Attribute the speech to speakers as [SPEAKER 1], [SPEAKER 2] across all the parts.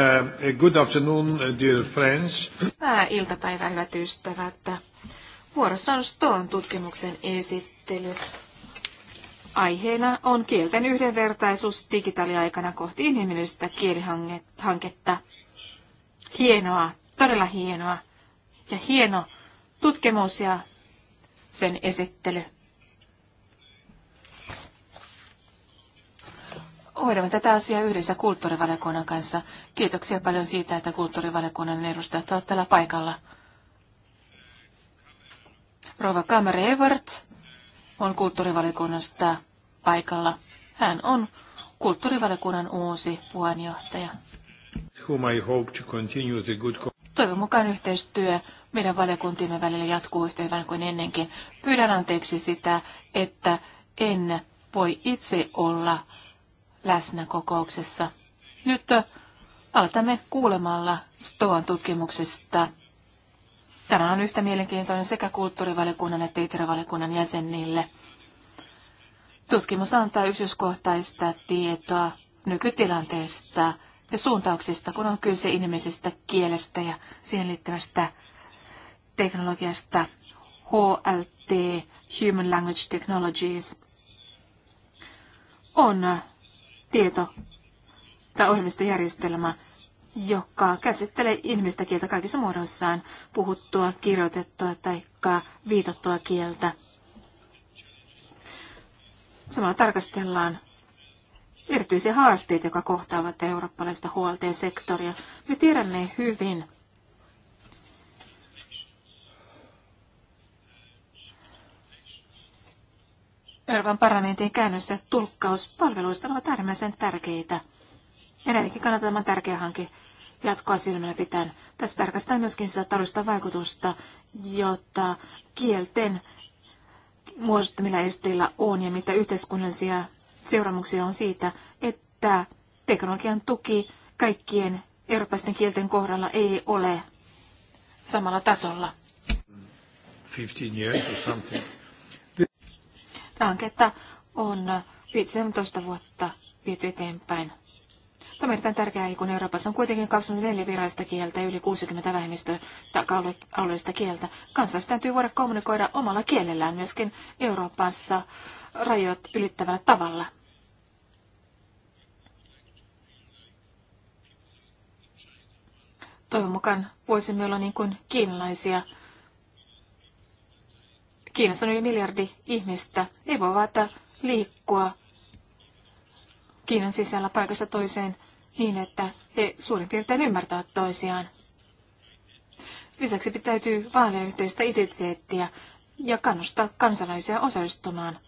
[SPEAKER 1] Uh, good afternoon, uh, dear friends.
[SPEAKER 2] Hyvää iltapäivää, hyvät ystävät. Vuorossa on Stoon tutkimuksen esittely. Aiheena on kielten yhdenvertaisuus digitaaliaikana kohti inhimillistä kielihanketta. Hienoa, todella hienoa. Ja hieno tutkimus ja sen esittely. hoidamme tätä asiaa yhdessä kulttuurivaliokunnan kanssa. Kiitoksia paljon siitä, että kulttuurivaliokunnan edustajat ovat täällä paikalla. Rova Kamer Evert on kulttuurivaliokunnasta paikalla. Hän on kulttuurivaliokunnan uusi puheenjohtaja. Toivon mukaan yhteistyö meidän valiokuntiimme välillä jatkuu yhtä hyvän kuin ennenkin. Pyydän anteeksi sitä, että en voi itse olla läsnä kokouksessa. Nyt äh, aloitamme kuulemalla Stoan tutkimuksesta. Tämä on yhtä mielenkiintoinen sekä kulttuurivaliokunnan että itiravaliokunnan jäsenille. Tutkimus antaa yksityiskohtaista tietoa nykytilanteesta ja suuntauksista, kun on kyse inhimillisestä kielestä ja siihen liittyvästä teknologiasta HLT, Human Language Technologies, on tieto- tai ohjelmistojärjestelmä, joka käsittelee ihmistä kieltä kaikissa muodoissaan, puhuttua, kirjoitettua tai viitottua kieltä. Samalla tarkastellaan erityisiä haasteita, jotka kohtaavat eurooppalaista huolteen sektoria. Me tiedämme hyvin, Euroopan parlamentin käännös- ja tulkkauspalveluista ovat äärimmäisen tärkeitä. Edelleenkin kannattaa tämä tärkeä hanke jatkoa silmällä pitäen. Tässä tarkastetaan myöskin sitä taloudellista vaikutusta, jota kielten muodostamilla esteillä on ja mitä yhteiskunnallisia seuraamuksia on siitä, että teknologian tuki kaikkien eurooppalaisten kielten kohdalla ei ole samalla tasolla.
[SPEAKER 1] 15 years or something.
[SPEAKER 2] Tätä hanketta on 17 vuotta viety eteenpäin. Tämä on erittäin tärkeää, kun Euroopassa on kuitenkin 24 virallista kieltä ja yli 60 vähemmistö- alueellista kieltä. Kansalaiset täytyy voida kommunikoida omalla kielellään myöskin Euroopassa rajoit ylittävällä tavalla. Toivon mukaan voisimme olla niin kuin kiinalaisia Kiinassa on yli miljardi ihmistä. Ei voi vaata liikkua Kiinan sisällä paikasta toiseen niin, että he suurin piirtein ymmärtävät toisiaan. Lisäksi täytyy vaalia yhteistä identiteettiä ja kannustaa kansalaisia osallistumaan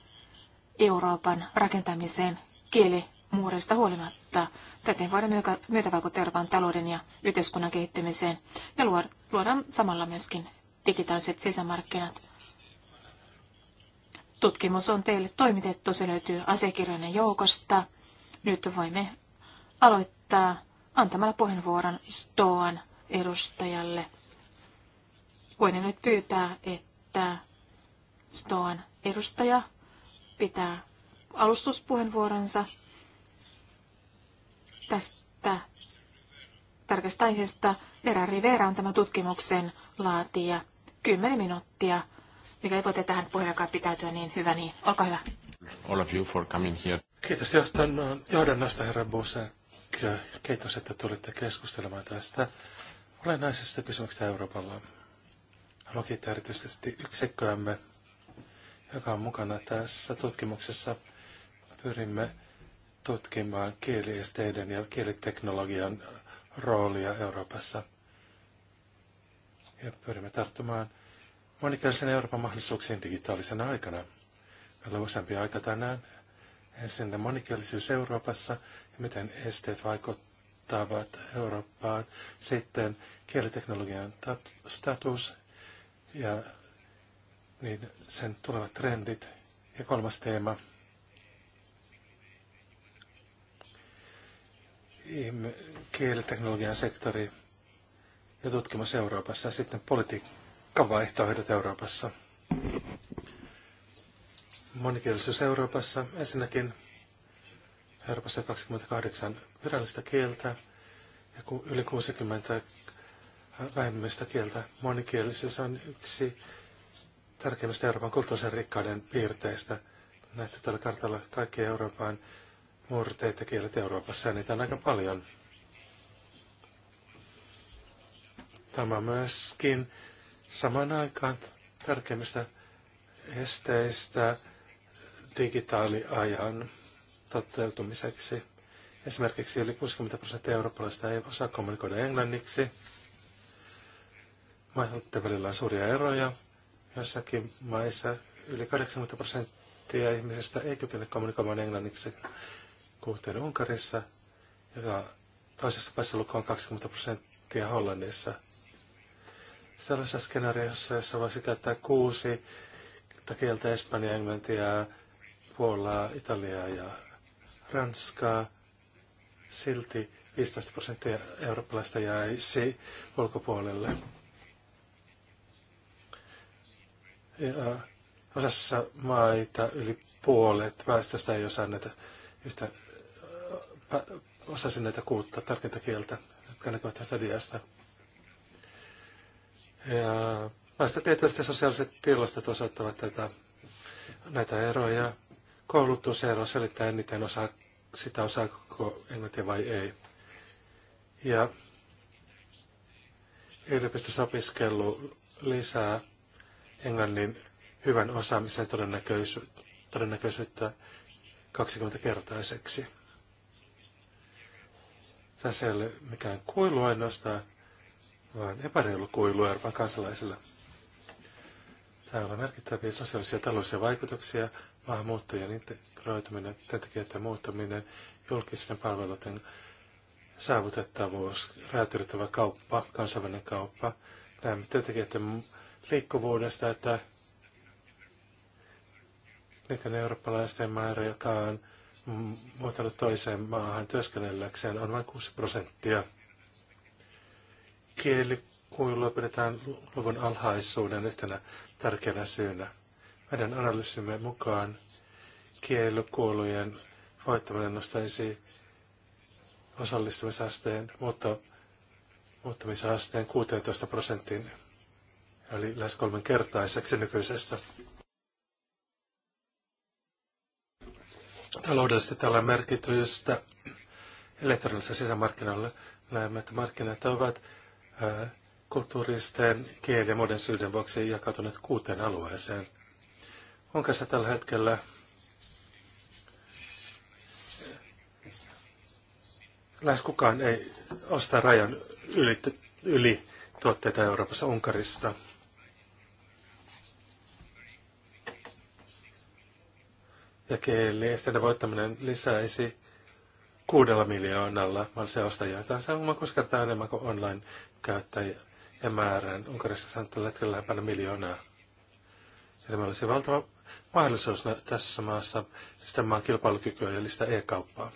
[SPEAKER 2] Euroopan rakentamiseen kielimuureista huolimatta. Täten voidaan myötävaikuttaa Euroopan talouden ja yhteiskunnan kehittymiseen ja luodaan samalla myöskin digitaaliset sisämarkkinat. Tutkimus on teille toimitettu, se löytyy asiakirjojen joukosta. Nyt voimme aloittaa antamalla puheenvuoron Stoan edustajalle. Voin nyt pyytää, että Stoan edustaja pitää alustuspuheenvuoronsa tästä tärkeästä aiheesta. Vera Rivera on tämän tutkimuksen laatija. Kymmenen minuuttia mikäli voitte tähän puheenjohtajan pitäytyä, niin hyvä niin. Olkaa hyvä.
[SPEAKER 1] All of you for coming here. Kiitos no, johdannasta, herra Buse. Kiitos, että tulitte keskustelemaan tästä olennaisesta kysymyksestä Euroopalla. Haluan kiittää erityisesti yksikköämme, joka on mukana tässä tutkimuksessa. Pyrimme tutkimaan kieliesteiden ja kieliteknologian roolia Euroopassa. Ja pyrimme tarttumaan monikäisen Euroopan mahdollisuuksien digitaalisena aikana. Meillä on useampi aika tänään. Ensin monikielisyys Euroopassa ja miten esteet vaikuttavat Eurooppaan. Sitten kieliteknologian status ja niin sen tulevat trendit. Ja kolmas teema, kieliteknologian sektori ja tutkimus Euroopassa ja sitten politiikka vaihtoehdot Euroopassa. Monikielisyys Euroopassa. Ensinnäkin Euroopassa 28 virallista kieltä ja yli 60 vähemmistä kieltä. Monikielisyys on yksi tärkeimmistä Euroopan kulttuurisen rikkauden piirteistä. Näette tällä kartalla kaikki Euroopan murteet ja kielet Euroopassa, ja niitä on aika paljon. Tämä myöskin Samaan aikaan tärkeimmistä esteistä digitaaliajan toteutumiseksi. Esimerkiksi yli 60 prosenttia eurooppalaisista ei osaa kommunikoida englanniksi. Maiden välillä on suuria eroja. Jossakin maissa yli 80 prosenttia ihmisistä ei kykene kommunikoimaan englanniksi, kuten Unkarissa, joka toisessa päässä luku on 20 prosenttia Hollannissa sellaisessa skenaariossa, jossa voisi käyttää kuusi kieltä Espanjaa, Englantia, Puolaa, Italiaa ja Ranskaa. Silti 15 prosenttia eurooppalaista jäisi ulkopuolelle. Ja osassa maita yli puolet väestöstä ei osaa näitä yhtä, osasi näitä kuutta tärkeintä kieltä, jotka näkyvät tästä diasta. Ja vasta tietysti sosiaaliset tilastot osoittavat tätä, näitä eroja. Koulutusero selittää eniten osaa, sitä osaako englantia vai ei. Ja yliopistossa opiskelu lisää englannin hyvän osaamisen todennäköisyyttä, todennäköisyyttä 20-kertaiseksi. Tässä ei ole mikään kuilu ainoastaan, vaan epäreilu kuilu Euroopan kansalaisilla. Täällä on merkittäviä sosiaalisia ja taloudellisia vaikutuksia, maahanmuuttajien integroituminen, työntekijöiden muuttaminen, julkisten palveluiden saavutettavuus, räätyrittävä kauppa, kansainvälinen kauppa. Näemme työntekijöiden liikkuvuudesta, että niiden eurooppalaisten määrä, joka on muuttanut toiseen maahan työskennelläkseen, on vain 6 prosenttia – kuulua pidetään luvun alhaisuuden yhtenä tärkeänä syynä. Meidän analyysimme mukaan kielikuulujen voittaminen nostaisi osallistumisasteen, mutta muuttamisasteen 16 prosenttiin, eli lähes kolmenkertaiseksi nykyisestä. Taloudellisesti tällä merkitystä elektronisessa sisämarkkinoilla näemme, että markkinat ovat Äh, kulttuuristen, kielen ja muiden syiden vuoksi jakautuneet kuuteen alueeseen. Onko se tällä hetkellä lähes kukaan ei osta rajan yli, yli tuotteita Euroopassa Unkarista. Ja kieliesteiden voittaminen lisäisi kuudella miljoonalla mahdollisia ostajia. Tämä on koska enemmän kuin online käyttäjien määrään. Unkarissa on tällä hetkellä lähempänä miljoonaa. Eli meillä olisi valtava mahdollisuus tässä maassa sitä maan kilpailukykyä ja lisätä e-kauppaa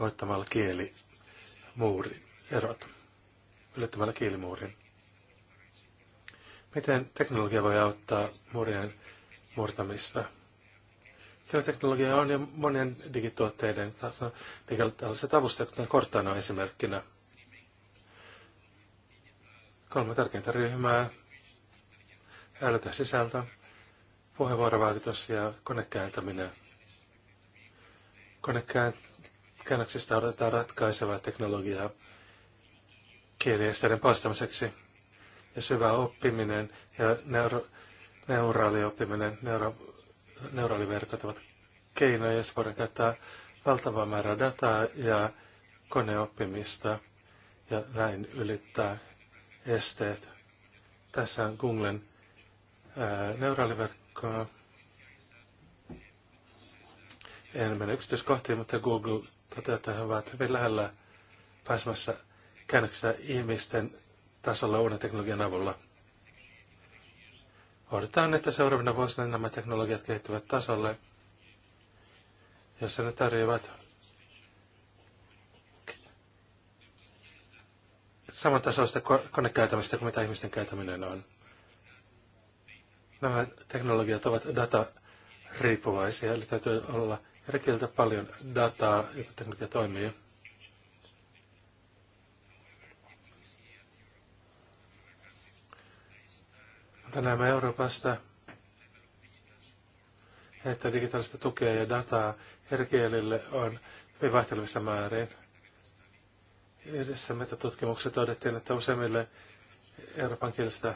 [SPEAKER 1] voittamalla kielimuuri erot, ylittämällä kielimuurin. Miten teknologia voi auttaa muurien murtamista? Kyllä teknologia on jo monien digituotteiden digitaaliset avustajat, kuten Cortana esimerkkinä kolme tärkeintä ryhmää, älykäs sisältö, puheenvuorovaikutus ja konekääntäminen. Konekäännöksistä odotetaan ratkaisevaa teknologiaa kieliesteiden poistamiseksi ja syvä oppiminen ja neuro, neuraalioppiminen, oppiminen, neuro, neuraaliverkot ovat keinoja, joissa voidaan käyttää valtavaa määrää dataa ja koneoppimista ja näin ylittää esteet. Tässä on Googlen neuraaliverkkoa. En mene yksityiskohtiin, mutta Google toteaa, että he ovat hyvin lähellä pääsemässä käännöksessä ihmisten tasolla uuden teknologian avulla. Odotetaan, että seuraavina vuosina nämä teknologiat kehittyvät tasolle, jossa ne tarjoavat samantasoista konekäytävästä kuin mitä ihmisten käytäminen on. Nämä teknologiat ovat datariippuvaisia, eli täytyy olla järkeiltä paljon dataa, jotta teknologia toimii. Mutta näemme Euroopasta, että digitaalista tukea ja dataa herkielille on hyvin vaihtelevissa määrin. Yhdessä metatutkimuksessa todettiin, että useimmille Euroopan kielistä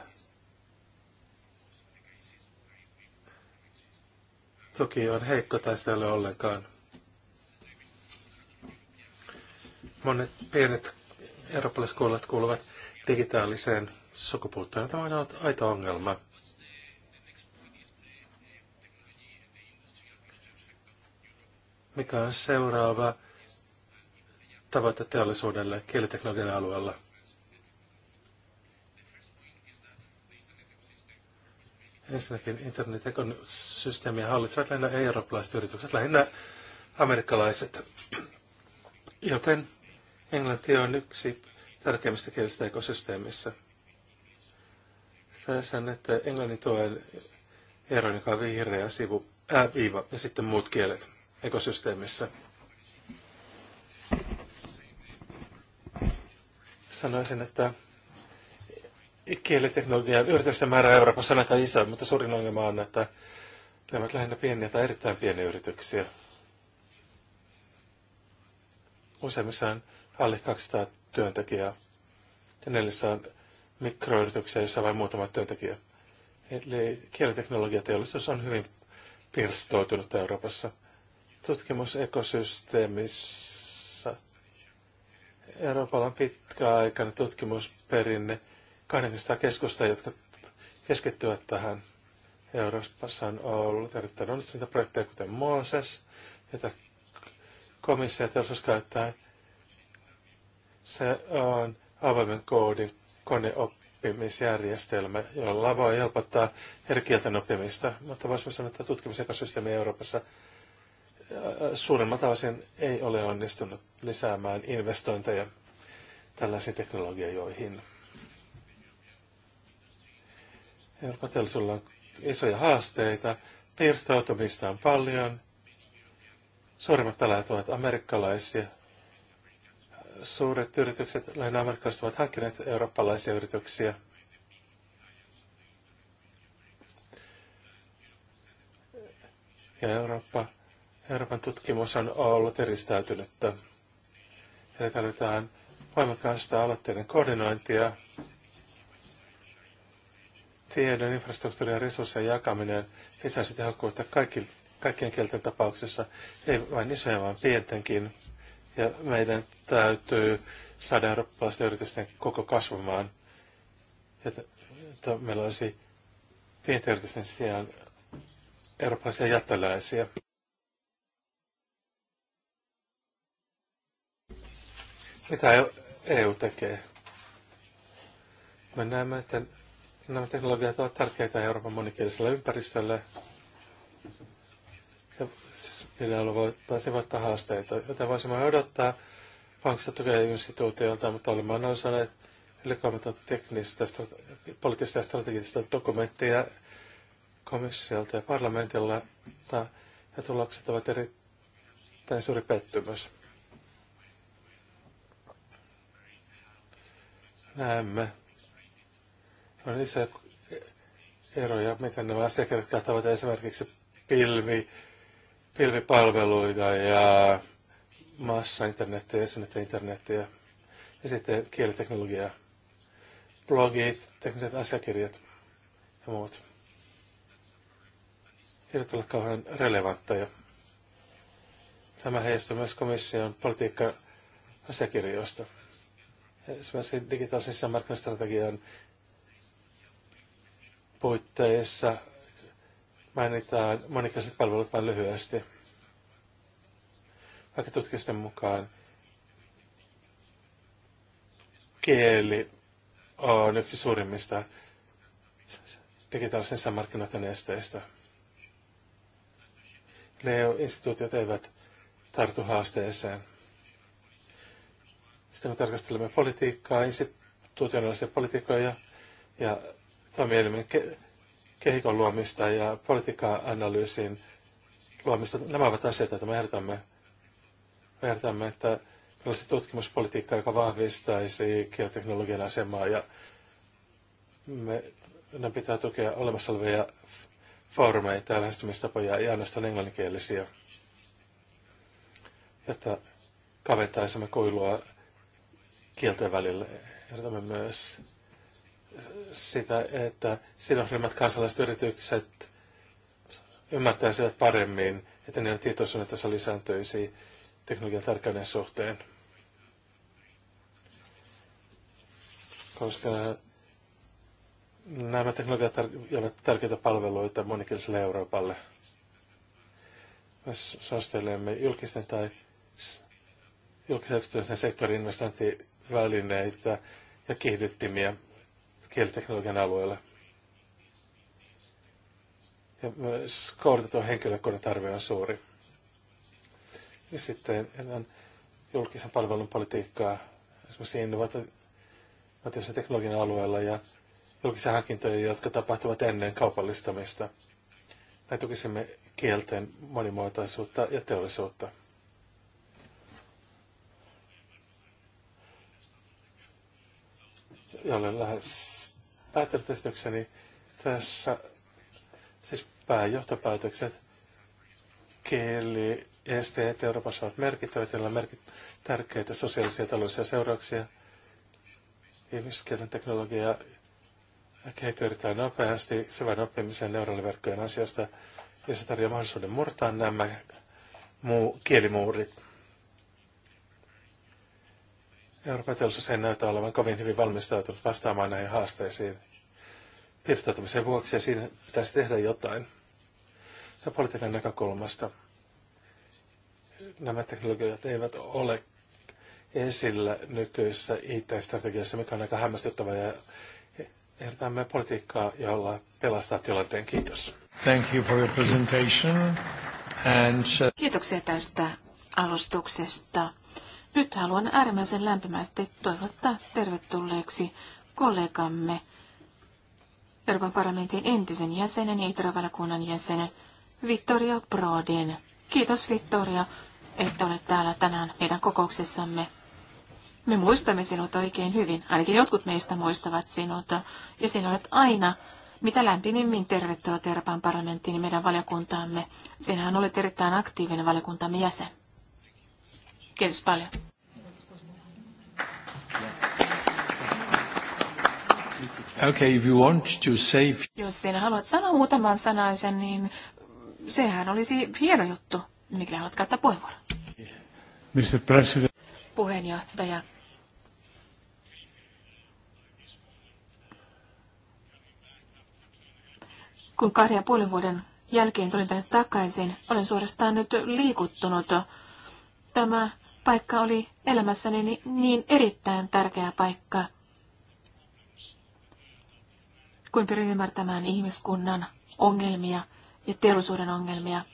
[SPEAKER 1] tuki on heikko tai sitä ei ole ollenkaan. Monet pienet eurooppalaiset koulut kuuluvat digitaaliseen sukupuuttoon. Tämä on aito ongelma. Mikä on seuraava tavoite teollisuudelle kieliteknologian alueella. Ensinnäkin internetekosysteemiä hallitsevat lähinnä eurooppalaiset yritykset, lähinnä amerikkalaiset. Joten englanti on yksi tärkeimmistä kielistä ekosysteemissä. Tässä että englannin tuen ero, joka on vihreä sivu, ää, viiva, ja sitten muut kielet ekosysteemissä. sanoisin, että kieliteknologian yritysten määrä Euroopassa on aika iso, mutta suurin ongelma on, että ne ovat lähinnä pieniä tai erittäin pieniä yrityksiä. Useimmissa on alle 200 työntekijää ja neljässä on mikroyrityksiä, joissa on vain muutama työntekijä. Eli kieliteknologiateollisuus on hyvin pirstoutunut Euroopassa. Tutkimusekosysteemissä Euroopalla on pitkäaikainen tutkimusperinne 200 keskusta, jotka keskittyvät tähän. Euroopassa on ollut erittäin onnistuneita projekteja, kuten Moses, jota komissio teollisuus käyttää. Se on avoimen koodin koneoppimisjärjestelmä, jolla voi helpottaa eri kielten oppimista, mutta voisimme sanoa, että tutkimusekosysteemi Euroopassa – suurimmalta osin ei ole onnistunut lisäämään investointeja tällaisiin teknologioihin. Euroopan teollisuudella on isoja haasteita, pirstoutumista on paljon, suurimmat pelaajat ovat amerikkalaisia, suuret yritykset, lähinnä amerikkalaiset, ovat hankkineet eurooppalaisia yrityksiä. Ja Eurooppa Euroopan tutkimus on ollut eristäytynyttä. Eli tarvitaan voimakkaasta aloitteiden koordinointia, tiedon, infrastruktuurin ja resurssien jakaminen lisäisi tehokkuutta kaikki, kaikkien kielten tapauksessa, ei vain isojen, vaan pientenkin. Ja meidän täytyy saada eurooppalaisten yritysten koko kasvamaan, että, että meillä olisi pienten yritysten sijaan eurooppalaisia jättäläisiä. Mitä EU tekee? Me näemme, että nämä teknologiat ovat tärkeitä Euroopan monikieliselle ympäristölle. Ja niillä voitaisiin voittaa haasteita, joita voisimme odottaa pankista tukea instituutiolta, mutta olemme analysoineet yli 3000 teknistä, strate- poliittista ja strategista dokumenttia komissiolta ja parlamentilla, ja tulokset ovat erittäin suuri pettymys. näemme, on isoja eroja, miten nämä asiakirjat kattavat esimerkiksi pilvi, pilvipalveluita ja massa internetiä, esimerkiksi internetiä ja sitten kieliteknologiaa, blogit, tekniset asiakirjat ja muut. Ei ole kauhean relevantteja. Tämä heijastuu myös komission politiikka-asiakirjoista esimerkiksi digitaalisen sisämarkkinastrategian puitteissa mainitaan monikäiset palvelut vain lyhyesti. Vaikka tutkimusten mukaan kieli on yksi suurimmista digitaalisen sisämarkkinoiden esteistä. Leo-instituutiot eivät tartu haasteeseen. Sitten me tarkastelemme politiikkaa, institutionaalisia politiikkoja ja toimielimen ke- kehikon luomista ja politiikka-analyysin luomista. Nämä ovat asioita, joita me ehdotamme. Me ehdotamme, että olisi tutkimuspolitiikka, joka vahvistaisi geoteknologian asemaa ja me, ne pitää tukea olemassa olevia foorumeita ja lähestymistapoja ja ainoastaan englanninkielisiä, jotta kaventaisimme kuilua kielten välillä. Ehdotamme myös sitä, että sidosryhmät kansalaiset yritykset ymmärtäisivät paremmin, että niiden tietoisuuden taso lisääntyisi teknologian tärkeyden suhteen. Koska nämä teknologiat ovat tärkeitä palveluita monikieliselle Euroopalle. Me suosittelemme julkisten tai julkisen sektorin investointi välineitä ja kiihdyttimiä kieliteknologian alueella. Ja myös koulutetun henkilökunnan tarve on suuri. Ja sitten on julkisen palvelun politiikkaa esimerkiksi innovatiivisen teknologian alueella ja julkisia hankintoja, jotka tapahtuvat ennen kaupallistamista. Näin tukisimme kielten monimuotoisuutta ja teollisuutta. ja olen lähes päättänyt tässä, siis pääjohtopäätökset, kieli, esteet Euroopassa ovat merkittävät, joilla on merkit- tärkeitä sosiaalisia ja taloudellisia seurauksia. Ihmiskielen teknologia kehittyy erittäin nopeasti syvän oppimisen neuroaliverkkojen asiasta, ja se tarjoaa mahdollisuuden murtaa nämä muu, kielimuurit. Euroopan teollisuus ei näytä olevan kovin hyvin valmistautunut vastaamaan näihin haasteisiin. Pirstautumisen vuoksi ja siinä pitäisi tehdä jotain. Se politiikan näkökulmasta. Nämä teknologiat eivät ole esillä nykyisessä IT-strategiassa, mikä on aika hämmästyttävä ja ehdotamme politiikkaa, jolla pelastaa tilanteen. Kiitos. Thank you for your presentation. And... Uh,
[SPEAKER 2] Kiitoksia tästä alustuksesta. Nyt haluan äärimmäisen lämpimästi toivottaa tervetulleeksi kollegamme Euroopan parlamentin entisen jäsenen ja Itävalakunnan jäsenen Vittoria Brodin. Kiitos Vittoria, että olet täällä tänään meidän kokouksessamme. Me muistamme sinut oikein hyvin, ainakin jotkut meistä muistavat sinut, ja sinä olet aina mitä lämpimimmin tervetuloa Euroopan parlamenttiin meidän valiokuntaamme. Sinähän olet erittäin aktiivinen valiokuntamme jäsen. Kiitos paljon.
[SPEAKER 1] Okay, if you want to save...
[SPEAKER 2] Jos sinä haluat sanoa muutaman sanaisen, niin sehän olisi hieno juttu, mikä haluat käyttää puheenvuoron.
[SPEAKER 1] Mr. President.
[SPEAKER 2] Puheenjohtaja. Kun kahden ja puolen vuoden jälkeen tulin tänne takaisin, olen suorastaan nyt liikuttunut. Tämä paikka oli elämässäni niin erittäin tärkeä paikka, kun pyrin ymmärtämään ihmiskunnan ongelmia ja teollisuuden ongelmia.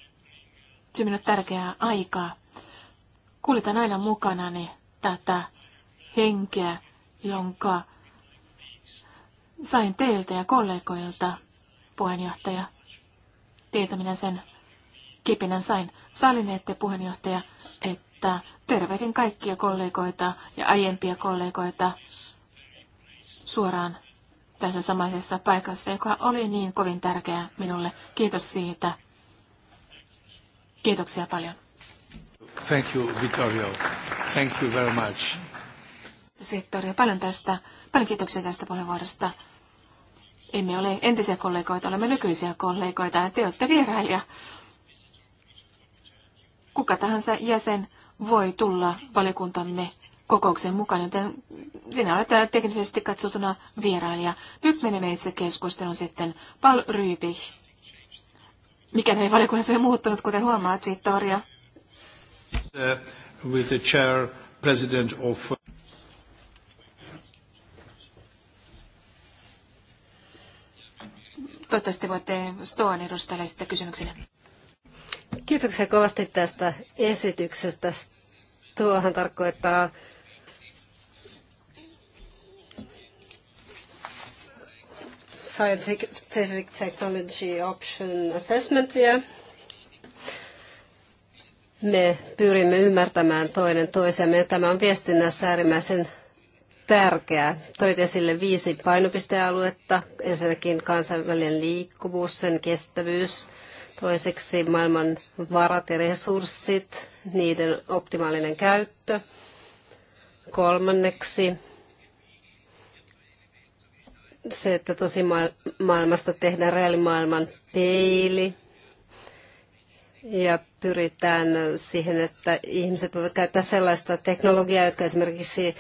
[SPEAKER 2] Se on minulle tärkeää aikaa. Kuljetan aina mukanani tätä henkeä, jonka sain teiltä ja kollegoilta, puheenjohtaja. Teiltä minä sen kipinän sain. Salin ette puheenjohtaja, että että tervehdin kaikkia kollegoita ja aiempia kollegoita suoraan tässä samaisessa paikassa, joka oli niin kovin tärkeä minulle. Kiitos siitä. Kiitoksia paljon.
[SPEAKER 1] Thank you, Vittorio. Thank you very much.
[SPEAKER 2] Vittorio, paljon tästä, paljon kiitoksia tästä puheenvuorosta. Emme ole entisiä kollegoita, olemme nykyisiä kollegoita ja te olette vierailija. Kuka tahansa jäsen voi tulla valiokuntamme kokouksen mukaan, joten sinä olet äh, teknisesti katsotuna vierailija. Nyt menemme itse keskustelun sitten. Paul Rybich. Mikä ei valiokunnassa ole muuttunut, kuten huomaat, Vittoria.
[SPEAKER 1] Uh, with the chair, president of... Uh,
[SPEAKER 2] Toivottavasti voitte Stoan edustajalle
[SPEAKER 3] sitten kysymyksenä. Kiitoksia kovasti tästä esityksestä. Tuohan tarkoittaa Scientific Technology Option Assessmentia. Me pyrimme ymmärtämään toinen toisemme. Tämä on viestinnässä äärimmäisen tärkeää. Toit esille viisi painopistealuetta. Ensinnäkin kansainvälinen liikkuvuus, sen kestävyys, Toiseksi maailman varat ja resurssit, niiden optimaalinen käyttö. Kolmanneksi se, että tosi maailmasta tehdään reaalimaailman peili ja pyritään siihen, että ihmiset voivat käyttää sellaista teknologiaa, jotka esimerkiksi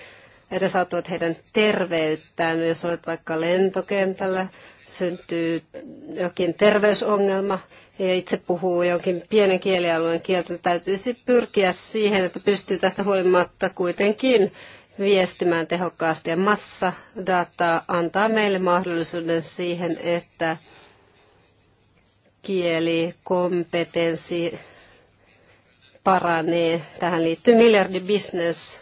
[SPEAKER 3] edesauttavat heidän terveyttään. Jos olet vaikka lentokentällä, syntyy jokin terveysongelma ja itse puhuu jonkin pienen kielialueen kieltä, täytyisi pyrkiä siihen, että pystyy tästä huolimatta kuitenkin viestimään tehokkaasti. Ja dataa antaa meille mahdollisuuden siihen, että kielikompetenssi paranee. Tähän liittyy miljardibisnes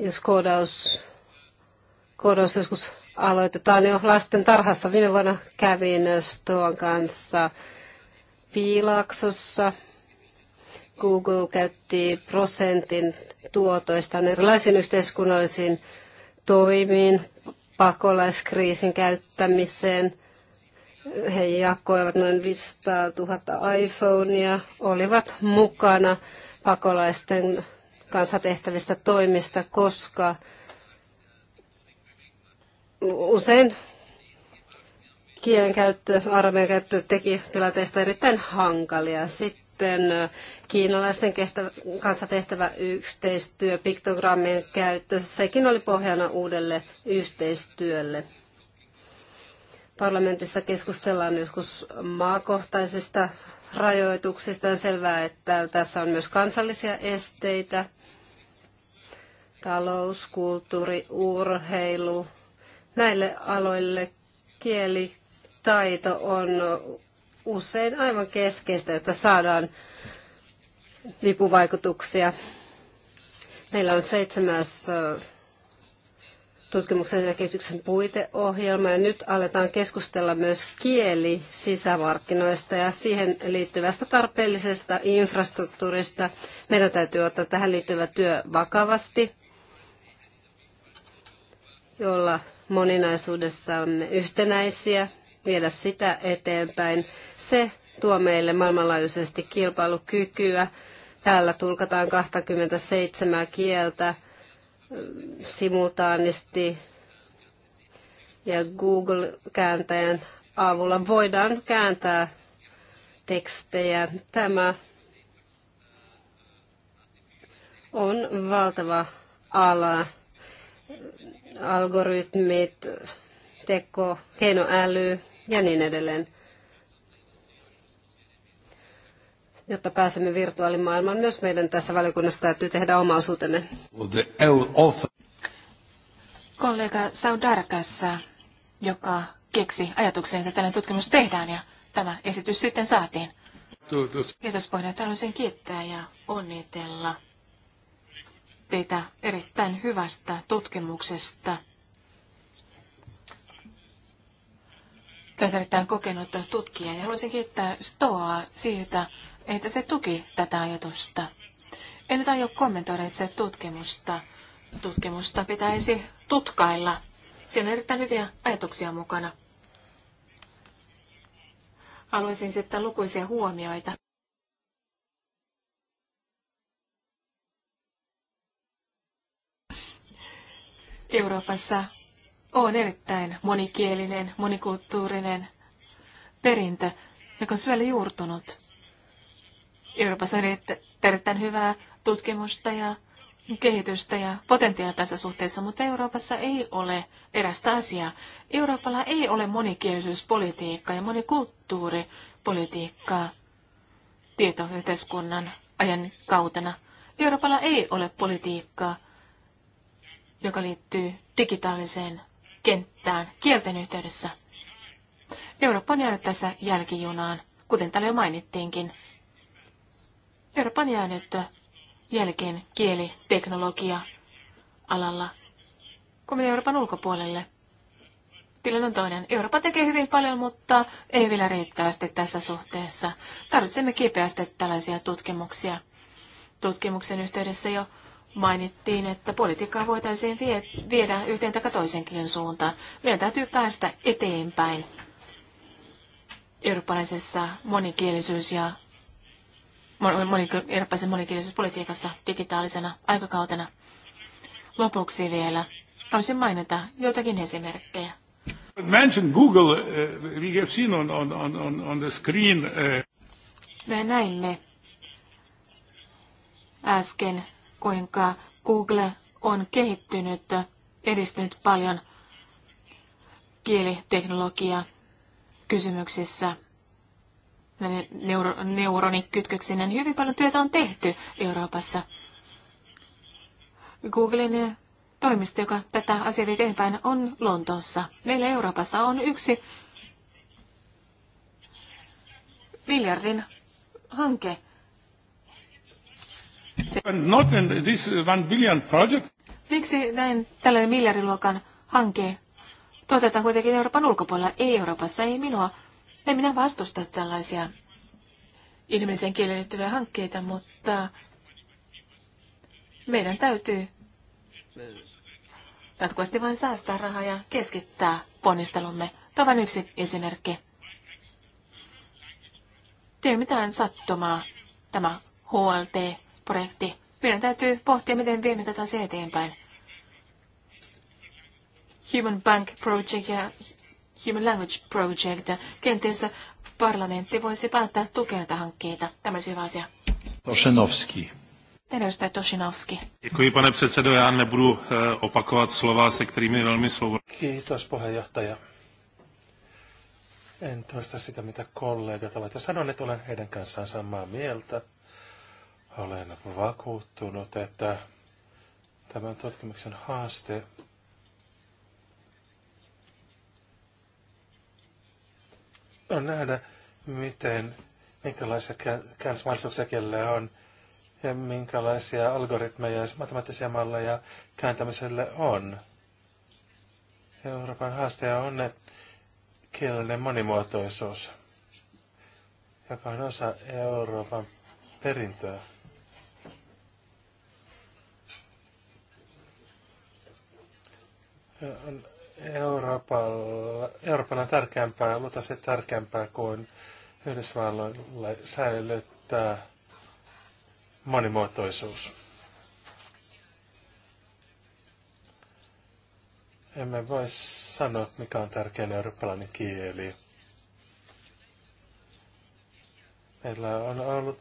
[SPEAKER 3] jos koodaus, koodaus joskus aloitetaan jo lasten tarhassa. Viime vuonna kävin Stoan kanssa piilaaksossa. Google käytti prosentin tuotoistaan erilaisiin yhteiskunnallisiin toimiin, pakolaiskriisin käyttämiseen. He jakoivat noin 500 000 iPhonea, olivat mukana pakolaisten kanssa tehtävistä toimista, koska usein kielenkäyttö, armeijan käyttö teki tilanteesta erittäin hankalia. Sitten kiinalaisten kanssa tehtävä yhteistyö, piktogrammien käyttö, sekin oli pohjana uudelle yhteistyölle. Parlamentissa keskustellaan joskus maakohtaisista rajoituksista. On selvää, että tässä on myös kansallisia esteitä – talous, kulttuuri, urheilu. Näille aloille kielitaito on usein aivan keskeistä, jotta saadaan vipuvaikutuksia. Meillä on seitsemäs tutkimuksen ja kehityksen puiteohjelma ja nyt aletaan keskustella myös kieli sisämarkkinoista ja siihen liittyvästä tarpeellisesta infrastruktuurista. Meidän täytyy ottaa tähän liittyvä työ vakavasti olla moninaisuudessamme yhtenäisiä, viedä sitä eteenpäin. Se tuo meille maailmanlaajuisesti kilpailukykyä. Täällä tulkataan 27 kieltä mm, simultaanisti ja Google-kääntäjän avulla voidaan kääntää tekstejä. Tämä on valtava ala algoritmit, teko, keinoäly ja niin edelleen, jotta pääsemme virtuaalimaailmaan. Myös meidän tässä valiokunnassa täytyy tehdä oma osuutemme. Kollega Saudarkassa, joka keksi ajatuksen,
[SPEAKER 2] että tällainen tutkimus tehdään ja tämä esitys sitten saatiin. Kiitos puheenjohtaja. Haluaisin kiittää ja onnitella teitä erittäin hyvästä tutkimuksesta. Tätä erittäin kokenut tutkija ja haluaisin kiittää Stoaa siitä, että se tuki tätä ajatusta. En nyt aio kommentoida itse tutkimusta. Tutkimusta pitäisi tutkailla. Siinä on erittäin hyviä ajatuksia mukana. Haluaisin sitten lukuisia huomioita. Euroopassa on erittäin monikielinen, monikulttuurinen perintö, joka on syvälle juurtunut. Euroopassa on erittäin hyvää tutkimusta ja kehitystä ja potentiaalia tässä suhteessa, mutta Euroopassa ei ole erästä asiaa. Euroopalla ei ole monikielisyyspolitiikkaa ja monikulttuuripolitiikkaa tietoyhteiskunnan ajan kautena. Euroopalla ei ole politiikkaa, joka liittyy digitaaliseen kenttään kielten yhteydessä. Eurooppa on jäänyt tässä jälkijunaan, kuten täällä jo mainittiinkin. Eurooppa on jäänyt jälkeen kieliteknologia alalla, kun menee Euroopan ulkopuolelle. Tilanne on toinen. Eurooppa tekee hyvin paljon, mutta ei vielä riittävästi tässä suhteessa. Tarvitsemme kipeästi tällaisia tutkimuksia. Tutkimuksen yhteydessä jo mainittiin, että politiikkaa voitaisiin vie, viedä yhteen tai toisenkin suuntaan. Meidän täytyy päästä eteenpäin eurooppalaisessa monikielisyys- ja eurooppalaisen monikielisyyspolitiikassa digitaalisena aikakautena. Lopuksi vielä haluaisin mainita joitakin esimerkkejä.
[SPEAKER 1] Mention Google, uh, we have seen on, on, on, on the screen. Uh...
[SPEAKER 2] Me näimme äsken kuinka Google on kehittynyt, edistynyt paljon kieliteknologia kysymyksissä neuro, neuronikytköksinen. Hyvin paljon työtä on tehty Euroopassa. Googlen toimisto, joka tätä asiaa vie eteenpäin, on Lontoossa. Meillä Euroopassa on yksi miljardin hanke,
[SPEAKER 1] Not in this one billion project.
[SPEAKER 2] Miksi näin tällainen miljardiluokan hanke toteutetaan kuitenkin Euroopan ulkopuolella? Ei Euroopassa, ei minua. En minä vastusta tällaisia ilmeisen kielen liittyviä hankkeita, mutta meidän täytyy jatkuvasti vain säästää rahaa ja keskittää ponnistelumme. Tämä on vain yksi esimerkki. Tee mitään sattumaa, tämä HLT projekti. Meidän täytyy pohtia, miten viemme tätä se eteenpäin. Human Bank Project ja Human Language Project. Kenties parlamentti voisi päättää tukea näitä hankkeita. Tämä olisi hyvä asia.
[SPEAKER 1] Toshinovski.
[SPEAKER 2] Edustaja Toshinovski.
[SPEAKER 1] Děkuji, pane předsedo. Já nebudu eh, opakovat slova, se kterými velmi slovo. Kiitos, puheenjohtaja. En toista sitä, mitä kollegat ovat. Ja sanon, että olen heidän kanssaan samaa mieltä. Olen vakuuttunut, että tämän tutkimuksen haaste on nähdä, miten, minkälaisia käännösmahdollisuuksia kenellä on ja minkälaisia algoritmeja ja matemaattisia malleja kääntämiselle on. Euroopan haaste on ne kielinen monimuotoisuus, joka on osa Euroopan perintöä. Euroopalla, Euroopalla on tärkeämpää, mutta se tärkeämpää kuin Yhdysvalloille säilyttää monimuotoisuus. Emme voi sanoa, mikä on tärkein eurooppalainen kieli. Meillä on ollut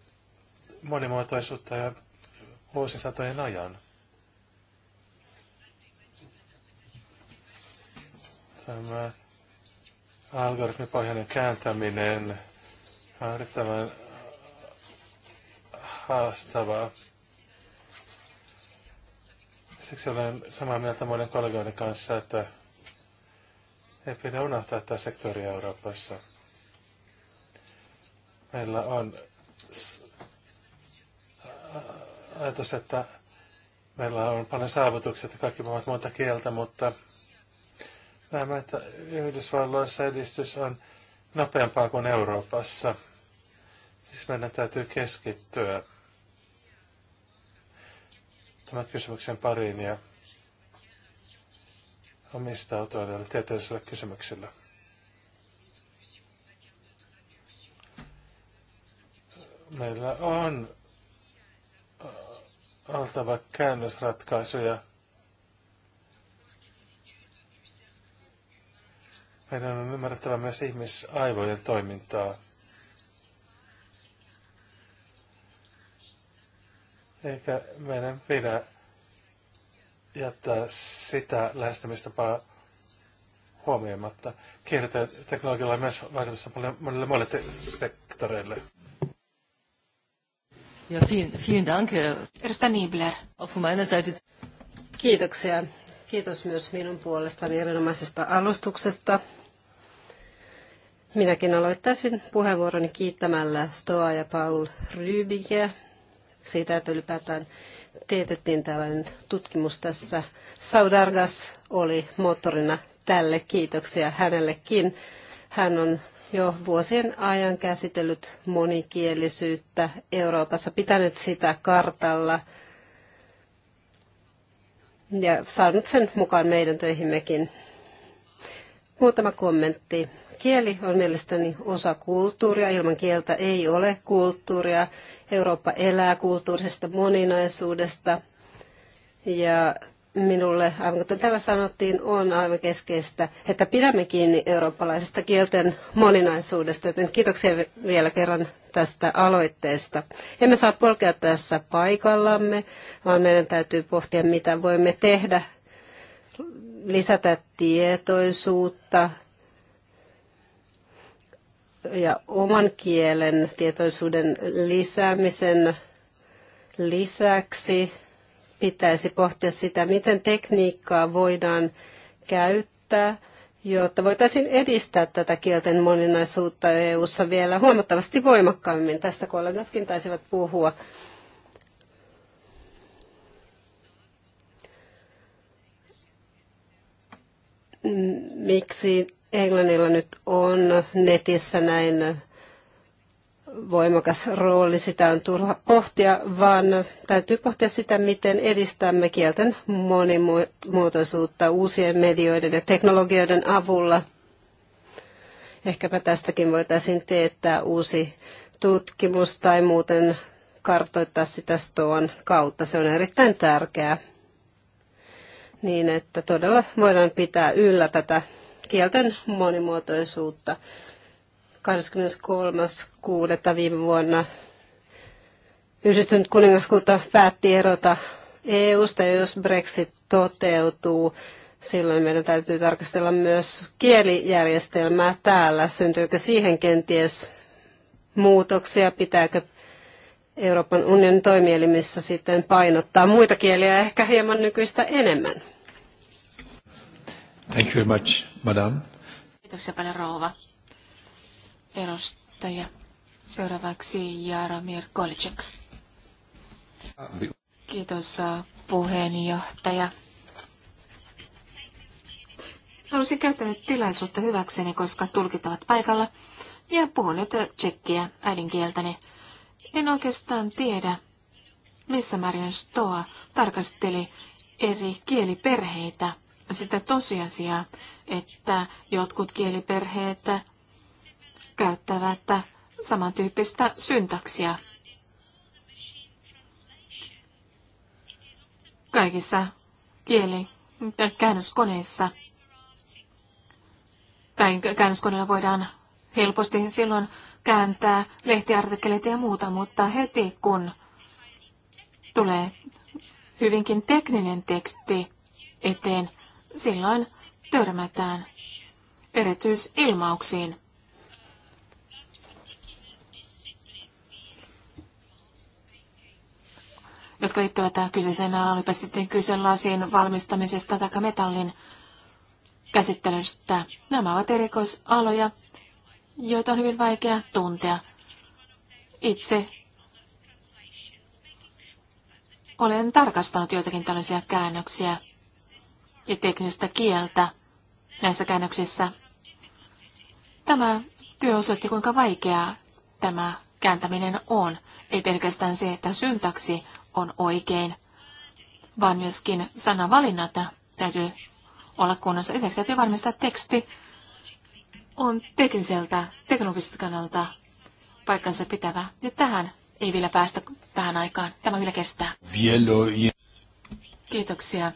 [SPEAKER 1] monimuotoisuutta jo vuosisatojen ajan. Tämä algoritmipohjainen kääntäminen on erittäin haastavaa. Siksi olen samaa mieltä monen kollegoiden kanssa, että ei pidä unohtaa tätä sektoria Euroopassa. Meillä on ajatus, että meillä on paljon saavutuksia, että kaikki ovat monta kieltä, mutta Näemme, että Yhdysvalloissa edistys on nopeampaa kuin Euroopassa. Siis meidän täytyy keskittyä tämän kysymyksen pariin ja omistautua näille tieteellisille kysymyksille. Meillä on äh, oltava käännösratkaisuja Meidän on ymmärrettävä myös ihmisaivojen toimintaa. Eikä meidän pidä jättää sitä lähestymistapaa huomioimatta. Kiertoteknologialla on myös vaikutusta paljon monille muille sektoreille.
[SPEAKER 3] Ja vielen, vielen Dank. Äh, Ersta Niebler. Auf meiner Seite. Kiitoksia. Kiitos myös minun puolestani erinomaisesta alustuksesta. Minäkin aloittaisin puheenvuoroni kiittämällä Stoa ja Paul Rybiä siitä, että ylipäätään teetettiin tällainen tutkimus tässä. Saudargas oli moottorina tälle. Kiitoksia hänellekin. Hän on jo vuosien ajan käsitellyt monikielisyyttä Euroopassa, pitänyt sitä kartalla ja saanut sen mukaan meidän töihimmekin. Muutama kommentti Kieli on mielestäni osa kulttuuria. Ilman kieltä ei ole kulttuuria. Eurooppa elää kulttuurisesta moninaisuudesta. Ja minulle, aivan kuten täällä sanottiin, on aivan keskeistä, että pidämme kiinni eurooppalaisesta kielten moninaisuudesta. Joten kiitoksia vielä kerran tästä aloitteesta. Emme saa polkea tässä paikallamme, vaan meidän täytyy pohtia, mitä voimme tehdä, lisätä tietoisuutta, ja oman kielen tietoisuuden lisäämisen lisäksi pitäisi pohtia sitä, miten tekniikkaa voidaan käyttää, jotta voitaisiin edistää tätä kielten moninaisuutta EU-ssa vielä huomattavasti voimakkaammin. Tästä kollegatkin taisivat puhua. Miksi Englannilla nyt on netissä näin voimakas rooli, sitä on turha pohtia, vaan täytyy pohtia sitä, miten edistämme kielten monimuotoisuutta uusien medioiden ja teknologioiden avulla. Ehkäpä tästäkin voitaisiin teettää uusi tutkimus tai muuten kartoittaa sitä STOAN kautta. Se on erittäin tärkeää niin, että todella voidaan pitää yllä tätä kielten monimuotoisuutta. 23.6. viime vuonna Yhdistynyt kuningaskunta päätti erota EU-sta, ja jos Brexit toteutuu, silloin meidän täytyy tarkastella myös kielijärjestelmää täällä. Syntyykö siihen kenties muutoksia? Pitääkö Euroopan unionin toimielimissä sitten painottaa muita kieliä ehkä hieman nykyistä enemmän?
[SPEAKER 1] Thank you very much, madam.
[SPEAKER 3] Kiitos paljon rouva.
[SPEAKER 2] Edustaja. Seuraavaksi Jaromir Kiitos puheenjohtaja. Haluaisin käyttää nyt tilaisuutta hyväkseni, koska tulkit ovat paikalla, ja puhun nyt tsekkiä äidinkieltäni. En oikeastaan tiedä, missä määrin Stoa tarkasteli eri kieliperheitä sitä tosiasiaa, että jotkut kieliperheet käyttävät samantyyppistä syntaksia. Kaikissa kieli- tai käännöskoneissa tai käännöskoneella voidaan helposti silloin kääntää lehtiartikkeleita ja muuta, mutta heti kun tulee hyvinkin tekninen teksti eteen, silloin törmätään erityisilmauksiin. jotka liittyvät tähän kyseiseen alaan, olipa sitten kyse lasin valmistamisesta tai metallin käsittelystä. Nämä ovat erikoisaloja, joita on hyvin vaikea tuntea. Itse olen tarkastanut joitakin tällaisia käännöksiä ja teknistä kieltä näissä käännöksissä. Tämä työ osoitti, kuinka vaikeaa tämä kääntäminen on. Ei pelkästään se, että syntaksi on oikein, vaan myöskin sanavalinnat täytyy olla kunnossa. Lisäksi täytyy varmistaa teksti on tekniseltä, teknologiselta kannalta paikkansa pitävä. Ja tähän ei vielä päästä vähän aikaan. Tämä kyllä kestää. Kiitoksia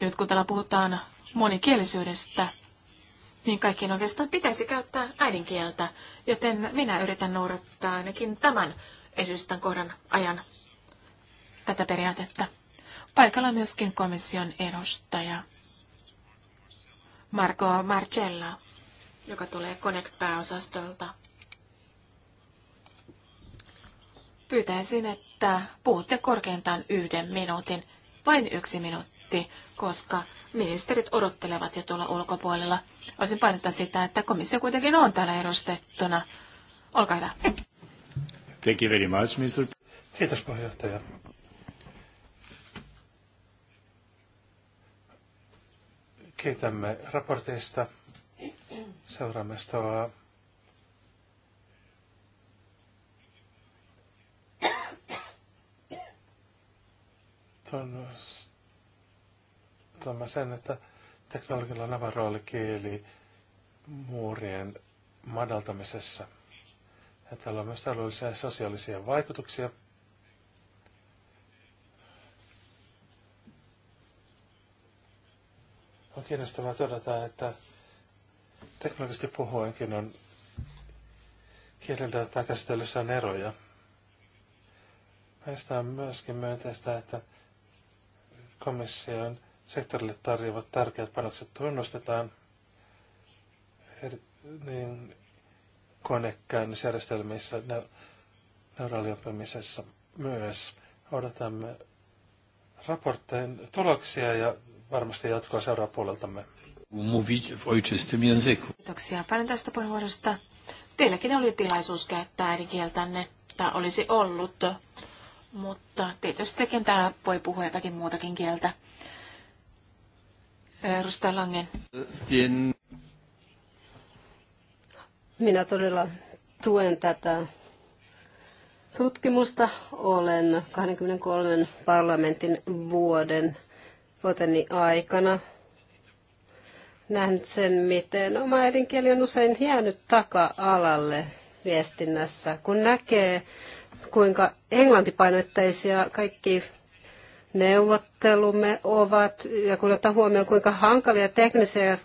[SPEAKER 2] nyt kun täällä puhutaan monikielisyydestä, niin kaikkien oikeastaan pitäisi käyttää äidinkieltä, joten minä yritän noudattaa ainakin tämän esitystän kohdan ajan tätä periaatetta. Paikalla on myöskin komission edustaja Marco Marcella, joka tulee Connect-pääosastolta. Pyytäisin, että puhutte korkeintaan yhden minuutin, vain yksi minuutti paketti, koska ministerit odottelevat jo tuolla ulkopuolella. Olisin painottaa sitä, että komissio kuitenkin on täällä edustettuna. Olkaa hyvä.
[SPEAKER 1] Thank you very much, Mr. Kiitos puheenjohtaja. Kiitämme raporteista. Seuraamme stoa. Tuon mä sen, että teknologialla on rooli kieli muurien madaltamisessa. Ja täällä on myös taloudellisia ja sosiaalisia vaikutuksia. On kiinnostavaa todeta, että teknologisesti puhuenkin on tai käsitellyssä on eroja. Meistä on myöskin myönteistä, että komission sektorille tarjoavat tärkeät panokset tunnustetaan eri, niin konekäynnisjärjestelmissä, neuraaliopimisessa myös. Odotamme raportteen tuloksia ja varmasti jatkoa seuraa puoleltamme. Kiitoksia
[SPEAKER 2] paljon tästä puheenvuorosta. Teilläkin oli tilaisuus käyttää äidinkieltänne, tai olisi ollut, mutta tietysti tekin täällä voi puhua jotakin muutakin kieltä.
[SPEAKER 3] Edustaja Langen. Minä todella tuen tätä tutkimusta. Olen 23 parlamentin vuoden vuoteni aikana nähnyt sen, miten oma äidinkieli on usein jäänyt taka-alalle viestinnässä, kun näkee, kuinka englantipainoitteisia kaikki neuvottelumme ovat, ja kun ottaa huomioon, kuinka hankalia teknisiä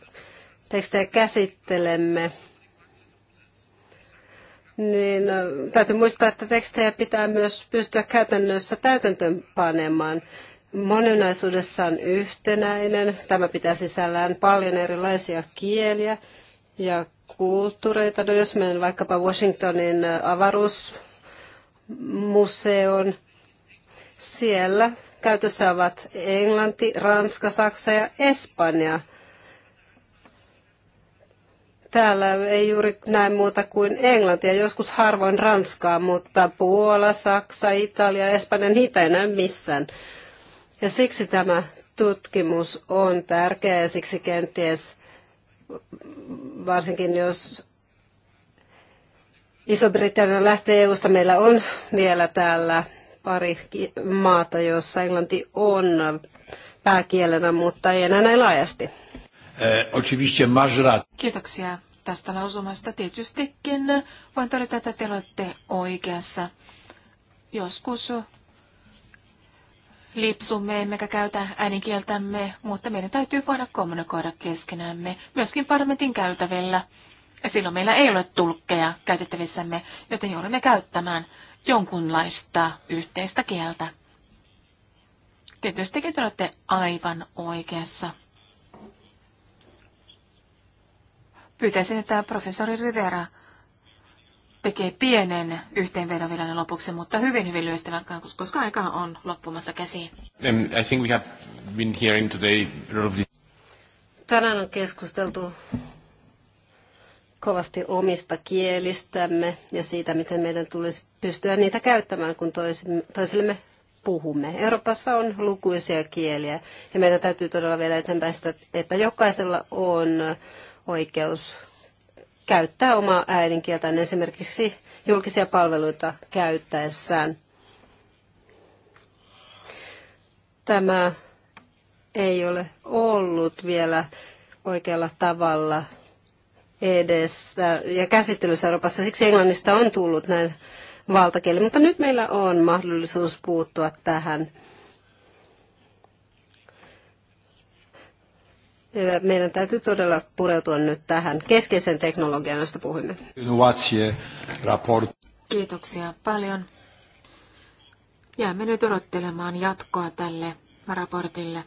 [SPEAKER 3] tekstejä käsittelemme, niin äh, täytyy muistaa, että tekstejä pitää myös pystyä käytännössä täytäntöön panemaan. Moninaisuudessaan yhtenäinen. Tämä pitää sisällään paljon erilaisia kieliä ja kulttuureita. No jos menen vaikkapa Washingtonin äh, avaruusmuseon, siellä Käytössä ovat Englanti, Ranska, Saksa ja Espanja. Täällä ei juuri näe muuta kuin Englantia, joskus harvoin Ranskaa, mutta Puola, Saksa, Italia, Espanja, niitä ei näe missään. Ja siksi tämä tutkimus on tärkeä ja siksi kenties varsinkin jos Iso-Britannia lähtee EU-sta, meillä on vielä täällä pari maata, jossa englanti on pääkielenä, mutta ei enää näin laajasti.
[SPEAKER 1] Eh,
[SPEAKER 3] Kiitoksia tästä
[SPEAKER 2] lausumasta. Tietystikin voin todeta, että te olette oikeassa. Joskus lipsumme, emmekä käytä äidinkieltämme, mutta meidän täytyy voida kommunikoida keskenämme, myöskin parlamentin käytävillä. Ja silloin meillä ei ole tulkkeja käytettävissämme, joten joudumme käyttämään jonkunlaista yhteistä kieltä. Tietysti te olette aivan oikeassa. Pyytäisin, että professori Rivera tekee pienen yhteenvedon vielä lopuksi, mutta hyvin hyvin lyhyesti vaikka, koska aika on loppumassa käsiin.
[SPEAKER 3] Um, I think we have been hearing today... Tänään on keskusteltu kovasti omista kielistämme ja siitä, miten meidän tulisi pystyä niitä käyttämään, kun toisillemme puhumme. Euroopassa on lukuisia kieliä ja meidän täytyy todella vielä eteenpäin sitä, että jokaisella on oikeus käyttää omaa äidinkieltään esimerkiksi julkisia palveluita käyttäessään. Tämä ei ole ollut vielä oikealla tavalla edessä ja käsittelyssä Euroopassa. Siksi englannista on tullut näin valtakieli, mutta nyt meillä on mahdollisuus puuttua tähän. Meidän täytyy todella pureutua nyt tähän keskeisen teknologiaan, josta puhumme. Kiitoksia paljon.
[SPEAKER 2] Jäämme nyt odottelemaan jatkoa tälle raportille.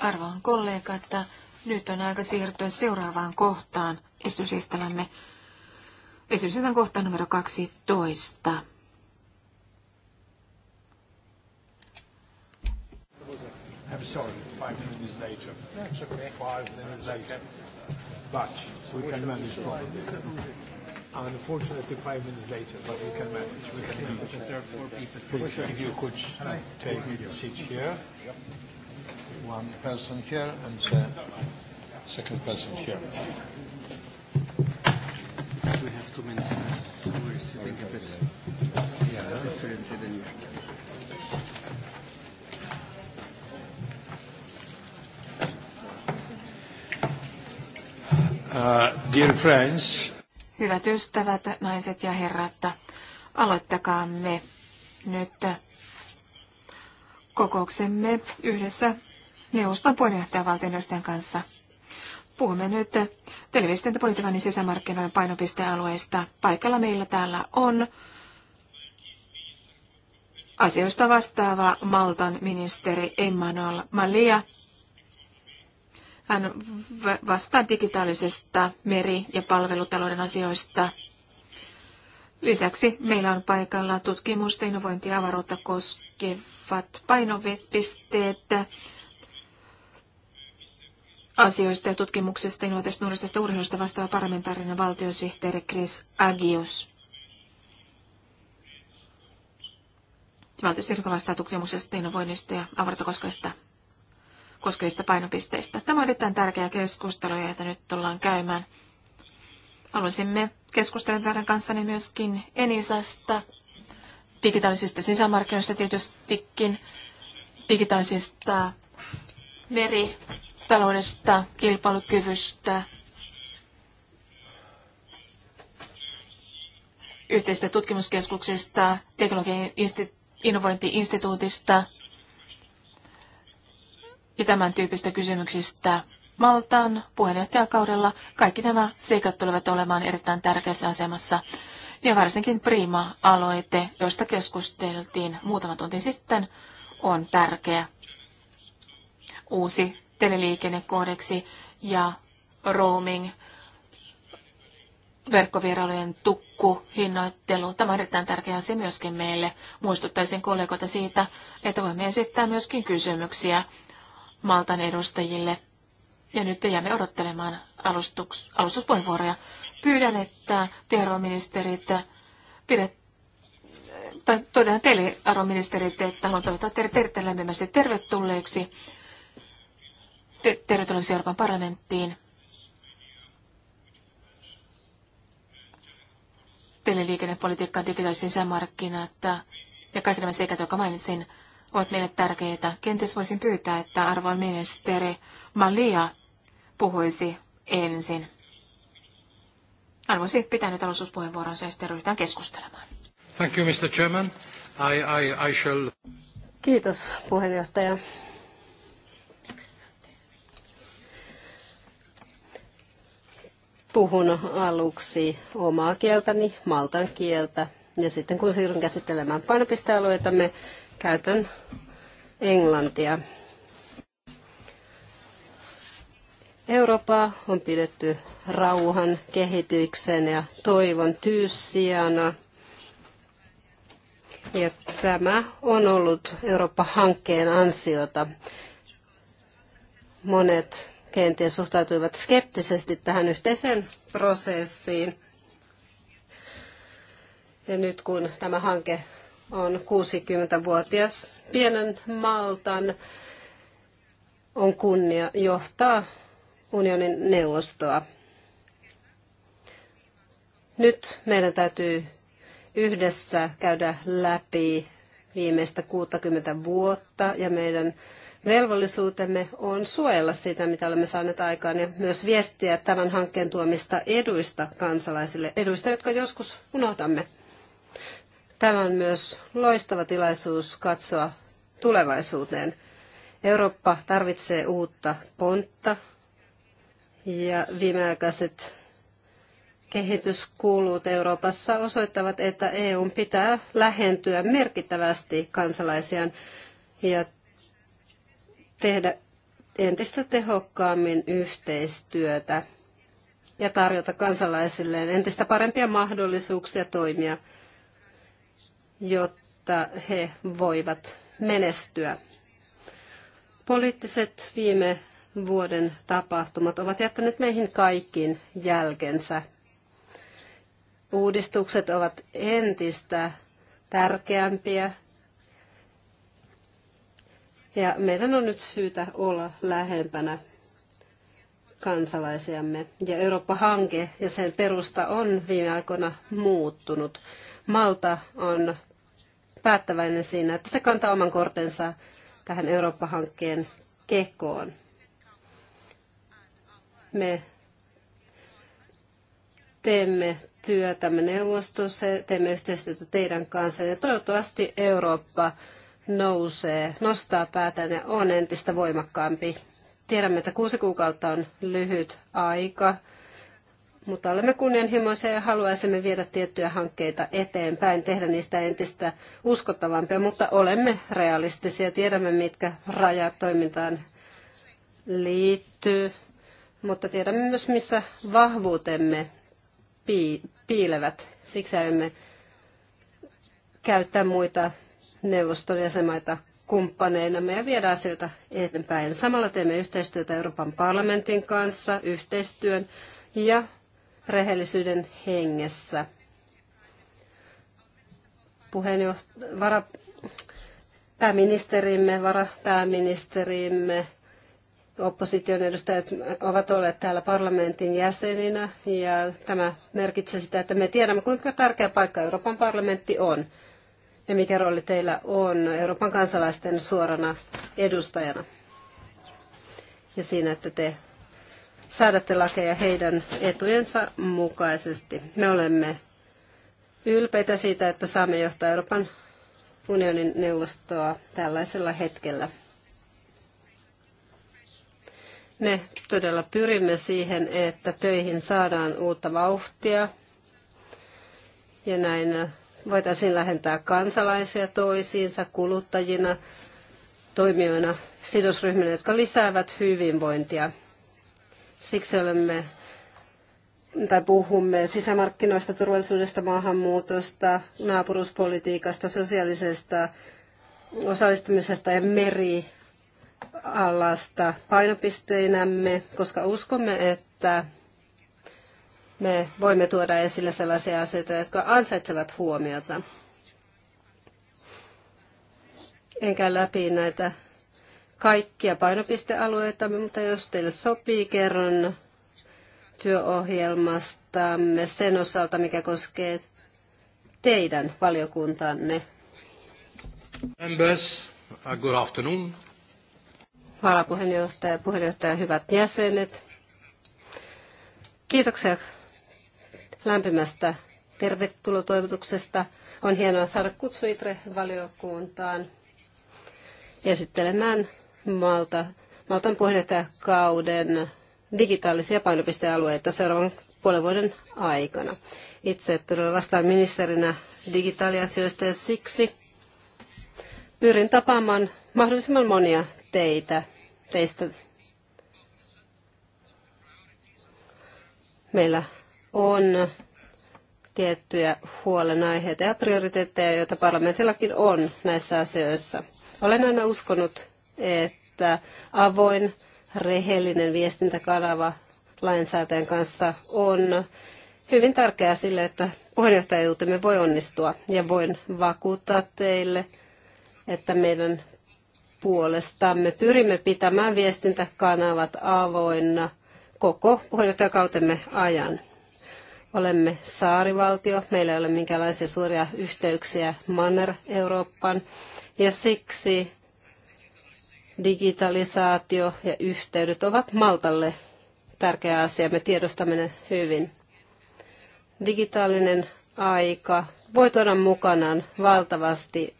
[SPEAKER 2] Arvon kollega, että nyt on aika siirtyä seuraavaan kohtaan esitysistelämme. Esityslistan kohta numero 12.
[SPEAKER 1] I'm sorry, five minutes later. That's okay. Five minutes later. But we can manage problems. Unfortunately, five minutes later, but we can manage. We can manage. Because there are four people. Please, if you could take a seat here. Yep one person here and the second person here. We have two minutes, so we're sitting a bit differently than usual. Uh, dear friends.
[SPEAKER 2] Hyvät ystävät, naiset ja herrat, aloittakaamme nyt kokouksemme yhdessä neuvoston puheenjohtajan valtioneuvoston kanssa. Puhumme nyt televisiointipolitiikan ja sisämarkkinoiden painopistealueista. Paikalla meillä täällä on asioista vastaava Maltan ministeri Emmanuel Malia. Hän vastaa digitaalisesta meri- ja palvelutalouden asioista. Lisäksi meillä on paikalla tutkimusta, innovointia ja avaruutta koskevat painopisteet asioista ja tutkimuksesta, innovaatiosta, nuorista ja urheilusta vastaava parlamentaarinen valtiosihteeri Chris Agius. Valtiosihteeri, joka vastaa tutkimuksesta, innovoinnista ja avartokoskeista koskevista painopisteistä. Tämä on erittäin tärkeä keskustelu, jota nyt tullaan käymään. Haluaisimme keskustella teidän kanssani myöskin Enisasta, digitaalisista sisämarkkinoista tietystikin, digitaalisista meri- taloudesta, kilpailukyvystä, yhteisestä tutkimuskeskuksesta, teknologian innovointiinstituutista ja tämän tyyppistä kysymyksistä. Maltaan puheenjohtajakaudella kaikki nämä seikat tulevat olemaan erittäin tärkeässä asemassa. Ja varsinkin Prima-aloite, josta keskusteltiin muutama tunti sitten, on tärkeä. Uusi teleliikennekoodeksi ja roaming verkkovierailujen tukku, hinnoittelu. Tämä on erittäin tärkeä asia myöskin meille. Muistuttaisin kollegoita siitä, että voimme esittää myöskin kysymyksiä Maltan edustajille. Ja nyt jäämme odottelemaan alustuks, alustuspuheenvuoroja. Pyydän, että te arvoministerit pidet, tai todetaan teille arvoministerit, että haluan toivottaa teille erittäin lämpimästi tervetulleeksi te- tervetulleeksi siis Euroopan parlamenttiin. Teleliikennepolitiikka, digitaaliset sisämarkkinat ja kaikki nämä seikat, jotka mainitsin, ovat meille tärkeitä. Kenties voisin pyytää, että arvon ministeri Malia puhuisi ensin. Hän pitää nyt alustuspuheenvuoronsa ja sitten ryhdytään keskustelemaan.
[SPEAKER 1] Thank you, Mr. Chairman. I, I, I shall...
[SPEAKER 3] Kiitos puheenjohtaja. puhun aluksi omaa kieltäni, maltan kieltä. Ja sitten kun siirryn käsittelemään me käytän englantia. Eurooppaa on pidetty rauhan, kehityksen ja toivon tyyssijana. Ja tämä on ollut Eurooppa-hankkeen ansiota. Monet kenties suhtautuivat skeptisesti tähän yhteiseen prosessiin. Ja nyt kun tämä hanke on 60-vuotias pienen Maltan, on kunnia johtaa unionin neuvostoa. Nyt meidän täytyy yhdessä käydä läpi viimeistä 60 vuotta ja meidän Velvollisuutemme on suojella sitä, mitä olemme saaneet aikaan, ja myös viestiä tämän hankkeen tuomista eduista kansalaisille, eduista, jotka joskus unohdamme. Tämä on myös loistava tilaisuus katsoa tulevaisuuteen. Eurooppa tarvitsee uutta pontta ja viimeaikaiset kehityskulut Euroopassa osoittavat, että EUn pitää lähentyä merkittävästi kansalaisiaan ja tehdä entistä tehokkaammin yhteistyötä ja tarjota kansalaisilleen entistä parempia mahdollisuuksia toimia, jotta he voivat menestyä. Poliittiset viime vuoden tapahtumat ovat jättäneet meihin kaikkiin jälkensä. Uudistukset ovat entistä tärkeämpiä ja meidän on nyt syytä olla lähempänä kansalaisiamme. Ja Eurooppa-hanke ja sen perusta on viime aikoina muuttunut. Malta on päättäväinen siinä, että se kantaa oman kortensa tähän Eurooppa-hankkeen kekoon. Me teemme työtämme neuvostossa, teemme yhteistyötä teidän kanssa ja toivottavasti Eurooppa nousee, nostaa päätään ja on entistä voimakkaampi. Tiedämme, että kuusi kuukautta on lyhyt aika, mutta olemme kunnianhimoisia ja haluaisimme viedä tiettyjä hankkeita eteenpäin, tehdä niistä entistä uskottavampia, mutta olemme realistisia, tiedämme mitkä rajat toimintaan liittyy, mutta tiedämme myös missä vahvuutemme piilevät. Siksi emme käyttää muita neuvoston jäsenmaita kumppaneinamme ja viedä asioita eteenpäin. Samalla teemme yhteistyötä Euroopan parlamentin kanssa, yhteistyön ja rehellisyyden hengessä. Puheenjoht- vara- pääministerimme, varapääministerimme, opposition edustajat ovat olleet täällä parlamentin jäseninä ja tämä merkitsee sitä, että me tiedämme kuinka tärkeä paikka Euroopan parlamentti on ja mikä rooli teillä on Euroopan kansalaisten suorana edustajana ja siinä, että te säädätte lakeja heidän etujensa mukaisesti. Me olemme ylpeitä siitä, että saamme johtaa Euroopan unionin neuvostoa tällaisella hetkellä. Me todella pyrimme siihen, että töihin saadaan uutta vauhtia ja näin voitaisiin lähentää kansalaisia toisiinsa kuluttajina, toimijoina, sidosryhminä, jotka lisäävät hyvinvointia. Siksi olemme tai puhumme sisämarkkinoista, turvallisuudesta, maahanmuutosta, naapuruspolitiikasta, sosiaalisesta osallistumisesta ja merialasta painopisteinämme, koska uskomme, että me voimme tuoda esille sellaisia asioita, jotka ansaitsevat huomiota. Enkä läpi näitä kaikkia painopistealueita, mutta jos teille sopii, kerron työohjelmastamme sen osalta, mikä koskee teidän valiokuntanne.
[SPEAKER 1] Members, good afternoon.
[SPEAKER 3] Varapuheenjohtaja, puheenjohtaja, hyvät jäsenet. Kiitoksia lämpimästä tervetulotoivotuksesta. On hienoa saada kutsu ITRE-valiokuntaan esittelemään Malta, Maltan puheenjohtajakauden digitaalisia painopistealueita seuraavan puolen vuoden aikana. Itse tulen vastaan ministerinä digitaaliasioista ja siksi pyrin tapaamaan mahdollisimman monia teitä, teistä. Meillä on tiettyjä huolenaiheita ja prioriteetteja, joita parlamentillakin on näissä asioissa. Olen aina uskonut, että avoin, rehellinen viestintäkanava lainsäätäjän kanssa on hyvin tärkeää sille, että puheenjohtajuutemme voi onnistua. Ja voin vakuuttaa teille, että meidän puolestamme pyrimme pitämään viestintäkanavat avoinna koko puheenjohtajakautemme ajan. Olemme saarivaltio, meillä ei ole minkäänlaisia suuria yhteyksiä Manner-Eurooppaan ja siksi digitalisaatio ja yhteydet ovat Maltalle tärkeä asia. Me tiedostamme ne hyvin. Digitaalinen aika voi tuoda mukanaan valtavasti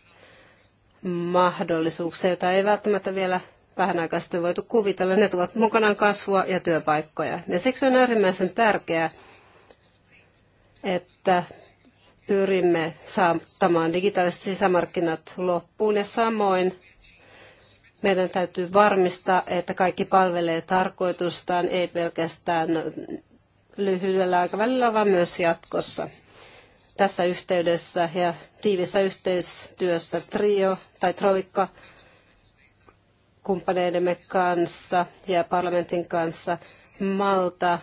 [SPEAKER 3] mahdollisuuksia, joita ei välttämättä vielä vähän aikaa sitten voitu kuvitella. Ne tuovat mukanaan kasvua ja työpaikkoja. Ja siksi on äärimmäisen tärkeää, että pyrimme saattamaan digitaaliset sisämarkkinat loppuun ja samoin meidän täytyy varmistaa, että kaikki palvelee tarkoitustaan, ei pelkästään lyhyellä aikavälillä, vaan myös jatkossa. Tässä yhteydessä ja tiivissä yhteistyössä trio tai troikka kumppaneidemme kanssa ja parlamentin kanssa Malta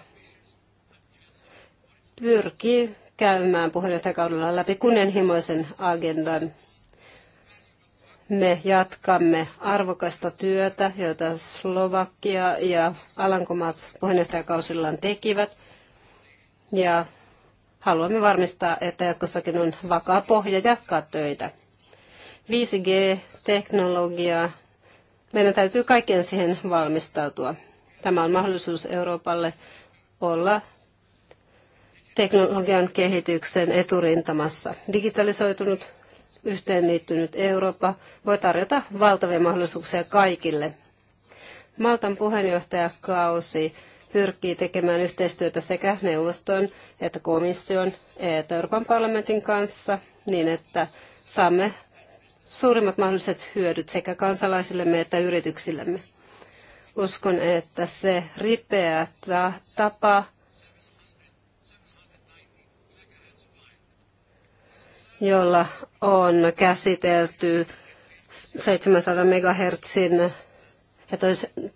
[SPEAKER 3] pyrkii käymään puheenjohtajakaudella läpi kunnianhimoisen agendan. Me jatkamme arvokasta työtä, jota Slovakia ja Alankomaat puheenjohtajakausillaan tekivät. Ja haluamme varmistaa, että jatkossakin on vakaa pohja jatkaa töitä. 5G-teknologiaa, meidän täytyy kaiken siihen valmistautua. Tämä on mahdollisuus Euroopalle olla teknologian kehityksen eturintamassa. Digitalisoitunut, yhteenliittynyt Eurooppa voi tarjota valtavia mahdollisuuksia kaikille. Maltan puheenjohtajakausi pyrkii tekemään yhteistyötä sekä neuvoston että komission että Euroopan parlamentin kanssa niin, että saamme suurimmat mahdolliset hyödyt sekä kansalaisillemme että yrityksillemme. Uskon, että se ripeä tapa jolla on käsitelty 700 megahertsin ja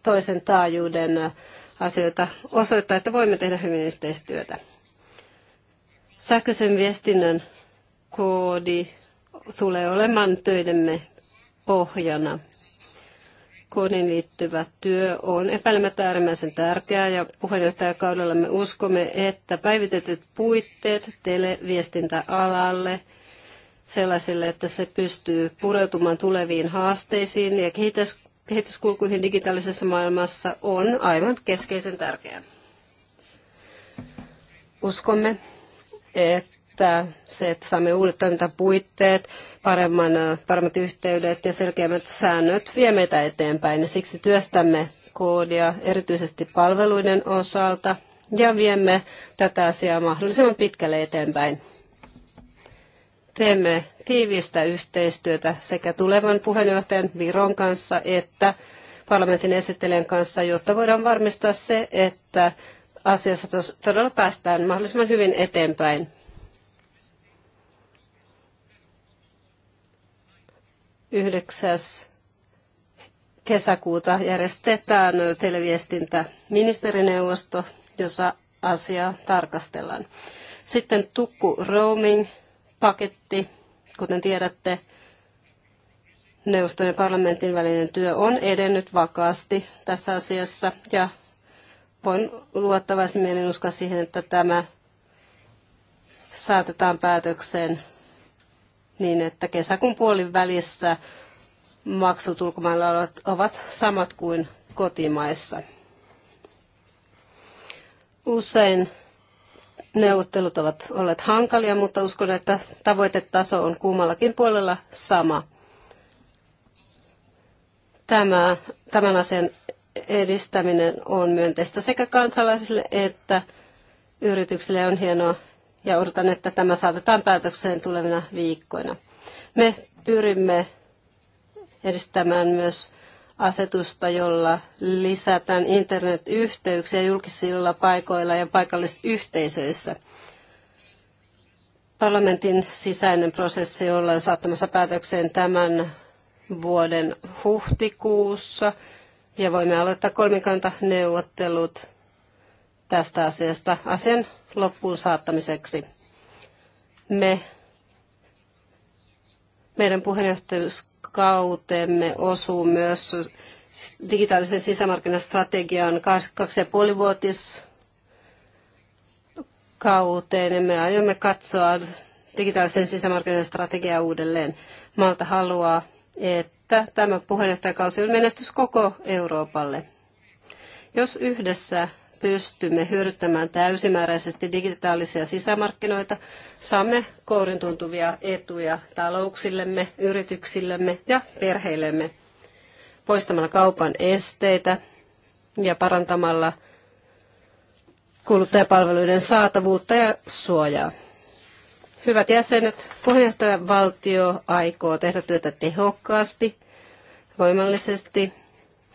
[SPEAKER 3] toisen taajuuden asioita osoittaa, että voimme tehdä hyvin yhteistyötä. Sähköisen viestinnän koodi tulee olemaan töidemme pohjana. Koodiin liittyvä työ on epäilemättä äärimmäisen tärkeää ja puheenjohtajakaudella me uskomme, että päivitetyt puitteet televiestintäalalle alalle sellaiselle, että se pystyy pureutumaan tuleviin haasteisiin ja kehitys, kehityskulkuihin digitaalisessa maailmassa on aivan keskeisen tärkeää. Uskomme, että se, että saamme uudet toimintapuitteet, paremman, paremmat yhteydet ja selkeämmät säännöt vie meitä eteenpäin ja siksi työstämme koodia erityisesti palveluiden osalta ja viemme tätä asiaa mahdollisimman pitkälle eteenpäin. Teemme tiivistä yhteistyötä sekä tulevan puheenjohtajan Viron kanssa että parlamentin esittelijän kanssa, jotta voidaan varmistaa se, että asiassa todella päästään mahdollisimman hyvin eteenpäin. Yhdeksäs kesäkuuta järjestetään televiestintäministerineuvosto, jossa asiaa tarkastellaan. Sitten tukku roaming paketti, kuten tiedätte, neuvoston ja parlamentin välinen työ on edennyt vakaasti tässä asiassa ja voin luottavaisin mielin uskoa siihen, että tämä saatetaan päätökseen niin, että kesäkuun puolin välissä maksut ulkomailla ovat samat kuin kotimaissa. Usein Neuvottelut ovat olleet hankalia, mutta uskon, että tavoitetaso on kummallakin puolella sama. Tämä, tämän asian edistäminen on myönteistä sekä kansalaisille että yrityksille on hienoa ja odotan, että tämä saatetaan päätökseen tulevina viikkoina. Me pyrimme edistämään myös asetusta, jolla lisätään internetyhteyksiä julkisilla paikoilla ja paikallisyhteisöissä. Parlamentin sisäinen prosessi ollaan saattamassa päätökseen tämän vuoden huhtikuussa ja voimme aloittaa kolmikantaneuvottelut tästä asiasta asian loppuun saattamiseksi. Me, meidän puheenjohtajuus kautemme osuu myös digitaalisen sisämarkkinastrategian 2,5-vuotis kauteen me aiomme katsoa digitaalisen sisämarkkinoiden strategiaa uudelleen. Malta haluaa, että tämä puheenjohtajakausi on menestys koko Euroopalle. Jos yhdessä pystymme hyödyttämään täysimääräisesti digitaalisia sisämarkkinoita, saamme kourin etuja talouksillemme, yrityksillemme ja perheillemme poistamalla kaupan esteitä ja parantamalla kuluttajapalveluiden saatavuutta ja suojaa. Hyvät jäsenet, puheenjohtajavaltio aikoo tehdä työtä tehokkaasti, voimallisesti,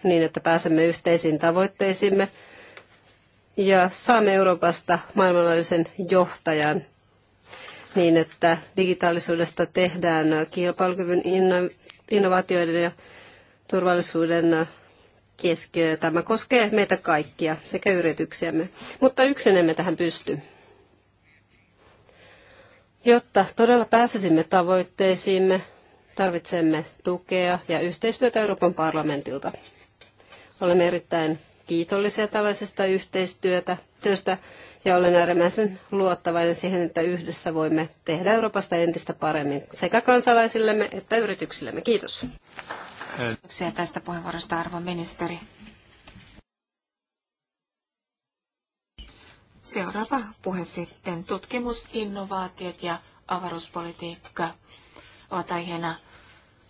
[SPEAKER 3] niin että pääsemme yhteisiin tavoitteisimme ja saamme Euroopasta maailmanlaajuisen johtajan niin, että digitaalisuudesta tehdään kilpailukyvyn innovaatioiden ja turvallisuuden keskiö. Tämä koskee meitä kaikkia sekä yrityksiämme, mutta yksin emme tähän pysty. Jotta todella pääsisimme tavoitteisiimme, tarvitsemme tukea ja yhteistyötä Euroopan parlamentilta. Olemme erittäin kiitollisia tällaisesta yhteistyötä työstä ja olen äärimmäisen luottavainen siihen, että yhdessä voimme tehdä Euroopasta entistä paremmin sekä kansalaisillemme että yrityksillemme. Kiitos. Kiitoksia tästä puheenvuorosta, arvon ministeri.
[SPEAKER 2] Seuraava puhe sitten. Tutkimus, innovaatiot ja avaruuspolitiikka ovat aiheena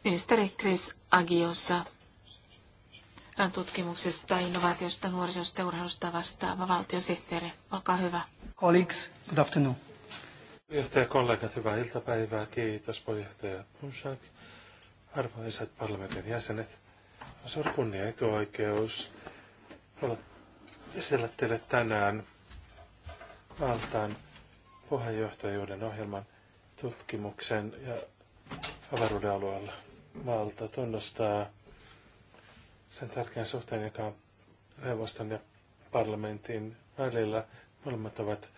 [SPEAKER 2] ministeri Chris Agiossa tutkimuksesta, innovaatiosta, nuorisosta ja urheilusta vastaava valtiosihteeri. Olkaa hyvä.
[SPEAKER 1] Colleagues, good afternoon. Puheenjohtaja, kollegat, hyvää iltapäivää. Kiitos puheenjohtaja Punsak. Arvoisat parlamentin jäsenet, on suuri kunnia etuoikeus olla esillä teille tänään valtaan puheenjohtajuuden ohjelman tutkimuksen ja avaruuden alueella. valta tunnustaa sen tärkeän suhteen, joka on neuvoston ja parlamentin välillä. Molemmat ovat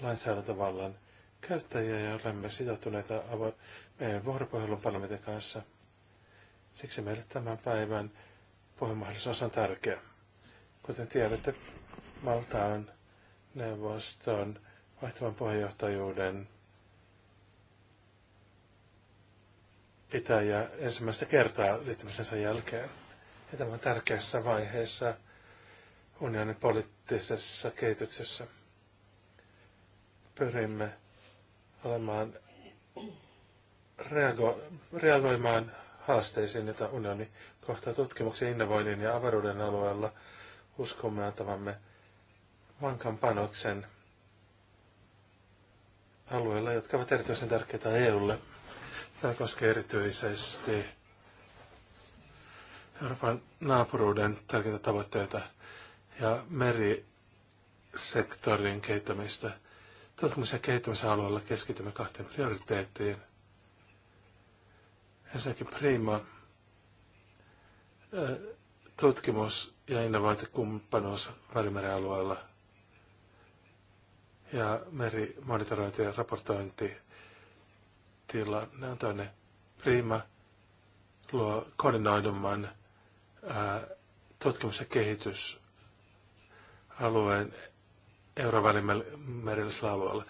[SPEAKER 1] lainsäädäntövallan käyttäjiä ja olemme sitoutuneita avo- meidän vuoropuhelun parlamentin kanssa. Siksi meille tämän päivän puhemahdollisuus on tärkeä. Kuten tiedätte, Malta on neuvoston vaihtavan puheenjohtajuuden pitäjä ensimmäistä kertaa liittymisensä jälkeen ja tämä tärkeässä vaiheessa unionin poliittisessa kehityksessä. Pyrimme olemaan reago, reagoimaan haasteisiin, joita unioni kohtaa tutkimuksen, innovoinnin ja avaruuden alueella. Uskomme antavamme vankan panoksen alueella, jotka ovat erityisen tärkeitä EUlle. Tämä koskee erityisesti Euroopan naapuruuden tärkeitä tavoitteita ja merisektorin kehittämistä. Tutkimus- ja kehittämisalueella keskitymme kahteen prioriteettiin. Ensinnäkin prima tutkimus ja innovointikumppanuus Välimeren alueella ja merimonitorointi ja raportointi tilanne on toinen prima luo koordinoidumman tutkimus- ja kehitysalueen eurovälimerellisellä alueella.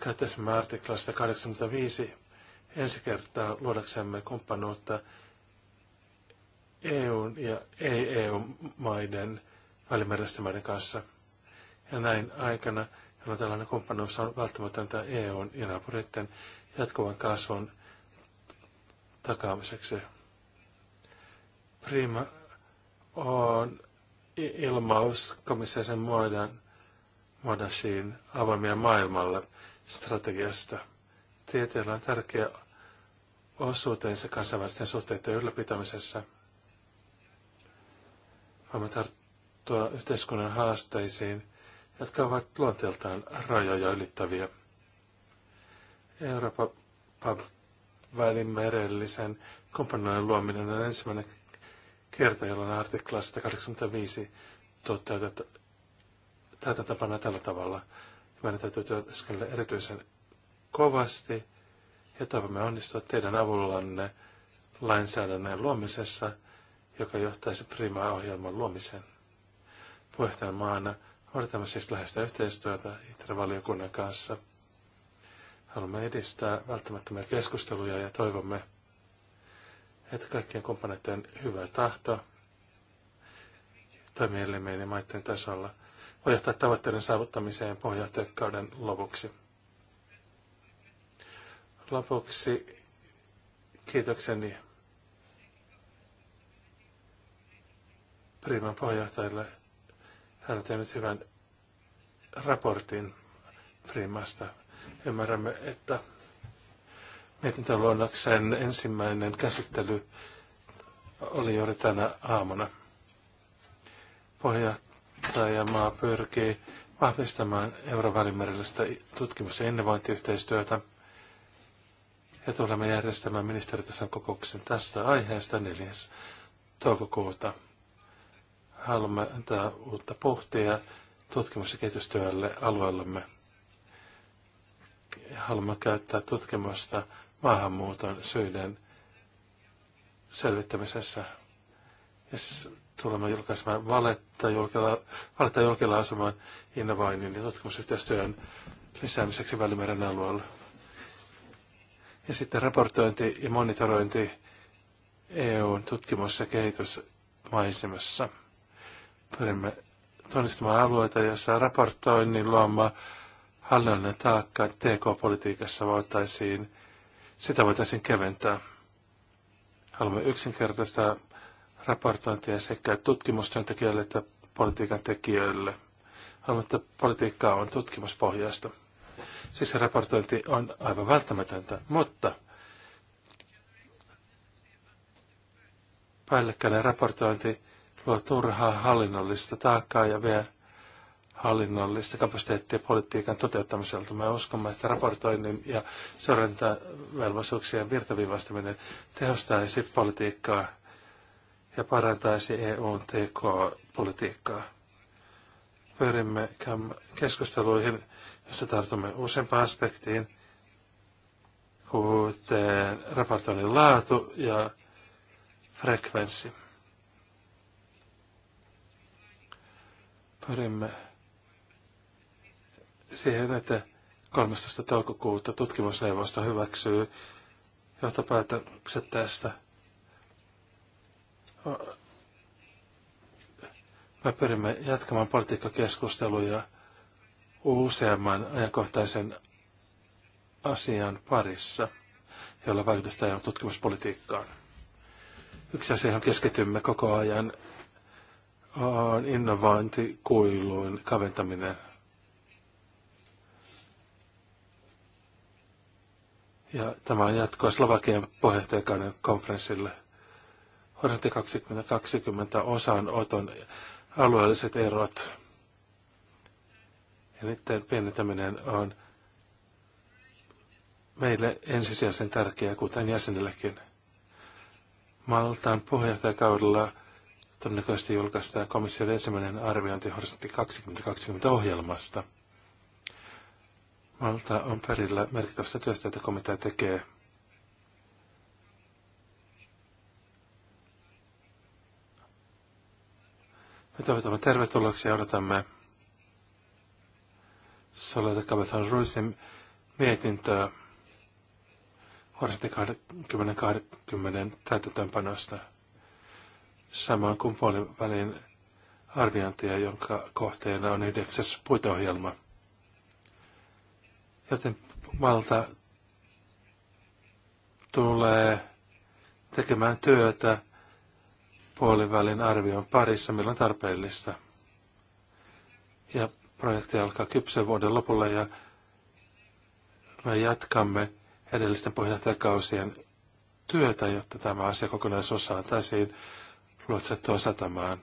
[SPEAKER 1] Käyttäisimme artiklasta 85 ensi kertaa luodaksemme kumppanuutta EU- ja ei-EU-maiden välimerellisten maiden kanssa. Ja näin aikana, jolloin tällainen kumppanuus on välttämätöntä EUn ja naapureiden jatkuvan kasvun takaamiseksi. Prima on ilmaus komissaisen muodan, muodasiin avoimia maailmalle strategiasta. Tieteellä on tärkeä osuutensa kansainvälisten suhteiden ylläpitämisessä. Voimme tarttua yhteiskunnan haasteisiin, jotka ovat luonteeltaan rajoja ylittäviä. Euroopan välimerellisen komppanoiden luominen on ensimmäinen kerta, jolloin artikla 185 tätä tapana tällä tavalla. Meidän täytyy työskennellä erityisen kovasti ja toivomme onnistua teidän avullanne lainsäädännön luomisessa, joka johtaisi primaa ohjelman luomiseen. Puheenjohtajan maana odotamme siis läheistä yhteistyötä ITRE-valiokunnan kanssa. Haluamme edistää välttämättömiä keskusteluja ja toivomme, että kaikkien kumppaneiden hyvä tahto toimielimien ja maiden tasolla voi johtaa tavoitteiden saavuttamiseen pohjohtajakauden lopuksi. Lopuksi kiitokseni Priiman puheenjohtajalle. Hän on tehnyt hyvän raportin Primasta. Ymmärrämme, että mietintöluonnoksen ensimmäinen käsittely oli juuri tänä aamuna. Pohjoittajamaa pyrkii vahvistamaan eurovälimerellistä tutkimus- ja innovointiyhteistyötä ja tulemme järjestämään ministeritason kokouksen tästä aiheesta 4. toukokuuta. Haluamme antaa uutta pohtia tutkimus- ja kehitystyölle alueellamme. Haluamme käyttää tutkimusta maahanmuuton syiden selvittämisessä. Ja tulemme julkaisemaan valetta, julkilla, valetta julkilausumaan ja tutkimusyhteistyön lisäämiseksi Välimeren alueella. Ja sitten raportointi ja monitorointi EUn tutkimus- ja kehitysmaisemassa. Pyrimme tunnistamaan alueita, joissa raportoinnin luoma hallinnollinen taakka TK-politiikassa voitaisiin sitä voitaisiin keventää. Haluamme yksinkertaistaa raportointia sekä tutkimustyöntekijöille että politiikan tekijöille. Haluamme, että politiikkaa on tutkimuspohjaista. Siis se raportointi on aivan välttämätöntä, mutta päällekkäinen raportointi luo turhaa hallinnollista taakkaa ja vie hallinnollista kapasiteettia politiikan toteuttamiselta. Me uskomme, että raportoinnin ja seurantavelvollisuuksien virtaviivastaminen tehostaisi politiikkaa ja parantaisi EUn TK-politiikkaa. Pyrimme keskusteluihin, joissa tartumme useampaan aspektiin, kuten raportoinnin laatu ja frekvenssi. Pyrimme siihen, että 13. toukokuuta tutkimusneuvosto hyväksyy johtopäätökset tästä. Me pyrimme jatkamaan politiikkakeskusteluja useamman ajankohtaisen asian parissa, jolla vaikutusta ole tutkimuspolitiikkaan. Yksi asia, johon keskitymme koko ajan, on innovointikuiluun kaventaminen – Ja tämä on jatkoa Slovakian puheenjohtajakauden konferenssille. Horisontti 2020 osanoton alueelliset erot. Ja niiden pienentäminen on meille ensisijaisen tärkeää, kuten jäsenillekin. Maltaan puheenjohtajakaudella todennäköisesti julkaistaan komission ensimmäinen arviointi Horisontti 2020 ohjelmasta – Malta on perillä merkittävästä työstä, jota komitea tekee. Me toivotamme tervetulleeksi ja odotamme Soleta Cabezon Ruisin mietintöä Horisontti 2020 täytäntöönpanosta, samoin kuin puolivälin arviointia, jonka kohteena on yhdeksäs puiteohjelma – joten valta tulee tekemään työtä puolivälin arvion parissa, milloin tarpeellista. Ja projekti alkaa kypsen vuoden lopulla ja me jatkamme edellisten puheenjohtajakausien työtä, jotta tämä asia kokonaisuus saataisiin luotsettua satamaan.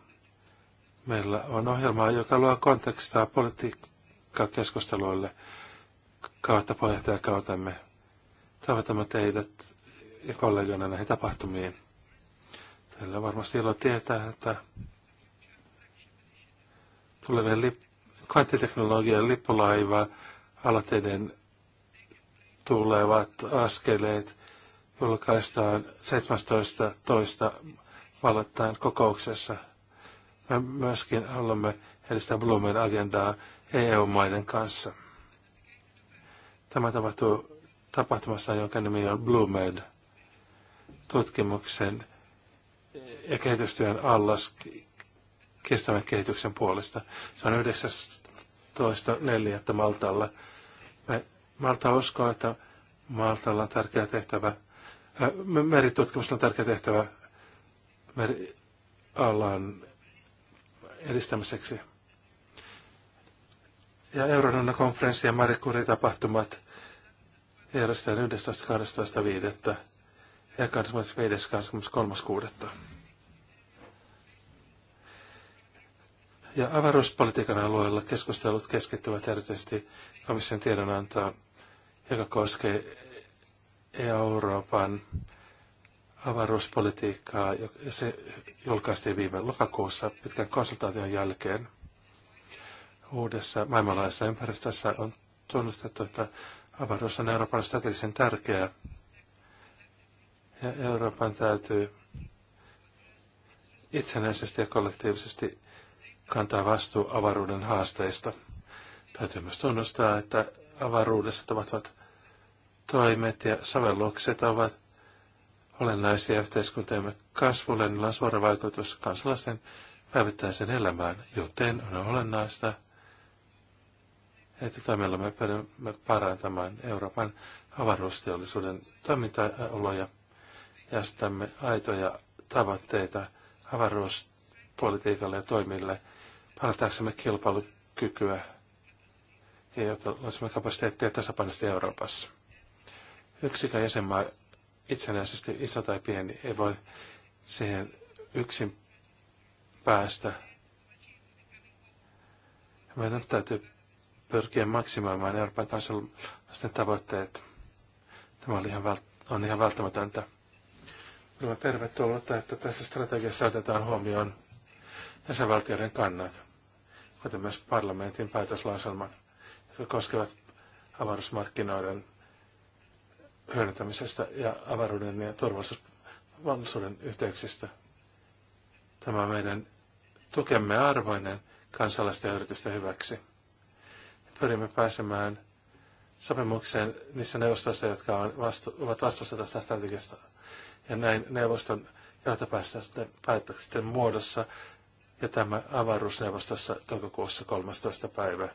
[SPEAKER 1] Meillä on ohjelma, joka luo kontekstia politiikkakeskusteluille. keskusteluille kautta puheenjohtajakautemme. Toivotamme teidät ja kollegoina näihin tapahtumiin. Teillä varmasti ilo tietää, että tulevien lip- kvanttiteknologian lippulaiva aloitteiden tulevat askeleet julkaistaan toista valottaan kokouksessa. Me myöskin haluamme edistää Blumen agendaa EU-maiden kanssa. Tämä tapahtuu tapahtumassa, jonka nimi on BlueMed tutkimuksen ja kehitystyön allas kestävän kehityksen puolesta. Se on 19.4. Maltalla. Me, Malta uskoo, että Maltalla on tärkeä tehtävä, ää, äh, meritutkimuksella on tärkeä tehtävä merialan edistämiseksi. Ja Euronanna-konferenssi ja Marikuri-tapahtumat tapahtumat järjestetään 11.12.5. ja 25.23.6. Ja avaruuspolitiikan alueella keskustelut keskittyvät erityisesti komission tiedonantoa, joka koskee Euroopan avaruuspolitiikkaa, ja se julkaistiin viime lokakuussa pitkän konsultaation jälkeen. Uudessa maailmanlaisessa ympäristössä on tunnustettu, että Avaruus on Euroopan strategisen tärkeää. Ja Euroopan täytyy itsenäisesti ja kollektiivisesti kantaa vastuu avaruuden haasteista. Täytyy myös tunnustaa, että avaruudessa tapahtuvat toimet ja sovellukset ovat olennaisia yhteiskuntiemme kasvulle, niillä on suora vaikutus kansalaisten päivittäiseen elämään, joten on olennaista, että toimilla me pyrimme parantamaan Euroopan avaruusteollisuuden toimintaoloja ja estämme aitoja tavoitteita avaruuspolitiikalle ja toimille parantaaksemme kilpailukykyä ja jotta olisimme kapasiteettia tasapainosta Euroopassa. Yksikään jäsenmaa itsenäisesti iso tai pieni ei voi siihen yksin päästä. Meidän täytyy pyrkiä maksimoimaan Euroopan kansalaisten tavoitteet. Tämä oli ihan on ihan välttämätöntä. Minulla tervetullutta, että tässä strategiassa otetaan huomioon jäsenvaltioiden kannat, kuten myös parlamentin päätöslauselmat, jotka koskevat avaruusmarkkinoiden hyödyntämisestä ja avaruuden ja turvallisuuden yhteyksistä. Tämä on meidän tukemme arvoinen kansalaisten ja yritysten hyväksi pyrimme pääsemään sopimukseen niissä neuvostoissa, jotka on vastu, ovat vastuussa tästä strategiasta. Ja näin neuvoston johtopäätösten päätöksen muodossa ja tämä avaruusneuvostossa toukokuussa 13. päivä.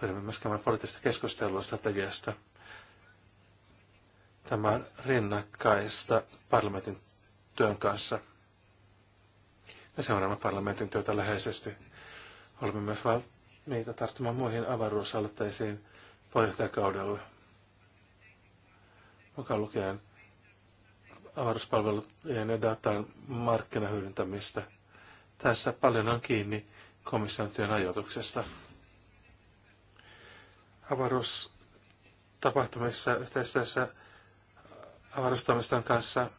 [SPEAKER 1] Pyrimme myös käymään poliittista keskustelua strategiasta. Tämä on rinnakkaista parlamentin työn kanssa. Me seuraamme parlamentin työtä läheisesti. Olemme myös val- meitä tarttumaan muihin avaruusaloitteisiin puheenjohtajakaudella. Mukaan lukien avaruuspalvelujen ja datan markkinahyödyntämistä. Tässä paljon on kiinni komission työn ajoituksesta. Avaruustapahtumissa yhteistyössä avaruustoimiston kanssa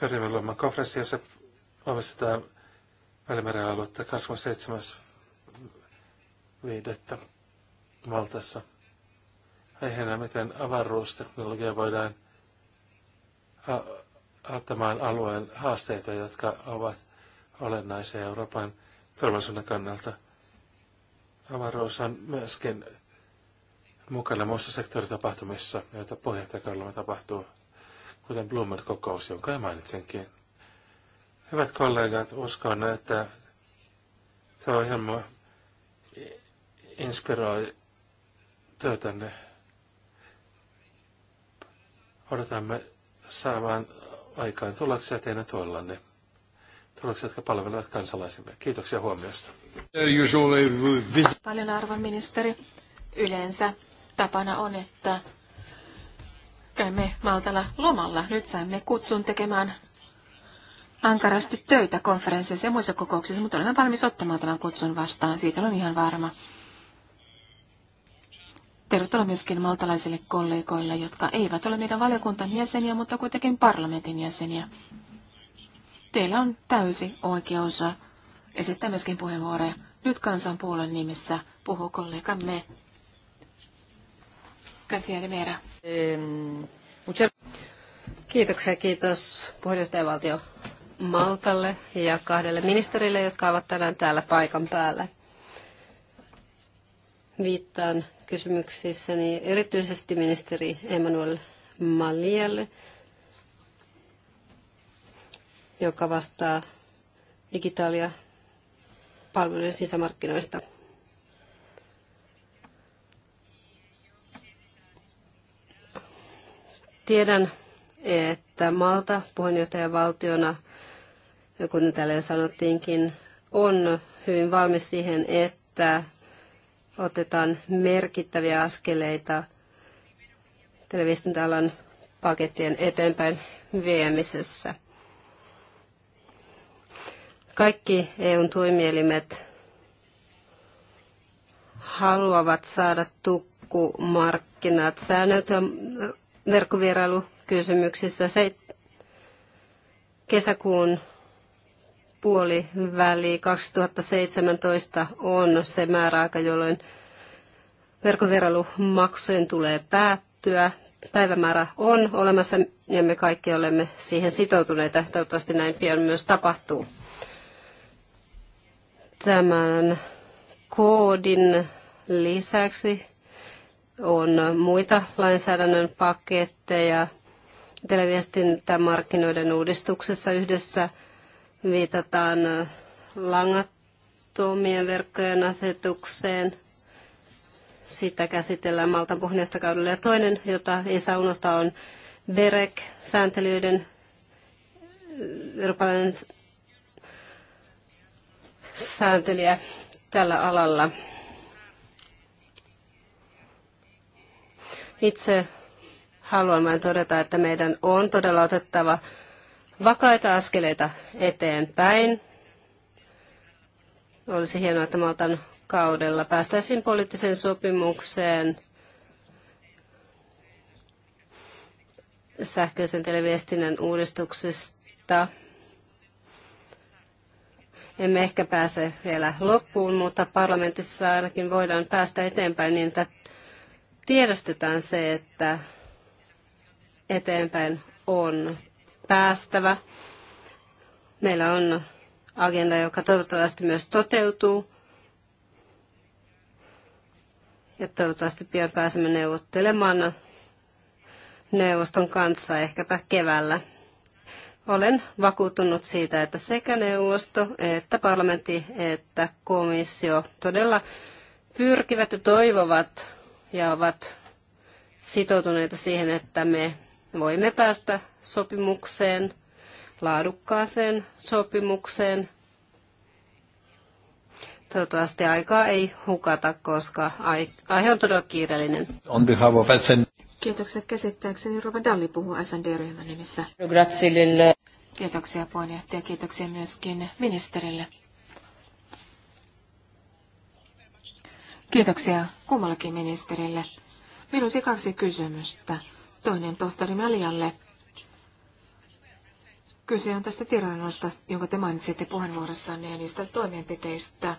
[SPEAKER 1] pyrimme luomaan konferenssi, jossa omistetaan Välimeren aluetta kasvun 7 viidettä valtassa. Aiheena, miten avaruusteknologia voidaan ottamaan alueen haasteita, jotka ovat olennaisia Euroopan turvallisuuden kannalta. Avaruus on myöskin mukana muissa sektoritapahtumissa, joita puheenjohtajakaudella tapahtuu, kuten Bloomberg-kokous, jonka mainitsenkin. Hyvät kollegat, uskon, että se ohjelma inspiroi työtänne. Odotamme saavan aikaan tuloksia teidän tuollanne. Tuloksia, jotka palvelevat kansalaisimme. Kiitoksia huomiosta.
[SPEAKER 2] Paljon arvon ministeri. Yleensä tapana on, että käymme Maltalla lomalla. Nyt saimme kutsun tekemään ankarasti töitä konferensseissa ja muissa kokouksissa, mutta olemme valmis ottamaan tämän kutsun vastaan. Siitä olen ihan varma. Tervetuloa myöskin maltalaisille kollegoille, jotka eivät ole meidän valiokuntan jäseniä, mutta kuitenkin parlamentin jäseniä. Teillä on täysi oikeus esittää myöskin puheenvuoroja. Nyt kansanpuolen nimissä puhuu kollegamme
[SPEAKER 3] García de Mera. Kiitoksia, kiitos puheenjohtajavaltio Maltalle ja kahdelle ministerille, jotka ovat tänään täällä paikan päällä. Viittaan kysymyksissäni niin erityisesti ministeri Emmanuel Malielle, joka vastaa digitaalia palvelujen sisämarkkinoista. Tiedän, että Malta puheenjohtajavaltiona, kuten täällä jo sanottiinkin, on hyvin valmis siihen, että otetaan merkittäviä askeleita televiestintäalan pakettien eteenpäin viemisessä. Kaikki EUn toimielimet haluavat saada tukkumarkkinat säänneltyä verkkovierailukysymyksissä. Se kesäkuun puoliväli 2017 on se määräaika, jolloin verkkovierailumaksujen tulee päättyä. Päivämäärä on olemassa ja me kaikki olemme siihen sitoutuneita. Toivottavasti näin pian myös tapahtuu. Tämän koodin lisäksi on muita lainsäädännön paketteja televiestintämarkkinoiden uudistuksessa yhdessä – viitataan langattomien verkkojen asetukseen. Sitä käsitellään Maltan puheenjohtajakaudella. Ja toinen, jota ei saa unohtaa, on berec sääntelyiden eurooppalainen sääntelijä tällä alalla. Itse haluan vain todeta, että meidän on todella otettava vakaita askeleita eteenpäin. Olisi hienoa, että Maltan kaudella päästäisiin poliittiseen sopimukseen sähköisen televiestinnän uudistuksesta. Emme ehkä pääse vielä loppuun, mutta parlamentissa ainakin voidaan päästä eteenpäin niin, että tiedostetaan se, että eteenpäin on päästävä. Meillä on agenda, joka toivottavasti myös toteutuu. Ja toivottavasti pian pääsemme neuvottelemaan neuvoston kanssa, ehkäpä keväällä. Olen vakuuttunut siitä, että sekä neuvosto, että parlamentti, että komissio todella pyrkivät ja toivovat ja ovat sitoutuneita siihen, että me voimme päästä sopimukseen, laadukkaaseen sopimukseen. Toivottavasti aikaa ei hukata, koska aihe on todella kiireellinen.
[SPEAKER 1] On behalf of SN...
[SPEAKER 3] Kiitoksia käsittääkseni. Rova Dalli puhuu SND-ryhmän nimissä.
[SPEAKER 2] Kiitoksia puheenjohtaja. Kiitoksia myöskin ministerille. Kiitoksia kummallakin ministerille. Minulla olisi kaksi kysymystä toinen tohtori Malialle. Kyse on tästä tilannosta, jonka te mainitsitte puheenvuorossanne ja niistä toimenpiteistä,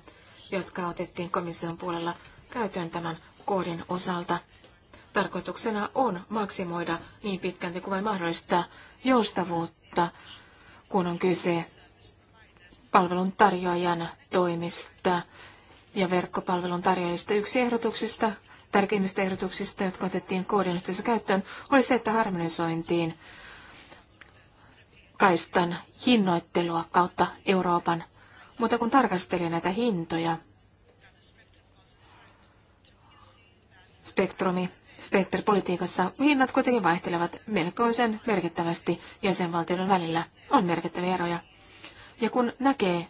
[SPEAKER 2] jotka otettiin komission puolella käytön tämän koodin osalta. Tarkoituksena on maksimoida niin pitkälti kuin vain mahdollista joustavuutta, kun on kyse palvelun tarjoajan toimista ja verkkopalvelun tarjoajista. Yksi ehdotuksista tärkeimmistä ehdotuksista, jotka otettiin koodin yhteydessä käyttöön, oli se, että harmonisointiin kaistan hinnoittelua kautta Euroopan. Mutta kun tarkastelin näitä hintoja, spektrumi, spektripolitiikassa hinnat kuitenkin vaihtelevat melkoisen merkittävästi jäsenvaltioiden välillä. On merkittäviä eroja. Ja kun näkee,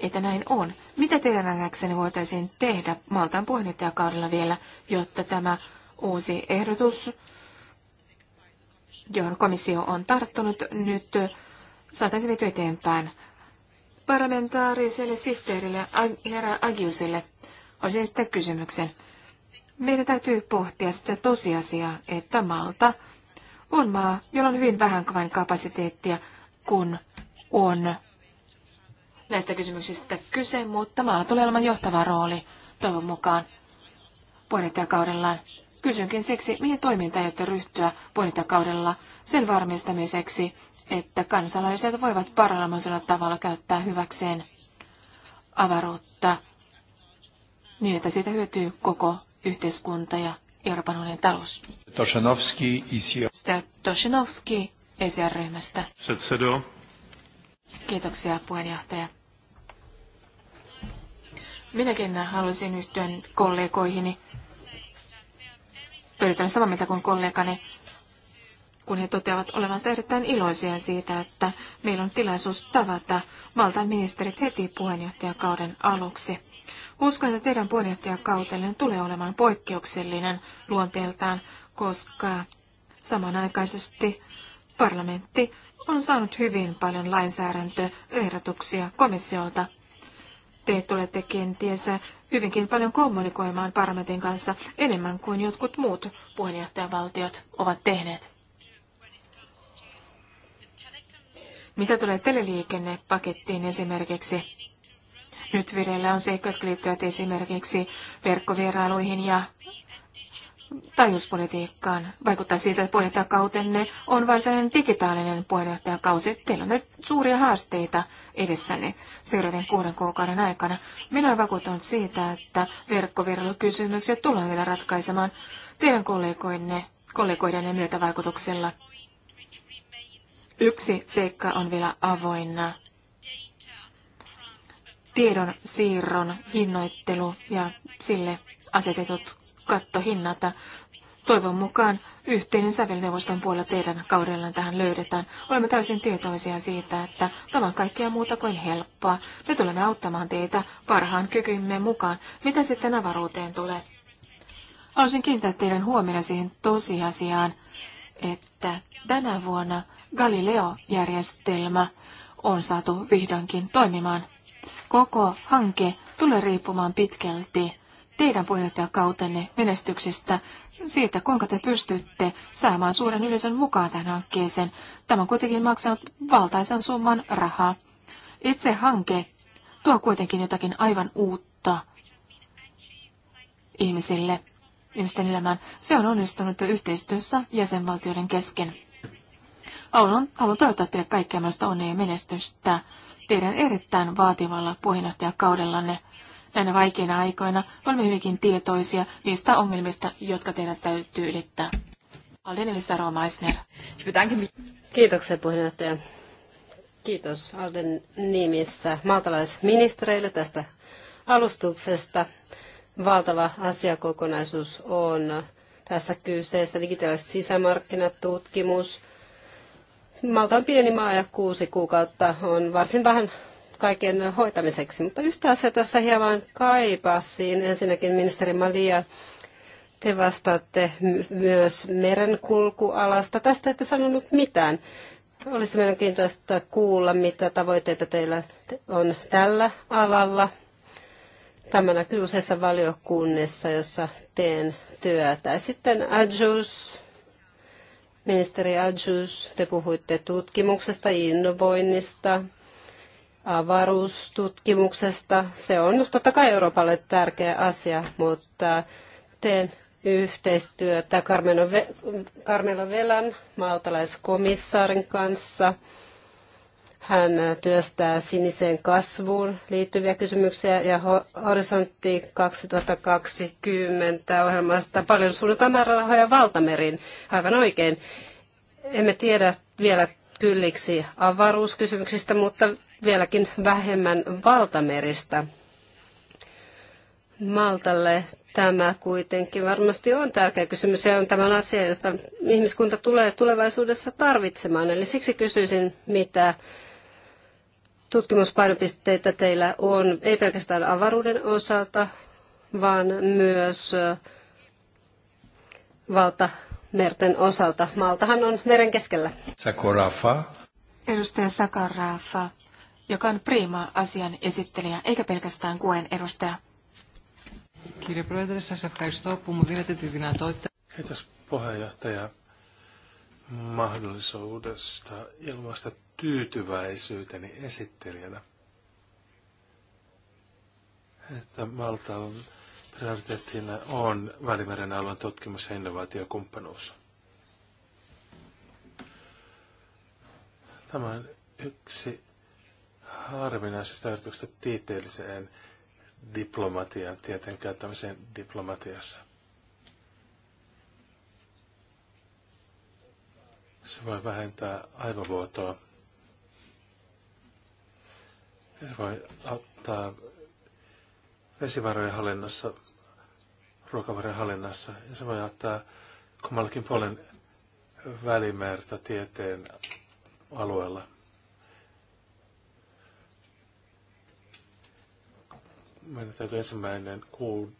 [SPEAKER 2] että näin on. Mitä teidän nähdäkseni voitaisiin tehdä Maltaan puheenjohtajakaudella vielä, jotta tämä uusi ehdotus, johon komissio on tarttunut nyt, saataisiin vietyä eteenpäin parlamentaariselle sihteerille herra Agiusille? Olisin sitä kysymyksen. Meidän täytyy pohtia sitä tosiasiaa, että Malta on maa, jolla on hyvin vähän kapasiteettia, kun on näistä kysymyksistä kyse, mutta maalla tulee olemaan johtava rooli toivon mukaan puheenjohtajakaudellaan. Kysynkin siksi, mihin toimintaan aiotte ryhtyä puheenjohtajakaudella sen varmistamiseksi, että kansalaiset voivat parhaalla tavalla käyttää hyväkseen avaruutta niin, että siitä hyötyy koko yhteiskunta ja Euroopan unionin talous.
[SPEAKER 1] Toshinovski, ICR.
[SPEAKER 2] Toshinovski, ECR-ryhmästä. Kiitoksia puheenjohtaja. Minäkin haluaisin yhtyä kollegoihini. Todella samaa mieltä kuin kollegani, kun he toteavat olevansa erittäin iloisia siitä, että meillä on tilaisuus tavata valtan ministerit heti puheenjohtajakauden aluksi. Uskon, että teidän puheenjohtajakautellinen tulee olemaan poikkeuksellinen luonteeltaan, koska samanaikaisesti parlamentti on saanut hyvin paljon lainsäädäntöehdotuksia komissiolta. Te tulette kenties hyvinkin paljon kommunikoimaan parlamentin kanssa enemmän kuin jotkut muut puheenjohtajavaltiot ovat tehneet. Mitä tulee teleliikennepakettiin esimerkiksi? Nyt vireillä on seikkoja, jotka liittyvät esimerkiksi verkkovierailuihin ja tajuuspolitiikkaan. Vaikuttaa siitä että puheenjohtajakautenne on varsinainen digitaalinen puheenjohtajakausi. Teillä on nyt suuria haasteita edessänne seuraavien kuuden kuukauden aikana. Minä olen vakuuttunut siitä, että verkkoverkkokysymykset tullaan vielä ratkaisemaan teidän kollegoidenne, kollegoidenne myötävaikutuksella. Yksi seikka on vielä avoinna. Tiedon siirron hinnoittelu ja sille asetetut kattohinnat. Toivon mukaan yhteinen sävelneuvoston puolella teidän kaudellaan tähän löydetään. Olemme täysin tietoisia siitä, että tämä on kaikkea muuta kuin helppoa. Me tulemme auttamaan teitä parhaan kykymme mukaan. Mitä sitten avaruuteen tulee? Haluaisin kiinnittää teidän huomioon siihen tosiasiaan, että tänä vuonna Galileo-järjestelmä on saatu vihdoinkin toimimaan. Koko hanke tulee riippumaan pitkälti teidän puheenjohtajakautenne menestyksestä, siitä kuinka te pystytte saamaan suuren yleisön mukaan tähän hankkeeseen. Tämä on kuitenkin maksanut valtaisen summan rahaa. Itse hanke tuo kuitenkin jotakin aivan uutta ihmisille, ihmisten elämään. Se on onnistunut yhteistyössä jäsenvaltioiden kesken. Haluan, haluan toivottaa teille kaikkea myös onnea ja menestystä teidän erittäin vaativalla puheenjohtajakaudellanne näinä vaikeina aikoina olemme hyvinkin tietoisia niistä ongelmista, jotka teidän täytyy ylittää.
[SPEAKER 3] Aldenille Saro Meissner. Kiitoksia puheenjohtaja. Kiitos Alden nimissä maltalaisministereille tästä alustuksesta. Valtava asiakokonaisuus on tässä kyseessä digitaaliset sisämarkkinat, tutkimus. Malta on pieni maa ja kuusi kuukautta on varsin vähän kaiken hoitamiseksi. Mutta yhtä asiaa tässä hieman kaipasin. Ensinnäkin ministeri Malia, te vastaatte myös merenkulkualasta. Tästä ette sanonut mitään. Olisi mielenkiintoista kuulla, mitä tavoitteita teillä on tällä alalla. Tämä näkyy useissa valiokunnissa, jossa teen työtä. Sitten Adjus, ministeri Adjus, te puhuitte tutkimuksesta, innovoinnista, avaruustutkimuksesta. Se on totta kai Euroopalle tärkeä asia, mutta teen yhteistyötä Carmelo Velan maltalaiskomissaarin kanssa. Hän työstää siniseen kasvuun liittyviä kysymyksiä ja Horisontti 2020 ohjelmasta paljon suunnataan määrärahoja valtamerin. Aivan oikein. Emme tiedä vielä kylliksi avaruuskysymyksistä, mutta vieläkin vähemmän valtameristä. Maltalle tämä kuitenkin varmasti on tärkeä kysymys ja on tämän asia, jota ihmiskunta tulee tulevaisuudessa tarvitsemaan. Eli siksi kysyisin, mitä tutkimuspainopisteitä teillä on, ei pelkästään avaruuden osalta, vaan myös valtamerten osalta. Maltahan on meren keskellä.
[SPEAKER 1] Sakorafa.
[SPEAKER 3] Edustaja
[SPEAKER 2] Sakarafa joka on prima asian esittelijä, eikä pelkästään kuen edustaja.
[SPEAKER 1] Κύριε Πρόεδρε, Kiitos puheenjohtaja mahdollisuudesta ilmaista tyytyväisyyteni esittelijänä. Että Maltan prioriteettina on Välimeren alueen tutkimus- ja innovaatiokumppanuus. Tämä on yksi harvinaisesta yrityksestä tieteelliseen diplomatiaan, tieteen käyttämiseen diplomatiassa. Se voi vähentää aivovuotoa. Se voi auttaa vesivarojen hallinnassa, ruokavarojen hallinnassa ja se voi auttaa kummallakin puolen välimerta tieteen alueella. meidän täytyy ensimmäinen kuu,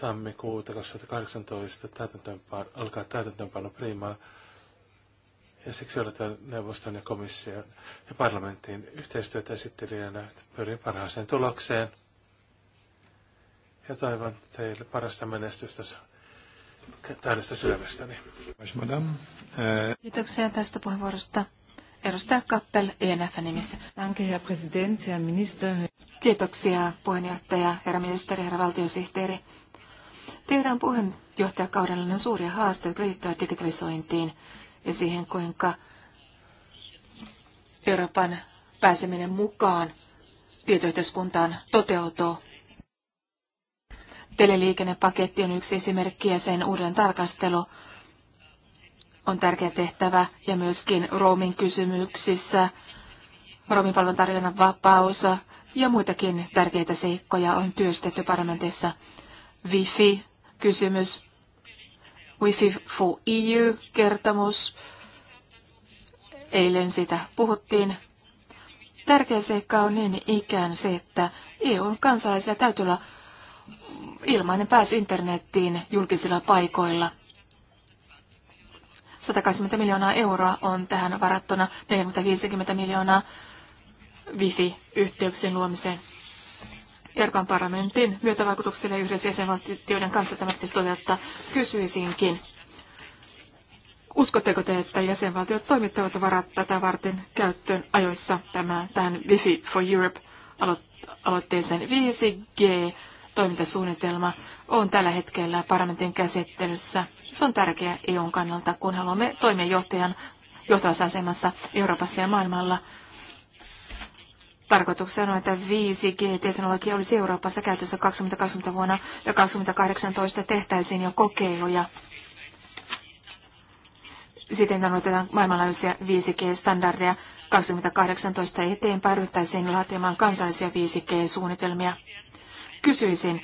[SPEAKER 1] tammikuuta 2018 täytäntöönpaan, alkaa täytäntöönpano priimaa. Ja siksi odotan neuvoston ja komission ja parlamentin yhteistyötä esittelijänä. Pyrin parhaaseen tulokseen. Ja toivon teille parasta menestystä täydestä sydämestäni.
[SPEAKER 2] Kiitoksia tästä puheenvuorosta. Edustaja Kappel, ENF-nimissä. Danke, Herr Präsident, Herr Minister. Kiitoksia puheenjohtaja, herra ministeri, herra valtiosihteeri. Teidän puheenjohtajakaudellanne suuria haasteita liittyvät digitalisointiin ja siihen, kuinka Euroopan pääseminen mukaan tietoyhteiskuntaan toteutuu. Teleliikennepaketti on yksi esimerkki ja sen uuden tarkastelu on tärkeä tehtävä ja myöskin roaming kysymyksissä, roaming tarjonnan vapaus, ja muitakin tärkeitä seikkoja on työstetty parlamentissa. Wifi-kysymys, Wifi for EU-kertomus, eilen sitä puhuttiin. Tärkeä seikka on niin ikään se, että eu kansalaisilla täytyy olla ilmainen pääsy internettiin julkisilla paikoilla. 180 miljoonaa euroa on tähän varattuna, 450 miljoonaa wifi-yhteyksien luomiseen. Euroopan parlamentin myötävaikutukselle yhdessä jäsenvaltioiden kanssa tämä pitäisi toteuttaa. Kysyisinkin, uskotteko te, että jäsenvaltiot toimittavat varat tätä varten käyttöön ajoissa tämä, tähän Wifi for Europe aloitteeseen 5G? Toimintasuunnitelma on tällä hetkellä parlamentin käsittelyssä. Se on tärkeä EUn kannalta, kun haluamme toimia johtajan johtavassa asemassa Euroopassa ja maailmalla – Tarkoituksena on, että 5G-teknologia olisi Euroopassa käytössä 2020 vuonna ja 2018 tehtäisiin jo kokeiluja. Siten tarvitaan maailmanlaajuisia 5G-standardeja. 2018 eteenpäin ryhtäisiin laatimaan kansallisia 5G-suunnitelmia. Kysyisin,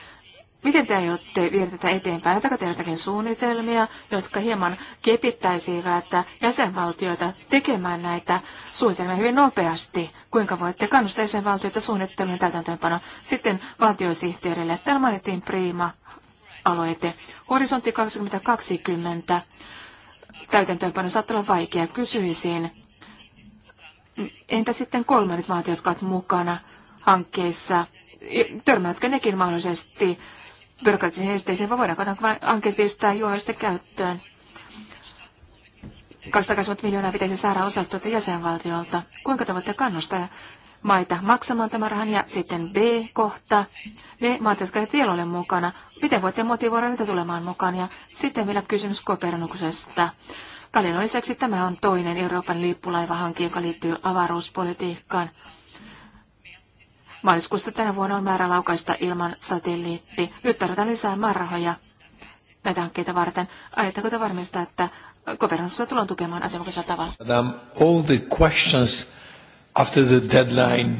[SPEAKER 2] Miten te aiotte viedä tätä eteenpäin? Oletko teillä jotakin suunnitelmia, jotka hieman kepittäisivät jäsenvaltioita tekemään näitä suunnitelmia hyvin nopeasti? Kuinka voitte kannustaa jäsenvaltioita suunnitteluun täytäntöönpano? Sitten valtiosihteerille. Täällä mainittiin Prima aloite. Horisontti 2020. Täytäntöönpano saattaa olla vaikea. Kysyisin, entä sitten kolmannet maat, jotka ovat mukana hankkeissa? Törmäätkö nekin mahdollisesti byrokratisiin esteisiin, vaan voidaanko hankkeet pistää juohoista käyttöön. 220 miljoonaa pitäisi saada osaltuilta jäsenvaltiolta. Kuinka te voitte kannustaa maita maksamaan tämän rahan? Ja sitten B-kohta, ne maat, jotka eivät vielä ole mukana, miten voitte motivoida niitä tulemaan mukaan? Ja sitten vielä kysymys Kopernuksesta. Kalinon lisäksi tämä on toinen Euroopan lippulaivahanke, joka liittyy avaruuspolitiikkaan. Maaliskuusta tänä vuonna on määrä laukaista ilman satelliitti. Nyt tarvitaan lisää määrärahoja näitä hankkeita varten. Aiotteko te varmistaa, että Kopernusta tullaan tukemaan asianmukaisella tavalla?
[SPEAKER 1] all the questions after the deadline.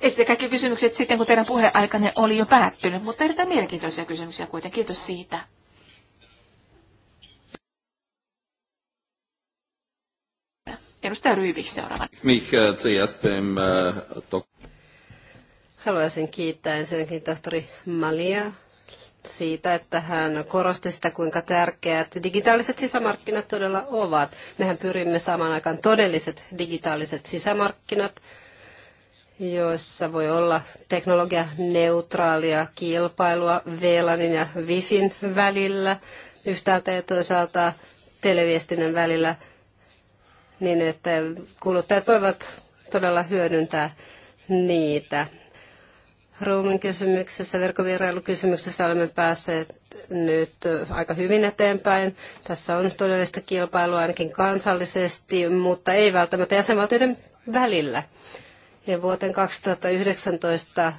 [SPEAKER 2] Esitte kaikki kysymykset sitten, kun teidän puheaikanne oli jo päättynyt, mutta erittäin mielenkiintoisia kysymyksiä kuitenkin. Kiitos siitä.
[SPEAKER 3] Edustaja Ryyvik seuraavana. Äh, Haluaisin kiittää ensinnäkin tohtori Malia siitä, että hän korosti sitä, kuinka tärkeät digitaaliset sisämarkkinat todella ovat. Mehän pyrimme saamaan aikaan todelliset digitaaliset sisämarkkinat, joissa voi olla teknologia neutraalia kilpailua VLANin ja WIFin välillä yhtäältä ja toisaalta televiestinnän välillä – niin että kuluttajat voivat todella hyödyntää niitä. Ruumin kysymyksessä, verkkovierailukysymyksessä olemme päässeet nyt aika hyvin eteenpäin. Tässä on todellista kilpailua ainakin kansallisesti, mutta ei välttämättä jäsenvaltioiden välillä. Ja vuoteen 2019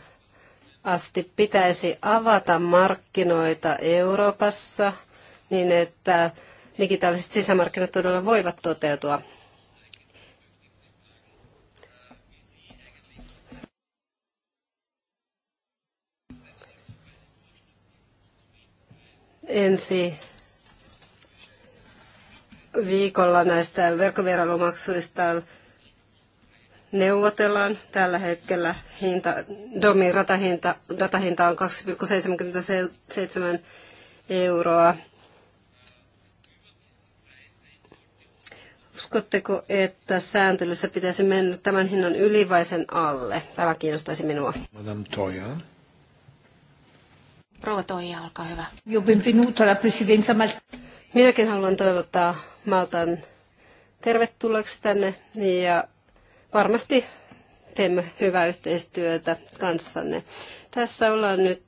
[SPEAKER 3] asti pitäisi avata markkinoita Euroopassa niin, että digitaaliset sisämarkkinat todella voivat toteutua. ensi viikolla näistä verkkovierailumaksuista neuvotellaan. Tällä hetkellä hinta, Domin ratahinta, datahinta on 2,77 euroa. Uskotteko, että sääntelyssä pitäisi mennä tämän hinnan yli vai sen alle? Tämä kiinnostaisi minua.
[SPEAKER 2] Madame Toyan.
[SPEAKER 3] Rouva Toija, olkaa hyvä. Jo benvenuto alla presidenza Malta. Minäkin haluan toivottaa Maltan tervetulleeksi tänne ja varmasti teemme hyvää yhteistyötä kanssanne. Tässä ollaan nyt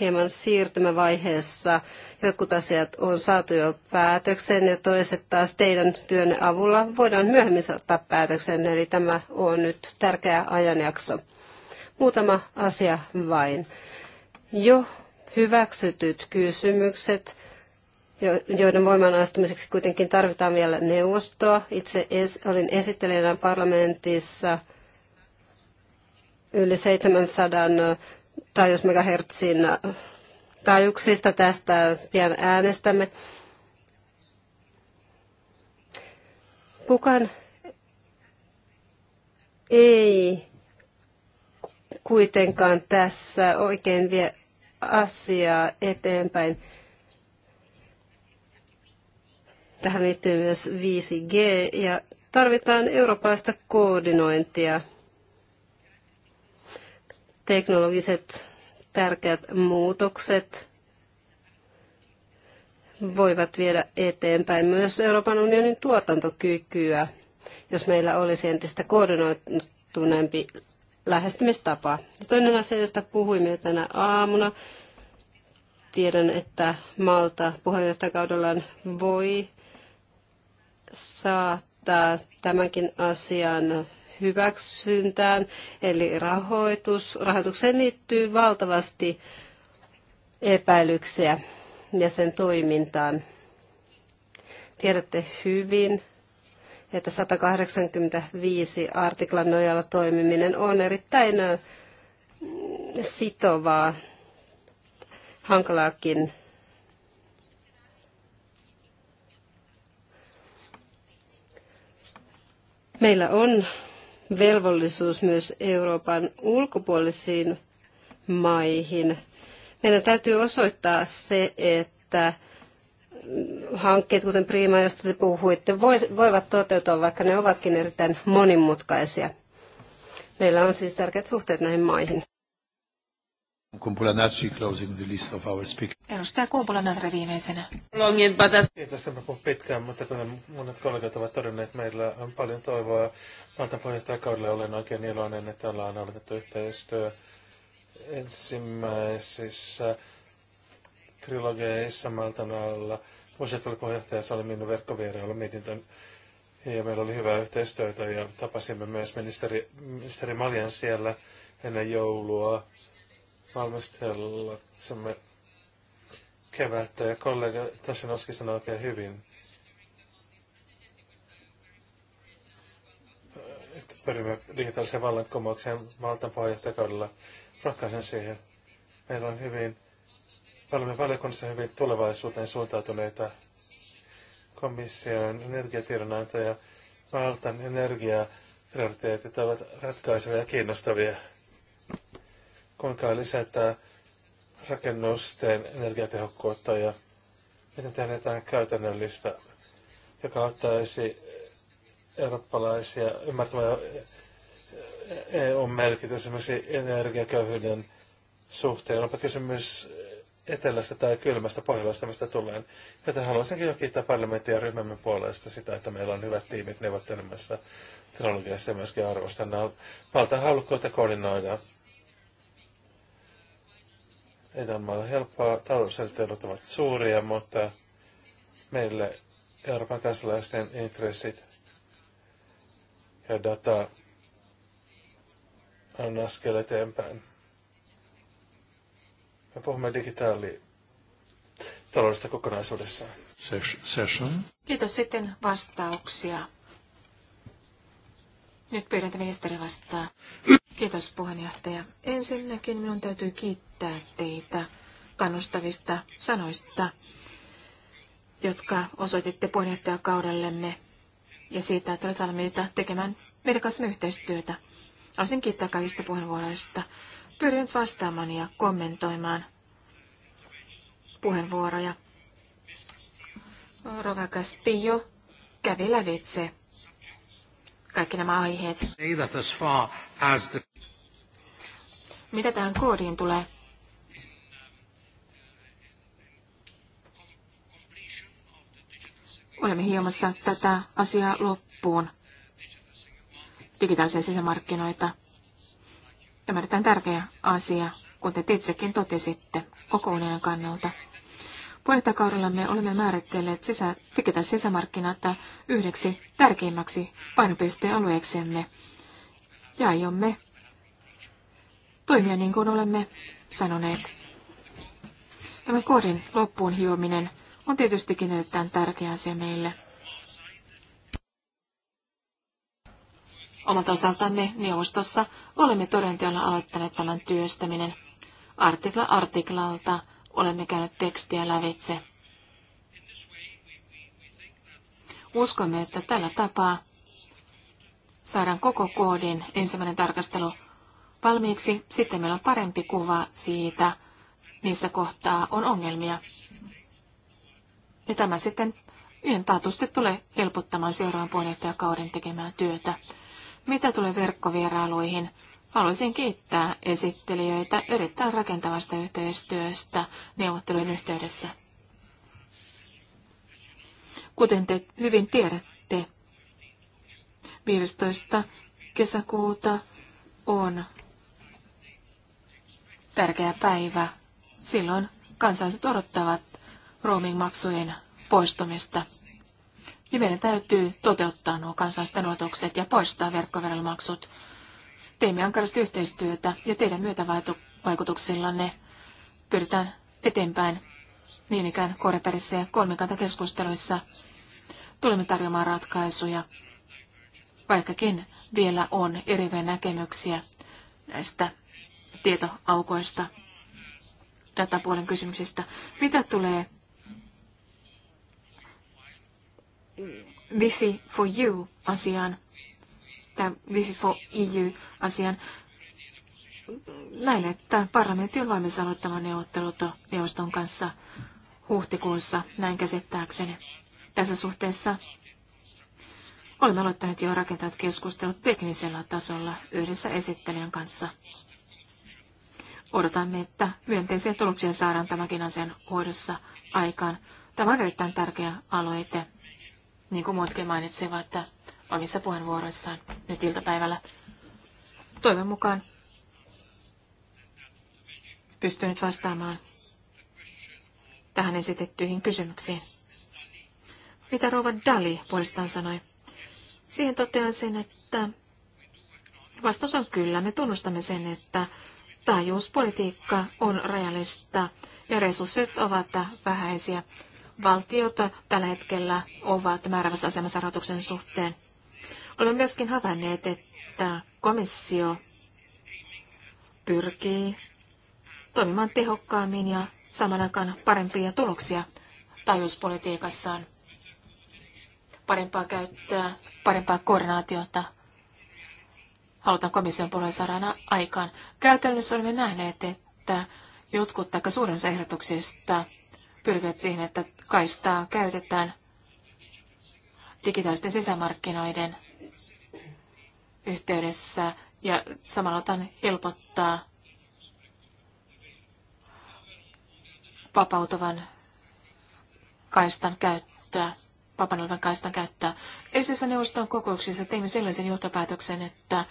[SPEAKER 3] hieman siirtymävaiheessa. Jotkut asiat on saatu jo päätökseen ja toiset taas teidän työnne avulla voidaan myöhemmin saattaa päätöksen, eli tämä on nyt tärkeä ajanjakso. Muutama asia vain. Jo hyväksytyt kysymykset, joiden voimaan astumiseksi kuitenkin tarvitaan vielä neuvostoa. Itse olin esittelijänä parlamentissa yli 700 taajuus megahertsin taajuuksista. Tästä pian äänestämme. Kukaan ei kuitenkaan tässä oikein vielä asiaa eteenpäin. Tähän liittyy myös 5G ja tarvitaan eurooppalaista koordinointia. Teknologiset tärkeät muutokset voivat viedä eteenpäin myös Euroopan unionin tuotantokykyä, jos meillä olisi entistä koordinoituneempi lähestymistapaa. Ja toinen asia, josta puhuimme tänä aamuna, tiedän, että Malta puheenjohtajakaudellaan voi saattaa tämänkin asian hyväksyntään, eli rahoitus. Rahoitukseen liittyy valtavasti epäilyksiä ja sen toimintaan. Tiedätte hyvin, että 185 artiklan nojalla toimiminen on erittäin sitovaa, hankalaakin. Meillä on velvollisuus myös Euroopan ulkopuolisiin maihin. Meidän täytyy osoittaa se, että hankkeet, kuten Prima, josta te puhuitte, voivat toteutua, vaikka ne ovatkin erittäin monimutkaisia. Meillä on siis tärkeät suhteet näihin maihin.
[SPEAKER 1] Edustaja closing the list of our speakers.
[SPEAKER 3] viimeisenä. Longin
[SPEAKER 1] tässä mä puhu pitkään, mutta kun monet kollegat ovat todenneet, meillä on paljon toivoa. Maltan puheenjohtajakaudelle olen oikein iloinen, että ollaan aloitettu yhteistyö ensimmäisissä trilogia Issamaltan alla. Pohjois-Pohjois oli minun verkkovierailla mietintön ja meillä oli hyvää yhteistyötä ja tapasimme myös ministeri, ministeri Maljan siellä ennen joulua valmistellaksemme kevättä ja kollega Toshinoski sanoi oikein hyvin. Että pyrimme digitaaliseen vallankumoukseen Maltan puheenjohtajakaudella. Rohkaisen siihen. Meillä on hyvin olemme valiokunnassa hyvin tulevaisuuteen suuntautuneita komission energiatiedonanto ja Maltan energiaprioriteetit ovat ratkaisevia ja kiinnostavia. Kuinka lisätä rakennusten energiatehokkuutta ja miten tehdään jotain käytännöllistä, joka auttaisi eurooppalaisia ymmärtämään EUn merkitys esimerkiksi energiaköyhyyden suhteen. Onpa kysymys etelästä tai kylmästä pohjalaista, mistä tulen. Joten haluaisinkin jo kiittää parlamenttia ryhmämme puolesta sitä, että meillä on hyvät tiimit neuvottelemassa trilogiassa ja myöskin arvostan valtaan halukkuutta koordinoida. Ei tämä ole helppoa, taloudelliset ovat suuria, mutta meille Euroopan kansalaisten intressit ja data on askel eteenpäin. Me puhumme digitaalitaloudesta kokonaisuudessaan. Session.
[SPEAKER 2] Kiitos sitten vastauksia. Nyt pyydän, että ministeri vastaa. Kiitos puheenjohtaja. Ensinnäkin minun täytyy kiittää teitä kannustavista sanoista, jotka osoititte puheenjohtajakaudellemme ja siitä, että olet valmiita tekemään meidän kanssamme yhteistyötä. Haluaisin kiittää kaikista puheenvuoroista pyrin vastaamaan ja kommentoimaan puheenvuoroja. Rova Castillo kävi lävitse kaikki nämä aiheet. Mitä tähän koodiin tulee? Olemme hiomassa tätä asiaa loppuun digitaalisen sisämarkkinoita. Tämä on tärkeä asia, kuten te itsekin totesitte, kokonainen kannalta. Puheenjohtajakaudella me olemme määritelleet sisä, digitaalisen sisämarkkinat yhdeksi tärkeimmäksi painopistealueeksemme ja aiomme toimia niin kuin olemme sanoneet. Tämä koodin loppuun hiominen on tietystikin erittäin tärkeä asia meille. Omalta osaltamme neuvostossa olemme todenteolla aloittaneet tämän työstäminen. Artikla artiklalta olemme käyneet tekstiä lävitse. Uskomme, että tällä tapaa saadaan koko koodin ensimmäinen tarkastelu valmiiksi. Sitten meillä on parempi kuva siitä, missä kohtaa on ongelmia. Ja tämä sitten yhden taatusti tulee helpottamaan seuraavan puheenjohtajakauden tekemää työtä. Mitä tulee verkkovierailuihin? Haluaisin kiittää esittelijöitä erittäin rakentavasta yhteistyöstä neuvottelujen yhteydessä. Kuten te hyvin tiedätte, 15. kesäkuuta on tärkeä päivä. Silloin kansalaiset odottavat roaming-maksujen poistumista. Ja meidän täytyy toteuttaa nuo kansallisten odotukset ja poistaa verkkoverelmaksut. Teemme ankarasti yhteistyötä ja teidän myötävaikutuksillanne pyritään eteenpäin niin ikään koreperissä ja kolmikantakeskusteluissa. Tulemme tarjoamaan ratkaisuja, vaikkakin vielä on eriviä näkemyksiä näistä tietoaukoista datapuolen kysymyksistä. Mitä tulee Wifi for you asian tai Wifi for eu asian Näin, että parlamentti on valmis aloittamaan neuvottelut neuvoston kanssa huhtikuussa, näin käsittääkseni. Tässä suhteessa olemme aloittaneet jo rakentaa keskustelut teknisellä tasolla yhdessä esittelijän kanssa. Odotamme, että myönteisiä tuloksia saadaan tämäkin asian hoidossa aikaan. Tämä on erittäin tärkeä aloite niin kuin muutkin mainitsivat omissa puheenvuoroissaan nyt iltapäivällä. Toivon mukaan pystyn nyt vastaamaan tähän esitettyihin kysymyksiin. Mitä Rova Dali puolestaan sanoi? Siihen totean sen, että vastaus on kyllä. Me tunnustamme sen, että taajuuspolitiikka on rajallista ja resurssit ovat vähäisiä valtiot tällä hetkellä ovat määrävässä asemassa rahoituksen suhteen. Olemme myöskin havainneet, että komissio pyrkii toimimaan tehokkaammin ja saman aikaan parempia tuloksia taajuuspolitiikassaan. Parempaa käyttöä, parempaa koordinaatiota halutaan komission puolella saada aikaan. Käytännössä olemme nähneet, että jotkut tai suurin osa ehdotuksista pyrkivät siihen, että kaistaa käytetään digitaalisten sisämarkkinoiden yhteydessä ja samalla otan helpottaa vapautuvan kaistan käyttöä, vapautuvan kaistan käyttöä. Edellisessä neuvoston kokouksessa teimme sellaisen johtopäätöksen, että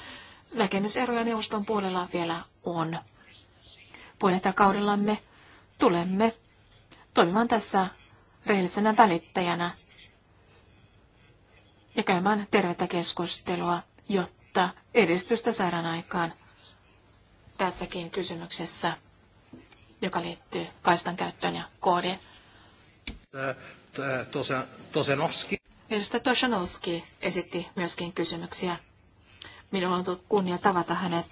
[SPEAKER 2] näkemyseroja neuvoston puolella vielä on. Puheenjohtajakaudellamme tulemme toimimaan tässä rehellisenä välittäjänä ja käymään tervettä keskustelua, jotta edistystä saadaan aikaan tässäkin kysymyksessä, joka liittyy kaistan käyttöön ja koodiin.
[SPEAKER 1] Tosenovski.
[SPEAKER 2] Edustaja Tosanovski esitti myöskin kysymyksiä. Minulla on tullut kunnia tavata hänet,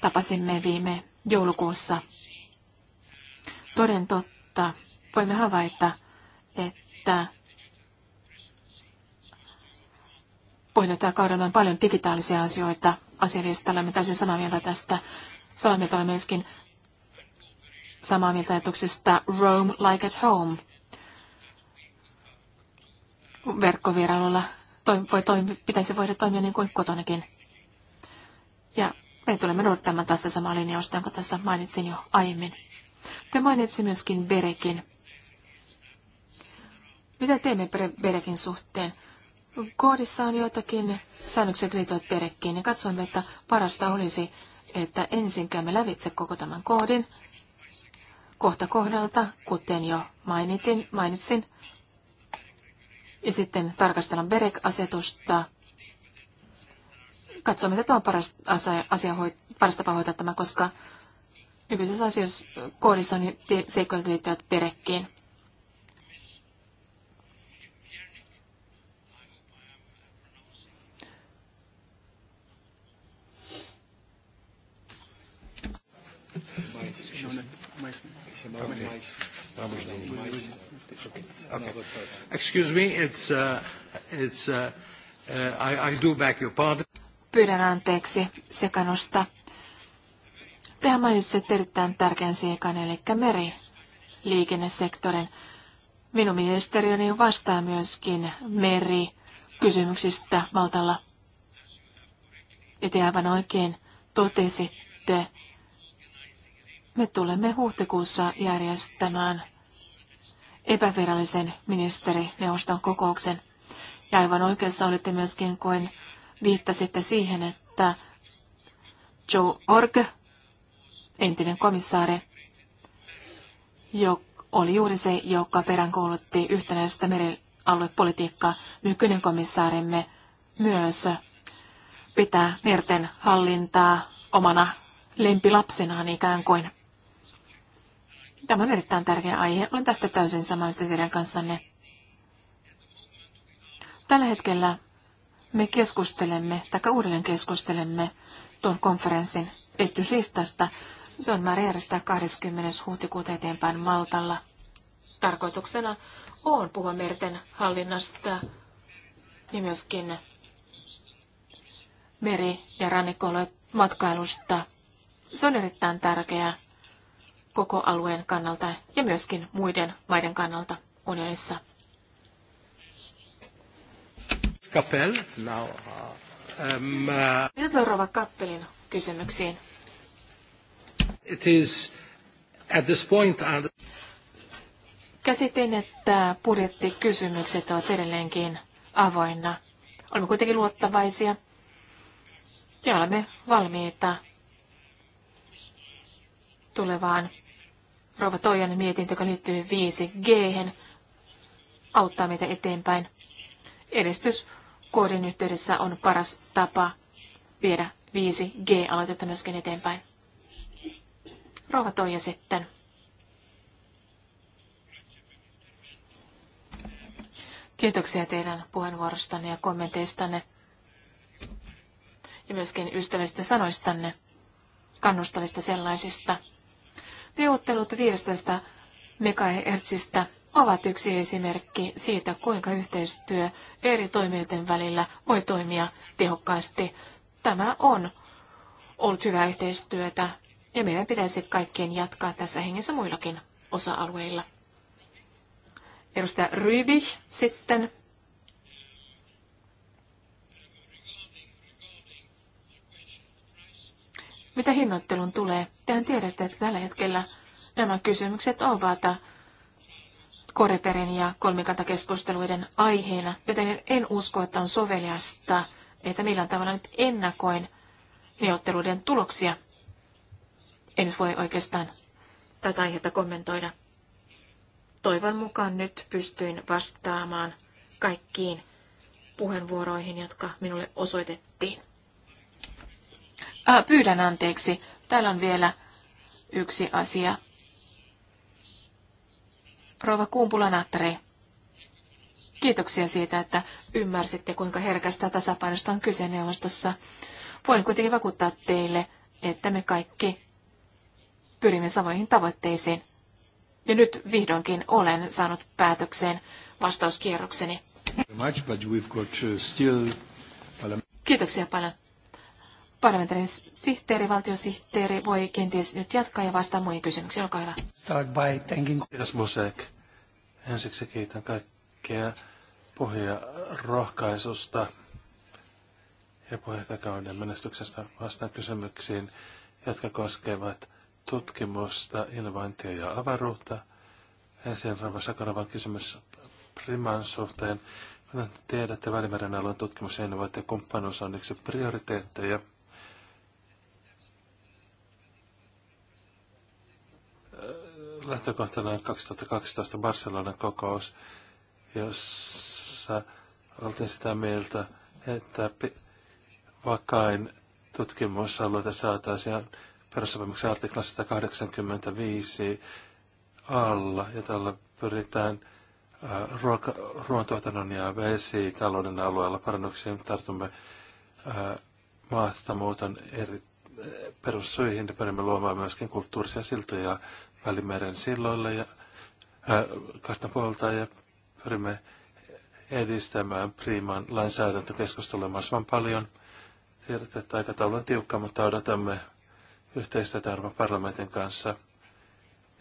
[SPEAKER 2] tapasimme viime joulukuussa. Toden totta mutta voimme havaita, että kaudella on paljon digitaalisia asioita asialistalla. Olemme täysin samaa mieltä tästä. Samaa mieltä olen myöskin samaa mieltä ajatuksesta Rome like at home. Verkkovierailulla toim- voi toim- pitäisi voida toimia niin kuin kotonakin. Ja me tulemme noudattamaan tässä samaa linjausta, jonka tässä mainitsin jo aiemmin. Te mainitsi myöskin Berekin. Mitä teemme Berekin suhteen? Koodissa on joitakin säännöksiä liittyvät Berekkiin ja katsomme, että parasta olisi, että ensin käymme lävitse koko tämän koodin kohta kohdalta, kuten jo mainitin, mainitsin. Ja sitten tarkastellaan berek asetusta Katsomme, että tämä on paras, asia, asia, paras tapa hoitaa tämä, koska Nykyisessä asioissa koodissa on niin seikkoja, jotka liittyvät perekkiin.
[SPEAKER 1] Excuse me, it's, uh, it's, uh, uh I, I do back your pardon.
[SPEAKER 2] Pyydän anteeksi sekanusta. Tehän mainitsitte erittäin tärkeän seikan, eli meriliikennesektorin. Minun ministeriöni vastaa myöskin meri kysymyksistä valtalla. Ja te aivan oikein totesitte, me tulemme huhtikuussa järjestämään epävirallisen ministerineuvoston kokouksen. Ja aivan oikeassa olitte myöskin, kun viittasitte siihen, että Joe Org entinen komissaari, joka oli juuri se, joka peräänkuulutti yhtenäistä merialuepolitiikkaa. Nykyinen komissaarimme myös pitää merten hallintaa omana lempilapsenaan ikään kuin. Tämä on erittäin tärkeä aihe. Olen tästä täysin samaa mieltä teidän kanssanne. Tällä hetkellä me keskustelemme, tai uudelleen keskustelemme tuon konferenssin estyslistasta. Se on määrä järjestää 20. huhtikuuta eteenpäin Maltalla. Tarkoituksena on puhua merten hallinnasta ja myöskin meri- ja rannikkoalueen matkailusta. Se on erittäin tärkeää koko alueen kannalta ja myöskin muiden maiden kannalta unionissa.
[SPEAKER 1] Kappel, now, uh, um, uh...
[SPEAKER 2] Minä tulen Rova Kappelin kysymyksiin
[SPEAKER 1] it is at this point uh,
[SPEAKER 2] Käsitin, että budjettikysymykset ovat edelleenkin avoinna. Olemme kuitenkin luottavaisia ja olemme valmiita tulevaan Rova Toijan mietintö, joka liittyy 5G, auttaa meitä eteenpäin. Edistys koodin yhteydessä on paras tapa viedä 5G-aloitetta myöskin eteenpäin. Rouva Toija sitten. Kiitoksia teidän puheenvuorostanne ja kommenteistanne ja myöskin ystävistä sanoistanne, kannustavista sellaisista. Neuvottelut 15 megahertzistä ovat yksi esimerkki siitä, kuinka yhteistyö eri toimijoiden välillä voi toimia tehokkaasti. Tämä on ollut hyvää yhteistyötä ja meidän pitäisi kaikkien jatkaa tässä hengessä muillakin osa-alueilla. Edustaja Rybich sitten. Mitä hinnoittelun tulee? Tehän tiedätte, että tällä hetkellä nämä kysymykset ovat Koreperin ja kolmikantakeskusteluiden aiheena, joten en usko, että on soveliasta, että millään tavalla nyt ennakoin neuvotteluiden tuloksia. En nyt voi oikeastaan tätä aihetta kommentoida. Toivon mukaan nyt pystyin vastaamaan kaikkiin puheenvuoroihin, jotka minulle osoitettiin. Ah, pyydän anteeksi. Täällä on vielä yksi asia. Rova Kumpula-Nattari, kiitoksia siitä, että ymmärsitte, kuinka herkästä tasapainosta on kyse neuvostossa. Voin kuitenkin vakuuttaa teille, että me kaikki pyrimme samoihin tavoitteisiin. Ja nyt vihdoinkin olen saanut päätökseen vastauskierrokseni.
[SPEAKER 1] Uh,
[SPEAKER 2] Kiitoksia paljon. Parlamentarin sihteeri, valtiosihteeri voi kenties nyt jatkaa ja vastaa muihin kysymyksiin. Olkaa hyvä.
[SPEAKER 1] Start by thanking. Kiitos Musek. Ensiksi kiitän kaikkea puhuja rohkaisusta ja puheenjohtajakauden menestyksestä vastaan kysymyksiin, jotka koskevat tutkimusta, innovointia ja avaruutta. Ensin Rava Sakaravan kysymys Priman suhteen. Kuten tiedätte, Välimeren alueen tutkimus ja innovointi ja kumppanuus on yksi prioriteetteja. Lähtökohtana on 2012 Barcelonan kokous, jossa oltiin sitä mieltä, että vakain tutkimusalueita saataisiin perussopimuksen artikla 185 alla, ja tällä pyritään ruoka, ruoantuotannon ja vesitalouden alueella parannuksiin tartumme maastamuuton eri perussyihin ja pyrimme luomaan myöskin kulttuurisia siltoja Välimeren silloille ja kahta puolta ja pyrimme edistämään Priiman lainsäädäntökeskustelua mahdollisimman paljon. Tiedätte, että aikataulu on tiukka, mutta odotamme yhteistyötä Euroopan parlamentin kanssa,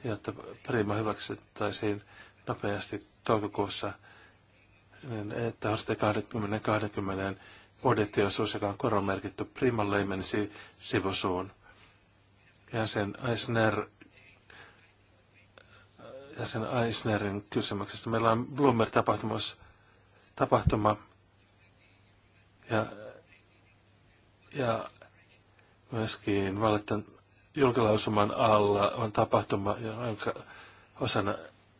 [SPEAKER 1] jotta Prima hyväksyttäisiin nopeasti toukokuussa, niin että Horste 2020 budjettiosuus, joka on koronmerkitty Primalle, leimensi sivusuun. Ja sen Eisner ja sen Eisnerin kysymyksestä. Meillä on Bloomer-tapahtumassa tapahtuma ja, ja Myöskin valittan julkilausuman alla on tapahtuma, jonka osana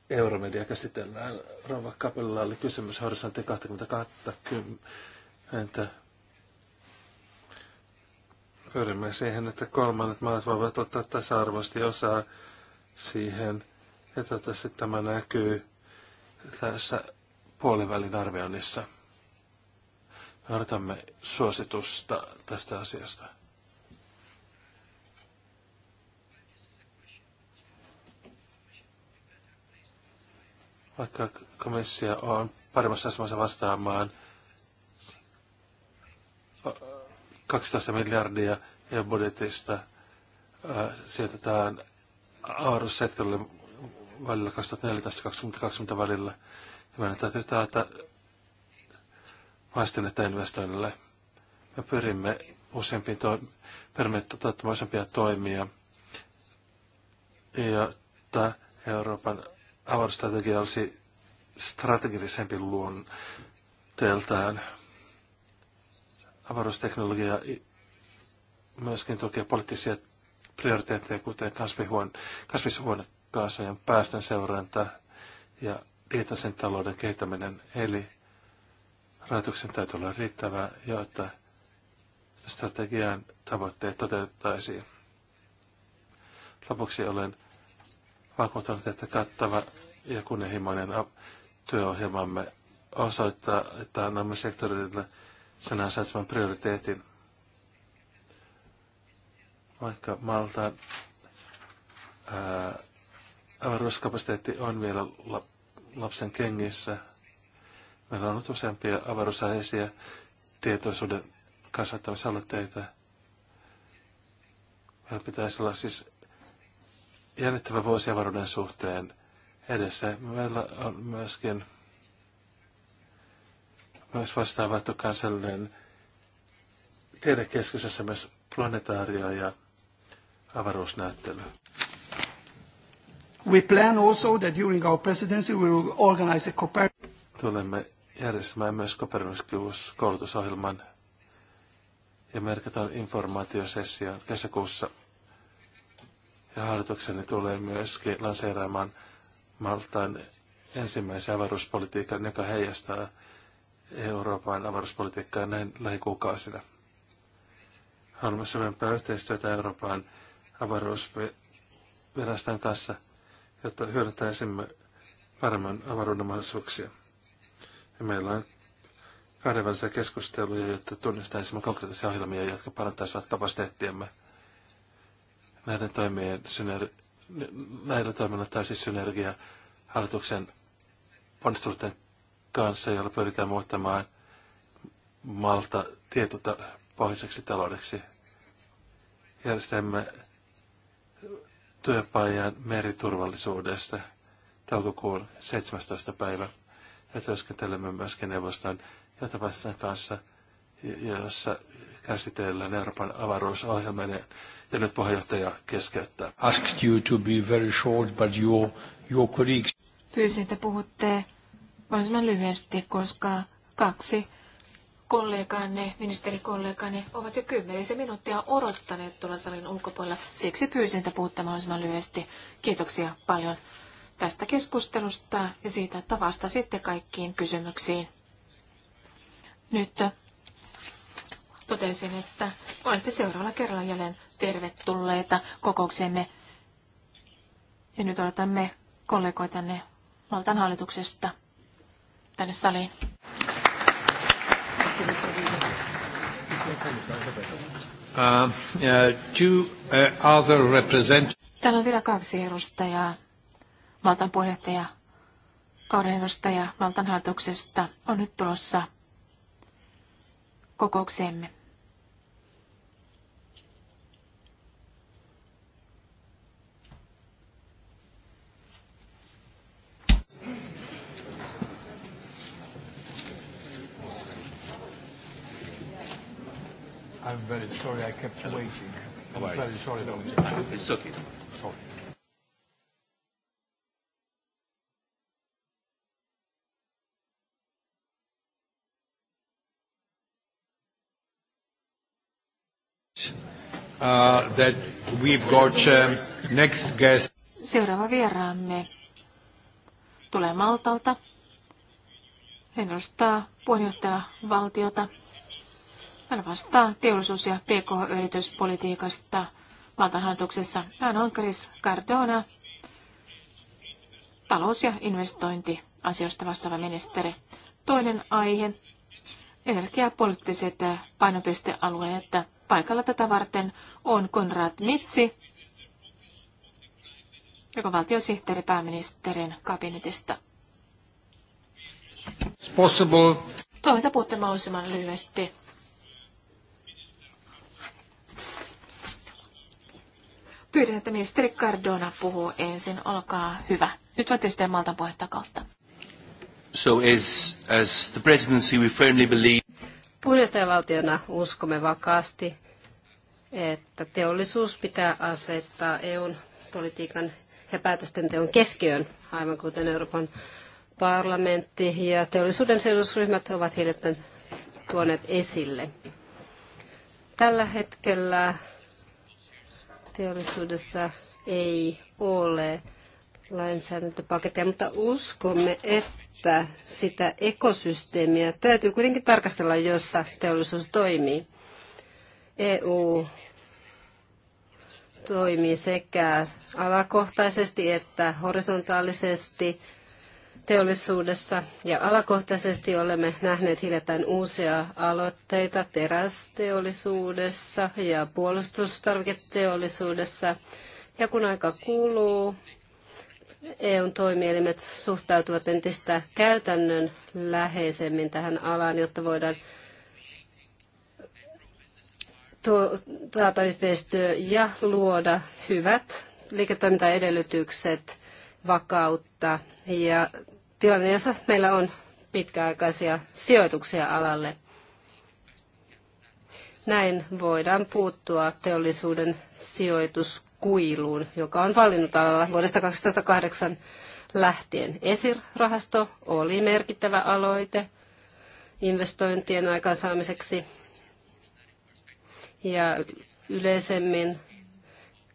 [SPEAKER 1] Euromedia käsitellään. Rova Kapella oli kysymys horisontti 2020. Pyrimme siihen, että kolmannet maat voivat ottaa tasa-arvoisesti osaa siihen, että tässä tämä näkyy tässä puolivälin arvioinnissa. Me odotamme suositusta tästä asiasta. vaikka komissio on paremmassa asemassa vastaamaan 12 miljardia EU-budjetista äh, sijoitetaan avaruussektorille välillä 2014-2020 välillä. Ja meidän täytyy taata vastinetta investoinnille. Me pyrimme useampiin to- useampia toimia, Ja Euroopan avaruusstrategia olisi strategisempi teeltään. Avaruusteknologia myöskin tukee poliittisia prioriteetteja, kuten kasvihuone, kasvishuonekaasujen päästön seuranta ja liitaisen talouden kehittäminen. Eli rahoituksen täytyy olla riittävää, jotta strategian tavoitteet toteuttaisiin. Lopuksi olen vakuuttunut, että kattava ja kunnianhimoinen työohjelmamme osoittaa, että annamme sektorille sen ansaitseman prioriteetin. Vaikka Malta avaruuskapasiteetti on vielä lapsen kengissä, meillä on ollut useampia avaruusaisia tietoisuuden kasvattamisaloitteita. Meillä pitäisi olla siis jännittävä avaruuden suhteen edessä. Meillä on myöskin myös vastaavattu kansallinen tiedekeskus, jossa myös planetaario ja avaruusnäyttely. We plan also that during our presidency we will organize a Copernicus. Tulemme järjestämään myös Copernicus-koulutusohjelman ja merkitään informaatiosessia kesäkuussa ja hallitukseni tulee myöskin lanseeraamaan Maltaan ensimmäisen avaruuspolitiikan, joka heijastaa Euroopan avaruuspolitiikkaa näin lähikuukausina. Haluamme syvempää yhteistyötä Euroopan avaruusviraston kanssa, jotta hyödyntäisimme paremman avaruuden mahdollisuuksia. Ja meillä on kahdenvälisiä keskusteluja, jotta tunnistaisimme konkreettisia ohjelmia, jotka parantaisivat kapasiteettiamme – Näiden toimien synergi- näillä toiminnat tai siis synergia hallituksen ponnisteluiden kanssa, jolla pyritään muuttamaan malta tietota pohjoiseksi taloudeksi. Järjestämme työpajan meriturvallisuudesta toukokuun 17. päivä ja työskentelemme myöskin neuvoston johtopäätösten kanssa, jossa käsitellään Euroopan avaruusohjelmien ja nyt puheenjohtaja keskeyttää. Asked you to be very short, but your, your colleagues...
[SPEAKER 2] Pyysin, että puhutte mahdollisimman lyhyesti, koska kaksi kollegaanne, ministerikollegaanne, ovat jo kymmenisen minuuttia odottaneet tuolla salin ulkopuolella. Siksi pyysin, että puhutte mahdollisimman lyhyesti. Kiitoksia paljon tästä keskustelusta ja siitä, että vastasitte kaikkiin kysymyksiin. Nyt totesin, että olette seuraavalla kerralla jälleen tervetulleita kokouksemme. Ja nyt odotamme kollegoitanne Maltan hallituksesta tänne saliin.
[SPEAKER 1] Uh, uh, two, uh, other represent...
[SPEAKER 2] Täällä on vielä kaksi edustajaa. Maltan puheenjohtaja, kauden edustaja Maltan hallituksesta on nyt tulossa kokouksemme.
[SPEAKER 1] I'm very sorry I kept waiting. I'm very sorry. It's okay. Sorry. Uh, that we've got um, next guest.
[SPEAKER 2] Seuraava vieraamme tulee Maltalta. Hän edustaa puheenjohtajavaltiota. Hän vastaa teollisuus- ja pk-yrityspolitiikasta Maltan hallituksessa. Hän on Chris Cardona, talous- ja investointiasioista vastaava ministeri. Toinen aihe, energiapoliittiset painopistealueet. Paikalla tätä varten on Konrad Mitsi, joka on valtiosihteeri pääministerin kabinetista. Toiminta puhutte mahdollisimman lyhyesti. Pyydän, että ministeri Cardona puhuu
[SPEAKER 3] ensin. Olkaa hyvä. Nyt voitte sitten Maltan puhetta kautta.
[SPEAKER 1] So as, as the presidency we firmly believe...
[SPEAKER 3] Puheenjohtajavaltiona uskomme vakaasti, että teollisuus pitää asettaa EUn politiikan ja päätösten teon keskiöön, aivan kuten Euroopan parlamentti ja teollisuuden seurusryhmät ovat hiljattain tuoneet esille. Tällä hetkellä teollisuudessa ei ole lainsäädäntöpaketteja, mutta uskomme, että sitä ekosysteemiä täytyy kuitenkin tarkastella, jossa teollisuus toimii. EU toimii sekä alakohtaisesti että horisontaalisesti teollisuudessa ja alakohtaisesti olemme nähneet hiljattain uusia aloitteita terästeollisuudessa ja puolustustarviketeollisuudessa. Ja kun aika kuluu, EUn toimielimet suhtautuvat entistä käytännön läheisemmin tähän alaan, jotta voidaan taata yhteistyö ja luoda hyvät liiketoimintaedellytykset, vakautta ja tilanne, jossa meillä on pitkäaikaisia sijoituksia alalle. Näin voidaan puuttua teollisuuden sijoitus kuiluun, joka on vallinnut alalla vuodesta 2008 lähtien. ESIR-rahasto oli merkittävä aloite investointien aikaansaamiseksi ja yleisemmin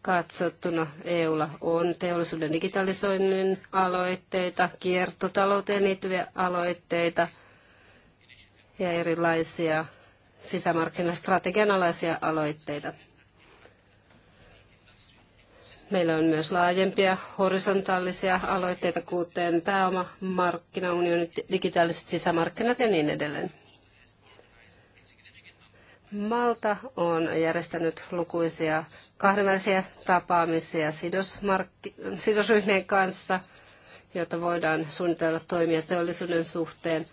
[SPEAKER 3] katsottuna EUlla on teollisuuden digitalisoinnin aloitteita, kiertotalouteen liittyviä aloitteita ja erilaisia sisämarkkinastrategian alaisia aloitteita. Meillä on myös laajempia horisontaalisia aloitteita, kuten markkinaunioni, digitaaliset sisämarkkinat ja niin edelleen. Malta on järjestänyt lukuisia kahdenvälisiä tapaamisia sidosryhmien kanssa, jotta voidaan suunnitella toimia teollisuuden suhteen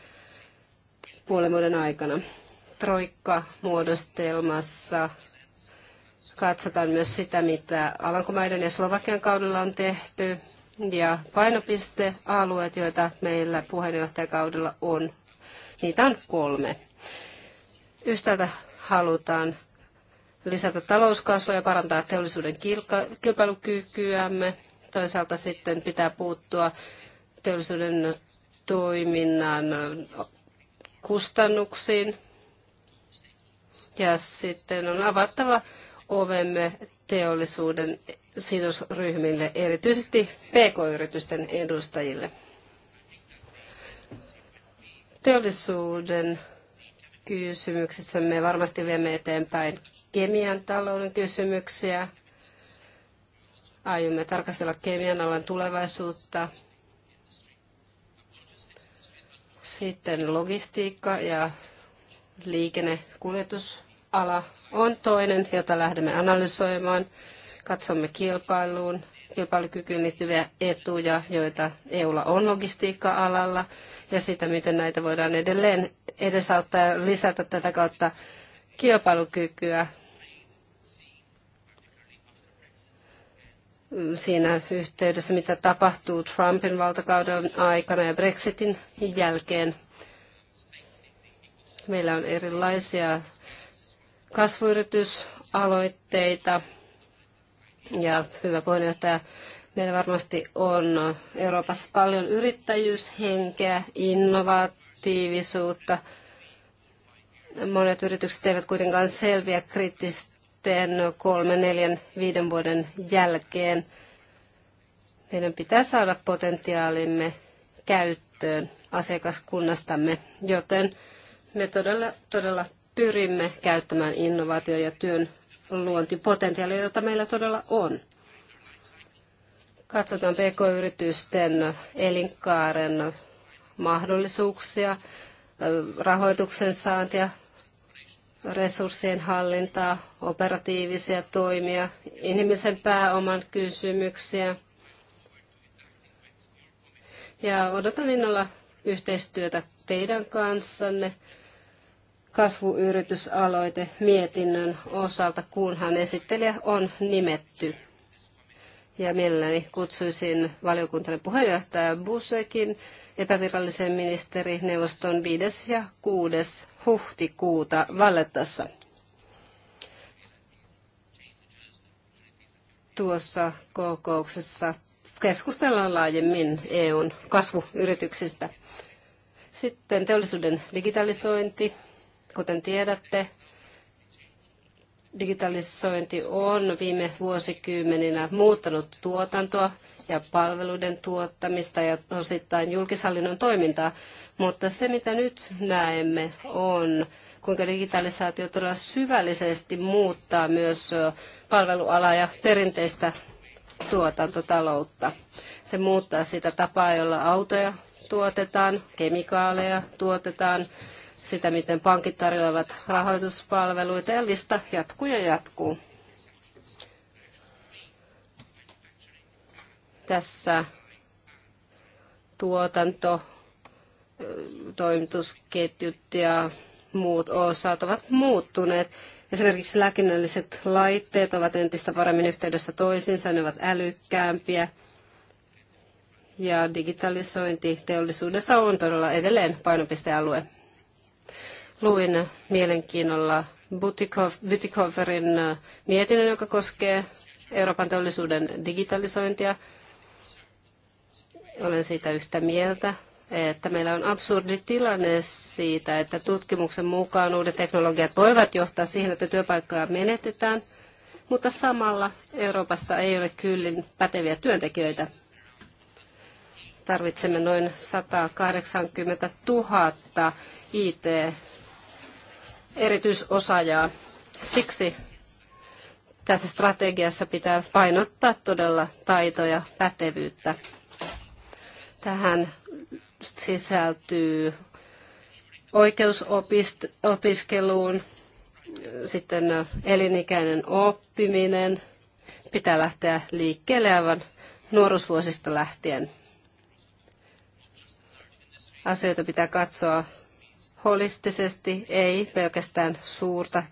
[SPEAKER 3] puolen vuoden aikana. Troikka muodostelmassa katsotaan myös sitä, mitä Alankomaiden ja Slovakian kaudella on tehty ja painopistealueet, joita meillä puheenjohtajakaudella on. Niitä on kolme. Yhtäältä halutaan lisätä talouskasvua ja parantaa teollisuuden kilpailukykyämme. Toisaalta sitten pitää puuttua teollisuuden toiminnan kustannuksiin. Ja sitten on avattava ovemme teollisuuden sidosryhmille, erityisesti pk-yritysten edustajille. Teollisuuden kysymyksissä me varmasti viemme eteenpäin kemian talouden kysymyksiä. Aiomme tarkastella kemian alan tulevaisuutta. Sitten logistiikka ja liikennekuljetusala on toinen, jota lähdemme analysoimaan. Katsomme kilpailuun, kilpailukykyyn liittyviä etuja, joita EUlla on logistiikka-alalla ja sitä, miten näitä voidaan edelleen edesauttaa ja lisätä tätä kautta kilpailukykyä siinä yhteydessä, mitä tapahtuu Trumpin valtakauden aikana ja Brexitin jälkeen. Meillä on erilaisia kasvuyritysaloitteita. Ja hyvä puheenjohtaja, meillä varmasti on Euroopassa paljon yrittäjyyshenkeä, innovatiivisuutta. Monet yritykset eivät kuitenkaan selviä kriittisten kolmen, neljän, viiden vuoden jälkeen. Meidän pitää saada potentiaalimme käyttöön asiakaskunnastamme, joten me todella, todella pyrimme käyttämään innovaatio- ja työn luontipotentiaalia, jota meillä todella on. Katsotaan pk-yritysten elinkaaren mahdollisuuksia, rahoituksen saantia, resurssien hallintaa, operatiivisia toimia, inhimillisen pääoman kysymyksiä. Ja odotan innolla yhteistyötä teidän kanssanne kasvuyritysaloite mietinnön osalta, kunhan esittelijä on nimetty. Ja mielelläni kutsuisin valiokuntani puheenjohtaja Busekin epävirallisen ministerineuvoston 5. ja 6. huhtikuuta Vallettassa. Tuossa kokouksessa keskustellaan laajemmin EUn kasvuyrityksistä. Sitten teollisuuden digitalisointi, Kuten tiedätte, digitalisointi on viime vuosikymmeninä muuttanut tuotantoa ja palveluiden tuottamista ja osittain julkishallinnon toimintaa, mutta se mitä nyt näemme on, kuinka digitalisaatio todella syvällisesti muuttaa myös palvelualaa ja perinteistä tuotantotaloutta. Se muuttaa sitä tapaa, jolla autoja tuotetaan, kemikaaleja tuotetaan, sitä, miten pankit tarjoavat rahoituspalveluita ja lista jatkuu ja jatkuu. Tässä tuotanto, toimitusketjut ja muut osat ovat muuttuneet. Esimerkiksi lääkinnälliset laitteet ovat entistä paremmin yhteydessä toisiinsa, ne ovat älykkäämpiä. Ja digitalisointi teollisuudessa on todella edelleen painopistealue. Luin mielenkiinnolla Butikoverin äh, mietinnön, joka koskee Euroopan teollisuuden digitalisointia. Olen siitä yhtä mieltä, että meillä on absurdi tilanne siitä, että tutkimuksen mukaan uudet teknologiat voivat johtaa siihen, että työpaikkoja menetetään, mutta samalla Euroopassa ei ole kyllin päteviä työntekijöitä. Tarvitsemme noin 180 000 IT erityisosaajaa. Siksi tässä strategiassa pitää painottaa todella taitoja, pätevyyttä. Tähän sisältyy oikeusopiskeluun, sitten elinikäinen oppiminen, pitää lähteä liikkeelle aivan nuoruusvuosista lähtien. Asioita pitää katsoa holistisesti, ei pelkästään suurta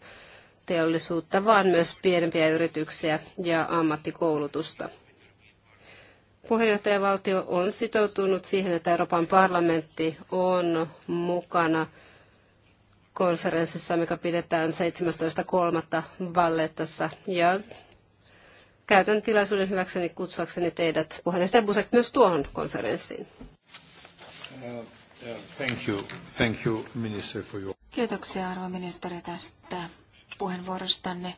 [SPEAKER 3] teollisuutta, vaan myös pienempiä yrityksiä ja ammattikoulutusta. Puheenjohtajavaltio on sitoutunut siihen, että Euroopan parlamentti on mukana konferenssissa, mikä pidetään 17.3. Vallettassa. Ja käytän tilaisuuden hyväkseni kutsuakseni teidät puheenjohtaja Busek myös tuohon konferenssiin.
[SPEAKER 1] Äh, Thank you. Thank you, minister, for your...
[SPEAKER 3] Kiitoksia arvo ministeri tästä puheenvuorostanne.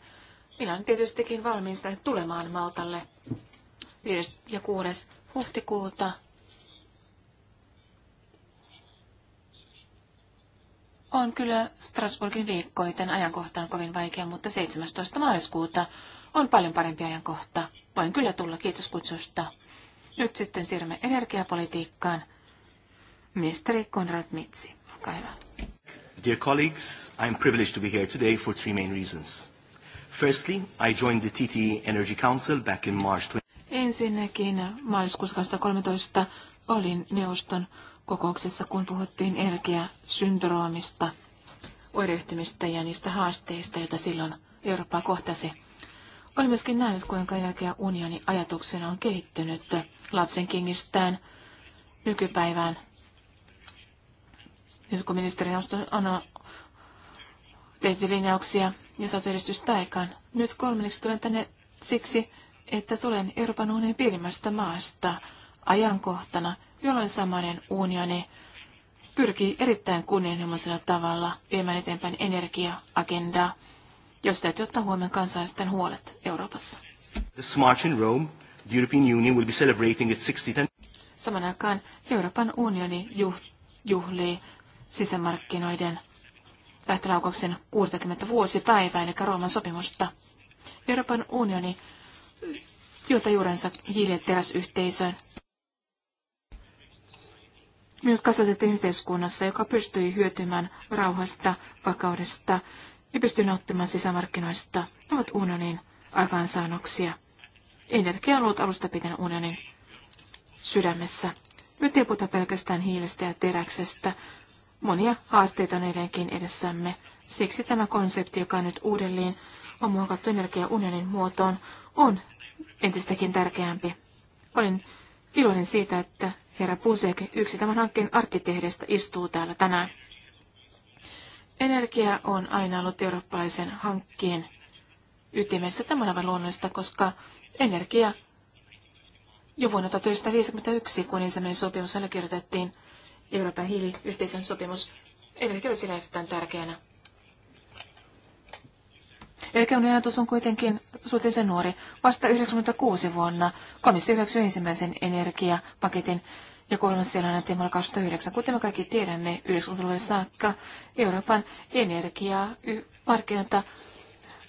[SPEAKER 2] Minä olen tietystikin valmis tulemaan Maltalle 5. ja 6. huhtikuuta. On kyllä Strasbourgin viikko, joten ajankohta on kovin vaikea, mutta 17. maaliskuuta on paljon parempi ajankohta. Voin kyllä tulla, kiitos kutsusta. Nyt sitten siirrymme energiapolitiikkaan. Ministeri Konrad Mitsi, olkaa hyvä.
[SPEAKER 1] Dear colleagues, I am privileged to be here today for three main reasons.
[SPEAKER 3] Firstly, I joined the TT Energy Council back in March 20...
[SPEAKER 2] Ensinnäkin maaliskuussa 2013 olin neuvoston kokouksessa, kun puhuttiin energiasyndroomista, oireyhtymistä ja niistä haasteista, joita silloin Eurooppa kohtasi. Olen myöskin nähnyt, kuinka energiaunionin ajatuksena on kehittynyt lapsen kingistään nykypäivään nyt kun ministeri on tehty linjauksia ja saatu edistystä aikaan. Nyt kolmanneksi tulen tänne siksi, että tulen Euroopan unionin pienimmästä maasta ajankohtana, jolloin samainen unioni pyrkii erittäin kunnianhimoisella tavalla viemään eteenpäin energiaagendaa, josta jos täytyy ottaa huomioon kansalaisten huolet Euroopassa. Smart aikaan Euroopan unioni juhlii sisämarkkinoiden lähtölaukauksen 60 vuosipäivää, eli Rooman sopimusta. Euroopan unioni juota juurensa hiili- Minut kasvatettiin yhteiskunnassa, joka pystyi hyötymään rauhasta, vakaudesta ja pystyi nauttimaan sisämarkkinoista. Ne ovat unionin aikaansaannoksia. Energia on ollut alusta pitäen unionin sydämessä. Nyt ei puhuta pelkästään hiilestä ja teräksestä, monia haasteita on edelleenkin edessämme. Siksi tämä konsepti, joka nyt uudelleen on muokattu energiaunionin muotoon, on entistäkin tärkeämpi. Olen iloinen siitä, että herra Pusek, yksi tämän hankkeen arkkitehdestä, istuu täällä tänään. Energia on aina ollut eurooppalaisen hankkeen ytimessä. Tämä on aivan luonnollista, koska energia jo vuonna 1951, kun ensimmäinen sopimus allekirjoitettiin, Euroopan hiiliyhteisön sopimus energiaisille erittäin tärkeänä. Elkeon ajatus on kuitenkin suhteellisen nuori. Vasta 1996 vuonna komissio hyväksyi ensimmäisen energiapaketin ja kolmas sellainen teemalla 2009. Kuten me kaikki tiedämme, 90-luvulle saakka Euroopan energiamarkkinoita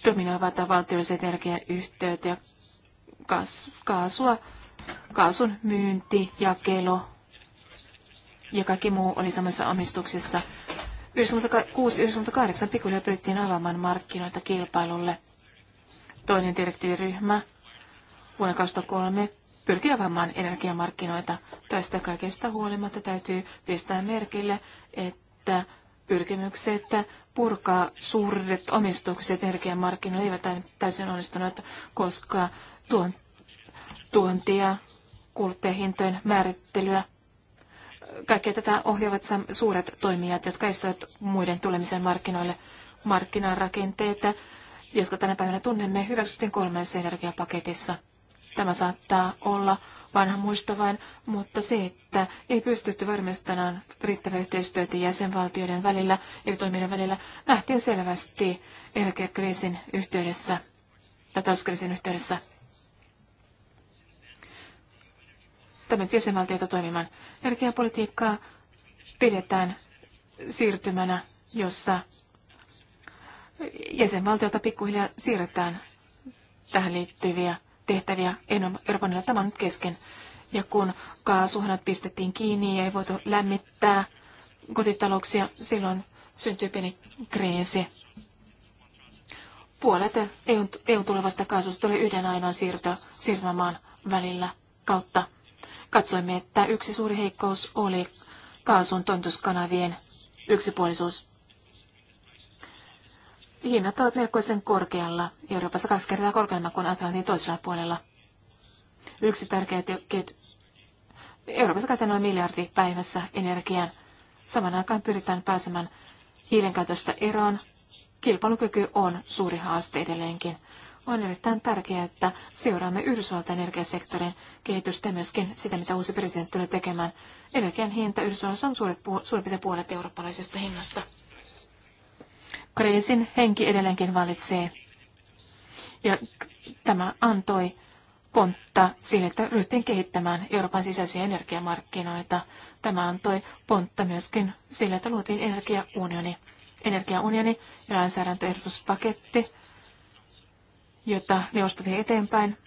[SPEAKER 2] dominoivat valtiolliset energiayhteydet ja kaasua, kaasun myynti, jakelu, ja kaikki muu oli samassa omistuksessa. 96-98 pikkuhiljaa pyrittiin avaamaan markkinoita kilpailulle. Toinen direktiiviryhmä vuonna 2003 pyrkii avaamaan energiamarkkinoita. Tästä kaikesta huolimatta täytyy pistää merkille, että pyrkimykset purkaa suuret omistukset energiamarkkinoille eivät täysin onnistuneet, koska tuon, tuontia kuluttajahintojen määrittelyä kaikkea tätä ohjaavat suuret toimijat, jotka estävät muiden tulemisen markkinoille markkinarakenteita, jotka tänä päivänä tunnemme, hyväksyttiin kolmessa energiapaketissa. Tämä saattaa olla vanha muisto vain, mutta se, että ei pystytty varmistamaan riittävää yhteistyötä jäsenvaltioiden välillä ja toimijoiden välillä, nähtiin selvästi energiakriisin yhteydessä tai talouskriisin yhteydessä. tämä nyt jäsenvaltioita toimimaan. Energiapolitiikkaa pidetään siirtymänä, jossa jäsenvaltiota pikkuhiljaa siirretään tähän liittyviä tehtäviä Euroopan tämän nyt kesken. Ja kun kaasuhanat pistettiin kiinni ja ei voitu lämmittää kotitalouksia, silloin syntyi pieni kriisi. Puolet eu e tulevasta kaasusta tuli yhden ainoan siirto, siirtymämaan välillä kautta. Katsoimme, että yksi suuri heikkous oli kaasun tointuskanavien yksipuolisuus. Hinnat ovat melkoisen korkealla, Euroopassa kaksi kertaa korkeamman kuin Atlantin toisella puolella. Yksi tärkeä ketju. Euroopassa käytetään noin miljardi päivässä energiaa. Saman aikaan pyritään pääsemään hiilen käytöstä eroon. Kilpailukyky on suuri haaste edelleenkin. On erittäin tärkeää, että seuraamme Yhdysvaltain energiasektorin kehitystä ja myöskin sitä, mitä uusi presidentti tulee tekemään. Energian hinta Yhdysvalloissa on suurin piirtein puolet eurooppalaisesta hinnasta. Kriisin henki edelleenkin valitsee. Ja tämä antoi pontta sille, että ryhtiin kehittämään Euroopan sisäisiä energiamarkkinoita. Tämä antoi pontta myöskin sille, että luotiin energiaunioni. Energiaunioni ja lainsäädäntöehdotuspaketti jota neuvosto vie eteenpäin,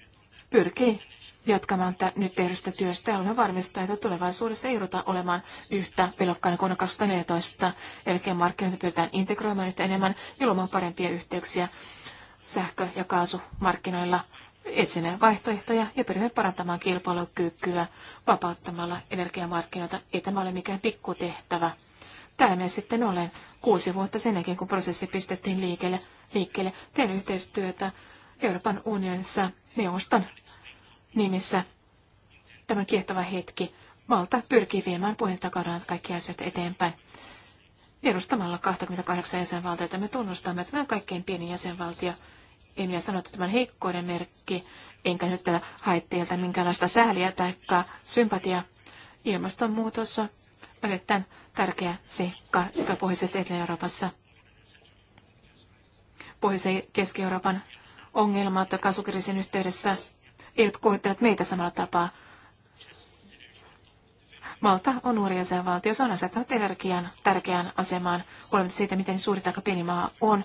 [SPEAKER 2] pyrkii jatkamaan t- nyt tehdystä työstä ja olemme varmistaa, että tulevaisuudessa ei ruveta olemaan yhtä pelokkaana kuin 2014. Eli markkinoita pyritään integroimaan nyt enemmän ja luomaan parempia yhteyksiä sähkö- ja kaasumarkkinoilla. etsineen vaihtoehtoja ja pyrimme parantamaan kilpailukykyä vapauttamalla energiamarkkinoita. Ei tämä ole mikään pikkutehtävä. Täällä minä sitten olen kuusi vuotta sen jälkeen, kun prosessi pistettiin liikkeelle. liikkeelle. Teen yhteistyötä Euroopan unionissa neuvoston nimissä tämän kiehtova hetki. Malta pyrkii viemään puheenjohtajakaudella kaikkia asioita eteenpäin. Edustamalla 28 jäsenvaltiota me tunnustamme, että me kaikkein pieni jäsenvaltio. En minä sano, että tämän heikkouden merkki, enkä nyt hae teiltä minkäänlaista sääliä tai sympatiaa. Ilmastonmuutos on erittäin tärkeä seikka sekä Pohjois- että Etelä-Euroopassa. Pohjoisen ja Keski-Euroopan ongelmat kasvukriisin yhteydessä eivät koettelevat meitä samalla tapaa. Malta on nuori jäsenvaltio. Se on asettanut energian tärkeään asemaan, huolimatta siitä, miten suuri tai pieni maa on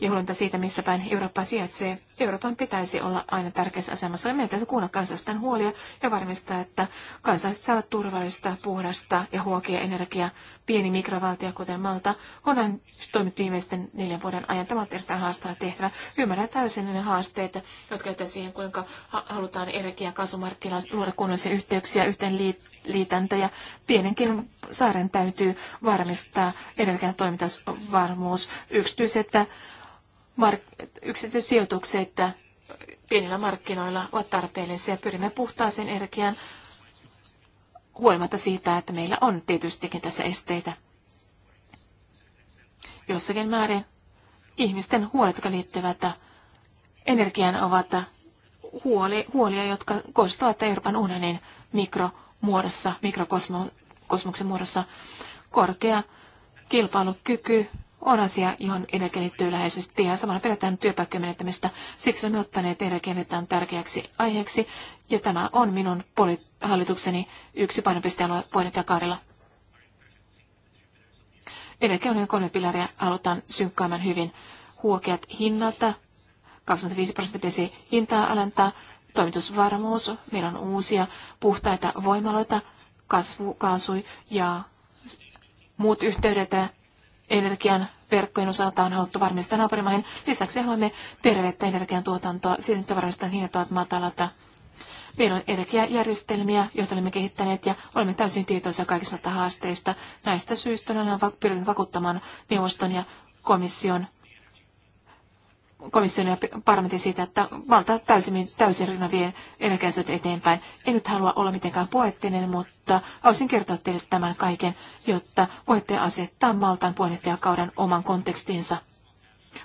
[SPEAKER 2] ja siitä, missä päin Eurooppa sijaitsee. Euroopan pitäisi olla aina tärkeässä asemassa. Meidän täytyy kuulla kansalaisten huolia ja varmistaa, että kansalaiset saavat turvallista, puhdasta ja huokia energiaa. Pieni mikrovaltio, kuten Malta, on aina toiminut viimeisten neljän vuoden ajan. Tämä on erittäin haastava tehtävä. Ymmärrän täysin ne haasteet, jotka käytetään siihen, kuinka halutaan energiaa ja kasvumarkkinaan luoda kunnollisia yhteyksiä, yhteen liit- liitäntöjä. Pienenkin saaren täytyy varmistaa energian toimintavarmuus. Yksityiset mark- yksityiset sijoitukset pienillä markkinoilla ovat tarpeellisia pyrimme puhtaaseen energiaan huolimatta siitä, että meillä on tietystikin tässä esteitä. Jossakin määrin ihmisten huolet, jotka liittyvät energiaan, ovat huoli, huolia, jotka koostuvat Euroopan unionin mikromuodossa, mikrokosmoksen muodossa. Korkea kilpailukyky on asia, johon energia liittyy läheisesti ja samalla pelätään työpaikkojen menettämistä. Siksi olemme ottaneet energian tärkeäksi aiheeksi ja tämä on minun hallitukseni yksi painopistealue puheenjohtajakaudella. Energiaunionin kolme pilaria aloitetaan synkkaamaan hyvin. Huokeat hinnat, 25 prosenttia hintaa alentaa, toimitusvarmuus, meillä on uusia puhtaita voimaloita, kasvu, kaasu ja muut yhteydet energian verkkojen osalta on haluttu varmistaa naapurimaihin. Lisäksi haluamme terveyttä energiantuotantoa siten, että varmistetaan hinnat ovat matalata. Meillä on energiajärjestelmiä, joita olemme kehittäneet ja olemme täysin tietoisia kaikista haasteista. Näistä syistä olemme pyrkineet vakuuttamaan neuvoston ja komission komission ja parlamentin siitä, että valta täysin, täysin rinnan vie energiaisuutta eteenpäin. En nyt halua olla mitenkään poettinen, mutta haluaisin kertoa teille tämän kaiken, jotta voitte asettaa Maltan puheenjohtajakauden oman kontekstinsa.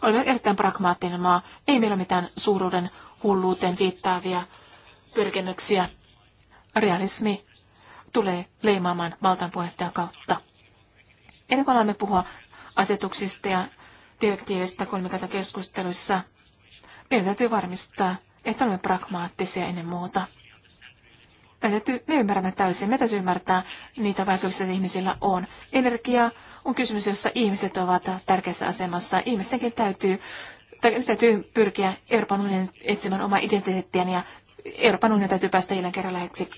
[SPEAKER 2] Olemme erittäin pragmaattinen maa. Ei meillä ole mitään suuruuden hulluuteen viittaavia pyrkimyksiä. Realismi tulee leimaamaan Maltan puheenjohtajakautta. Ennen kuin alamme puhua asetuksista ja direktiivistä keskusteluissa. Meidän täytyy varmistaa, että olemme pragmaattisia ennen muuta. Me, täytyy, me ymmärrämme täysin, me täytyy ymmärtää niitä vaikeuksia, joita ihmisillä on. Energia on kysymys, jossa ihmiset ovat tärkeässä asemassa. Ihmistenkin täytyy, tai täytyy pyrkiä Euroopan unionin etsimään omaa identiteettiään ja Euroopan unionin täytyy päästä jälleen kerran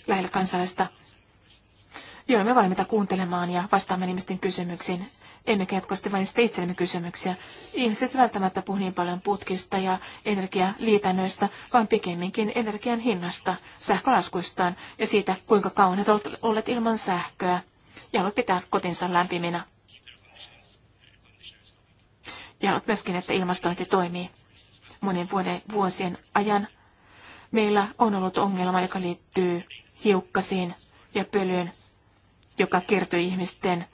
[SPEAKER 2] lähelle kansalaista. Joo, me valmiita kuuntelemaan ja vastaamme ihmisten kysymyksiin. Emmekä jatkuvasti vain sitä itsellemme kysymyksiä. Ihmiset välttämättä puhu niin paljon putkista ja energialiitännöistä, vaan pikemminkin energian hinnasta, sähkölaskuistaan ja siitä, kuinka kauan he ovat olleet ilman sähköä ja haluat pitää kotinsa lämpiminä. Ja haluat myöskin, että ilmastointi toimii. Monen vuoden, vuosien ajan meillä on ollut ongelma, joka liittyy hiukkasiin ja pölyyn joka kertoi ihmisten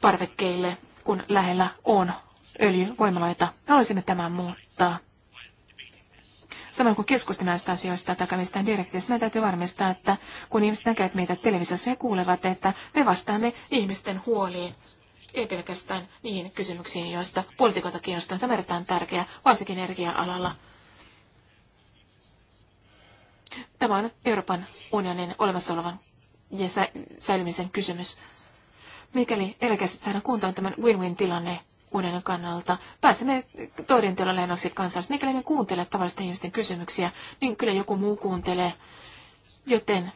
[SPEAKER 2] parvekkeille, kun lähellä on öljyvoimaloita. Haluaisimme tämän muuttaa. Samoin kuin keskustelemme näistä asioista tai direktiivistä, meidän täytyy varmistaa, että kun ihmiset näkevät meitä televisiossa, ja kuulevat, että me vastaamme ihmisten huoliin. Ei pelkästään niihin kysymyksiin, joista poliitikoita kiinnostaa. Tämä on erittäin tärkeä, varsinkin energia-alalla. Tämä on Euroopan unionin olemassa olevan ja sä, säilymisen kysymys. Mikäli eläkäiset saadaan kuntoon tämän win-win-tilanne unionin kannalta, pääsemme todenteolla lennoksi kansalaiset. Mikäli me kuuntele tavallisten ihmisten kysymyksiä, niin kyllä joku muu kuuntelee. Joten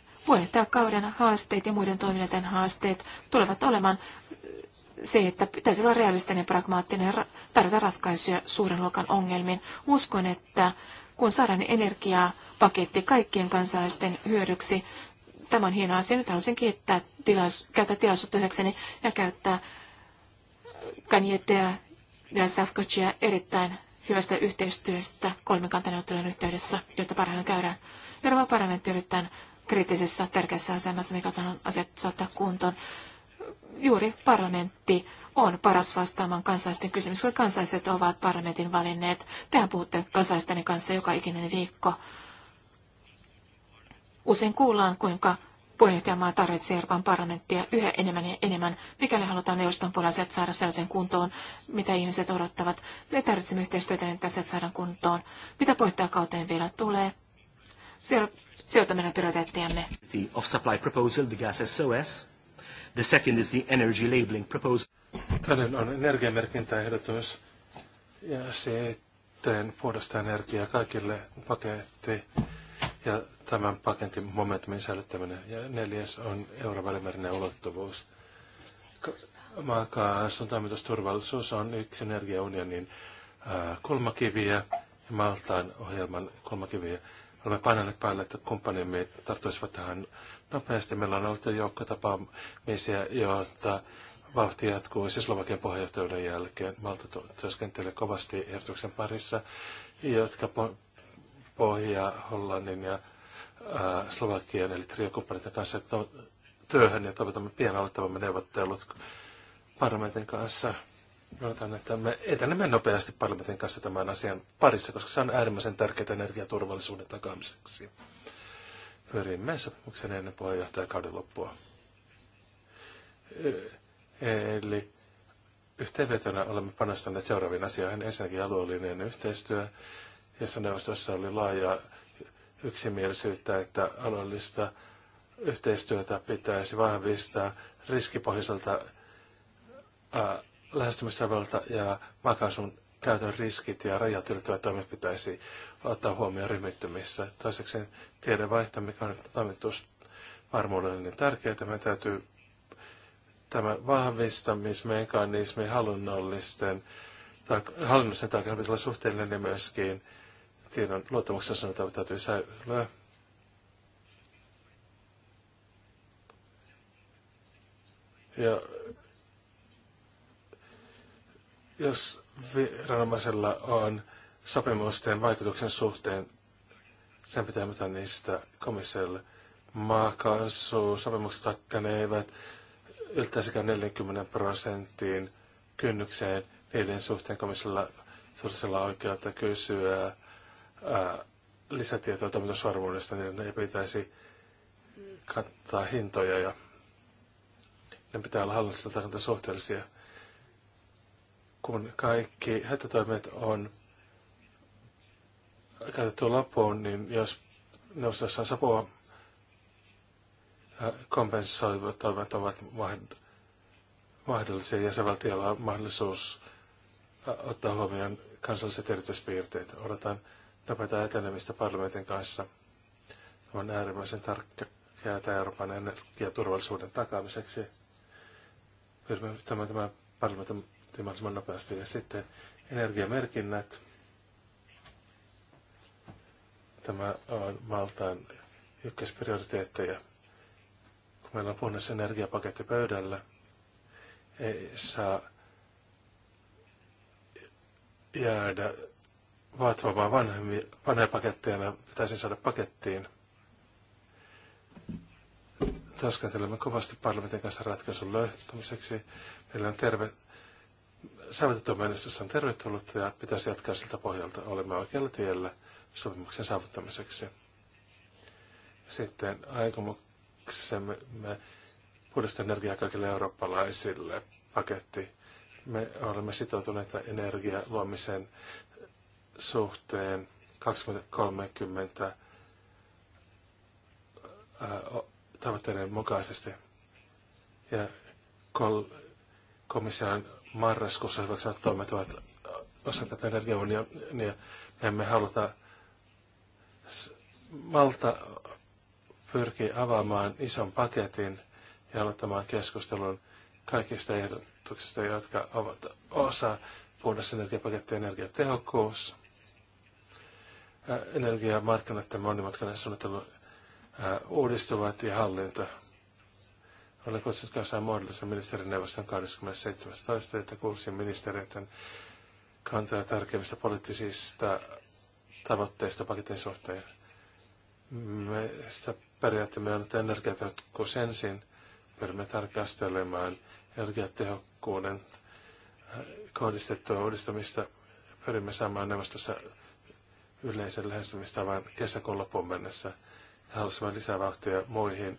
[SPEAKER 2] kauden haasteet ja muiden toimijoiden haasteet tulevat olemaan äh, se, että täytyy olla realistinen ja pragmaattinen ja tarjota ratkaisuja suuren luokan ongelmiin. Uskon, että kun saadaan energiapaketti paketti kaikkien kansalaisten hyödyksi, Tämä on hieno asia. Nyt haluaisin kiittää tilais, käyttää tilaisuutta hyväkseni ja käyttää Kanjetea ja Safkochia erittäin hyvästä yhteistyöstä kolmikantaneuvottelujen yhteydessä, jotta parhaillaan käydään. Euroopan parlamentti yritetään kriittisessä tärkeässä asemassa, mikä on asiat saattaa kuntoon. Juuri parlamentti on paras vastaamaan kansalaisten kysymyksiin, kun kansalaiset ovat parlamentin valinneet. Tehän puhutte kansalaisten kanssa joka ikinen viikko. Usein kuullaan, kuinka puheenjohtajamaa tarvitsee Euroopan parlamenttia yhä enemmän ja enemmän, mikäli halutaan neuvoston puolella saada sellaisen kuntoon, mitä ihmiset odottavat. Me tarvitsemme yhteistyötä, että se saadaan kuntoon. Mitä puheenjohtaja kauteen vielä tulee? Sieltä meidän prioriteettiamme.
[SPEAKER 1] The off-supply proposal, the gas SOS. second is the energy labeling proposal. Toinen on energiamerkintäehdotus ja sitten puhdasta energiaa kaikille paketti ja tämän paketin momentumin säilyttäminen. Ja neljäs on eurovälimärinen ulottuvuus. Maakaasun toimitusturvallisuus on yksi energiaunionin kulmakiviä ja Maltaan ohjelman kulmakiviä. Olemme painaneet päälle, että kumppanimme tarttuisivat tähän nopeasti. Meillä on ollut jo joukko tapaamisia, jotta vauhti jatkuu siis Slovakian puheenjohtajuuden jälkeen. Malta työskentelee kovasti ehdotuksen parissa, jotka Pohja, Hollannin ja ää, Slovakian eli triokumppaneiden kanssa työhön ja toivotamme pian aloittavamme neuvottelut parlamentin kanssa. Odotan, että me etenemme nopeasti parlamentin kanssa tämän asian parissa, koska se on äärimmäisen tärkeää energiaturvallisuuden takaamiseksi. Pyrimme sopimuksen ennen puheenjohtajakauden loppua. Eli yhteenvetona olemme panostaneet seuraaviin asioihin. Ensinnäkin alueellinen yhteistyö, jäsenneuvostossa neuvostossa oli laajaa yksimielisyyttä, että alueellista yhteistyötä pitäisi vahvistaa riskipohjaiselta lähestymistavalta ja makaisun käytön riskit ja rajat ylittävät toimet pitäisi ottaa huomioon ryhmittymissä. Toiseksi tiedon vaihto, mikä on toimitusvarmuudelle niin tärkeää, että meidän täytyy tämä vahvistamismekanismi hallinnollisten, hallinnollisten tarkemmin pitää olla suhteellinen myöskin tiedon luottamuksen sanotaan täytyy säilyä. Ja jos viranomaisella on sopimusten vaikutuksen suhteen, sen pitää mitä niistä komissiolle. Maakaasu, sopimukset hakkaneevat yltäisikään 40 prosenttiin kynnykseen niiden suhteen komissiolla on oikeutta kysyä lisätietoa toimitusvarmuudesta, niin ne pitäisi kattaa hintoja ja ne pitää olla hallinnassa tarkoita suhteellisia. Kun kaikki hätätoimet on käytetty loppuun, niin jos neuvostossa on sapua, kompensoivat toimet ovat mahdollisia. Jäsenvaltiolla on mahdollisuus ottaa huomioon kansalliset erityispiirteet. Odotan nopeata etenemistä parlamentin kanssa. Tämä on äärimmäisen tämä Euroopan energiaturvallisuuden takaamiseksi. Pyrimme tämän, tämän parlamentin mahdollisimman nopeasti. Ja sitten energiamerkinnät. Tämä on Maltaan ykkösprioriteetteja. Kun meillä on puhunut energiapaketti pöydällä, ei saa jäädä vaativamaan vanhemmin, vanhoja paketteja ja pitäisi saada pakettiin. Taskentelemme kovasti parlamentin kanssa ratkaisun löytämiseksi. Meillä on terve, saavutettu menestys on tervetullut ja pitäisi jatkaa siltä pohjalta. Olemme oikealla tiellä sopimuksen saavuttamiseksi. Sitten aikomuksemme puhdasta energiaa kaikille eurooppalaisille paketti. Me olemme sitoutuneita energialuomiseen suhteen 2030 tavoitteiden mukaisesti. Ja kol, komission marraskuussa hyväksyvät toimet ovat osa tätä energiaunionia. Me emme haluta Malta pyrkii avaamaan ison paketin ja aloittamaan keskustelun kaikista ehdotuksista, jotka ovat osa puhdas energiapaketti ja energiatehokkuus, energiamarkkinat, monimutkainen suunnittelu uudistuvat ja hallinta. Olen kutsunut kanssaan muodollisen ministerineuvoston 27.2. että kuulisin ministeriöiden kantaa tärkeimmistä poliittisista tavoitteista paketin suhteen. Meistä periaatteemme on, että energiatehokkuus ensin pyrimme tarkastelemaan energiatehokkuuden kohdistettua uudistamista. Pyrimme saamaan neuvostossa yleisen lähestymistavan kesäkuun loppuun mennessä ja halusimme lisää vauhtia muihin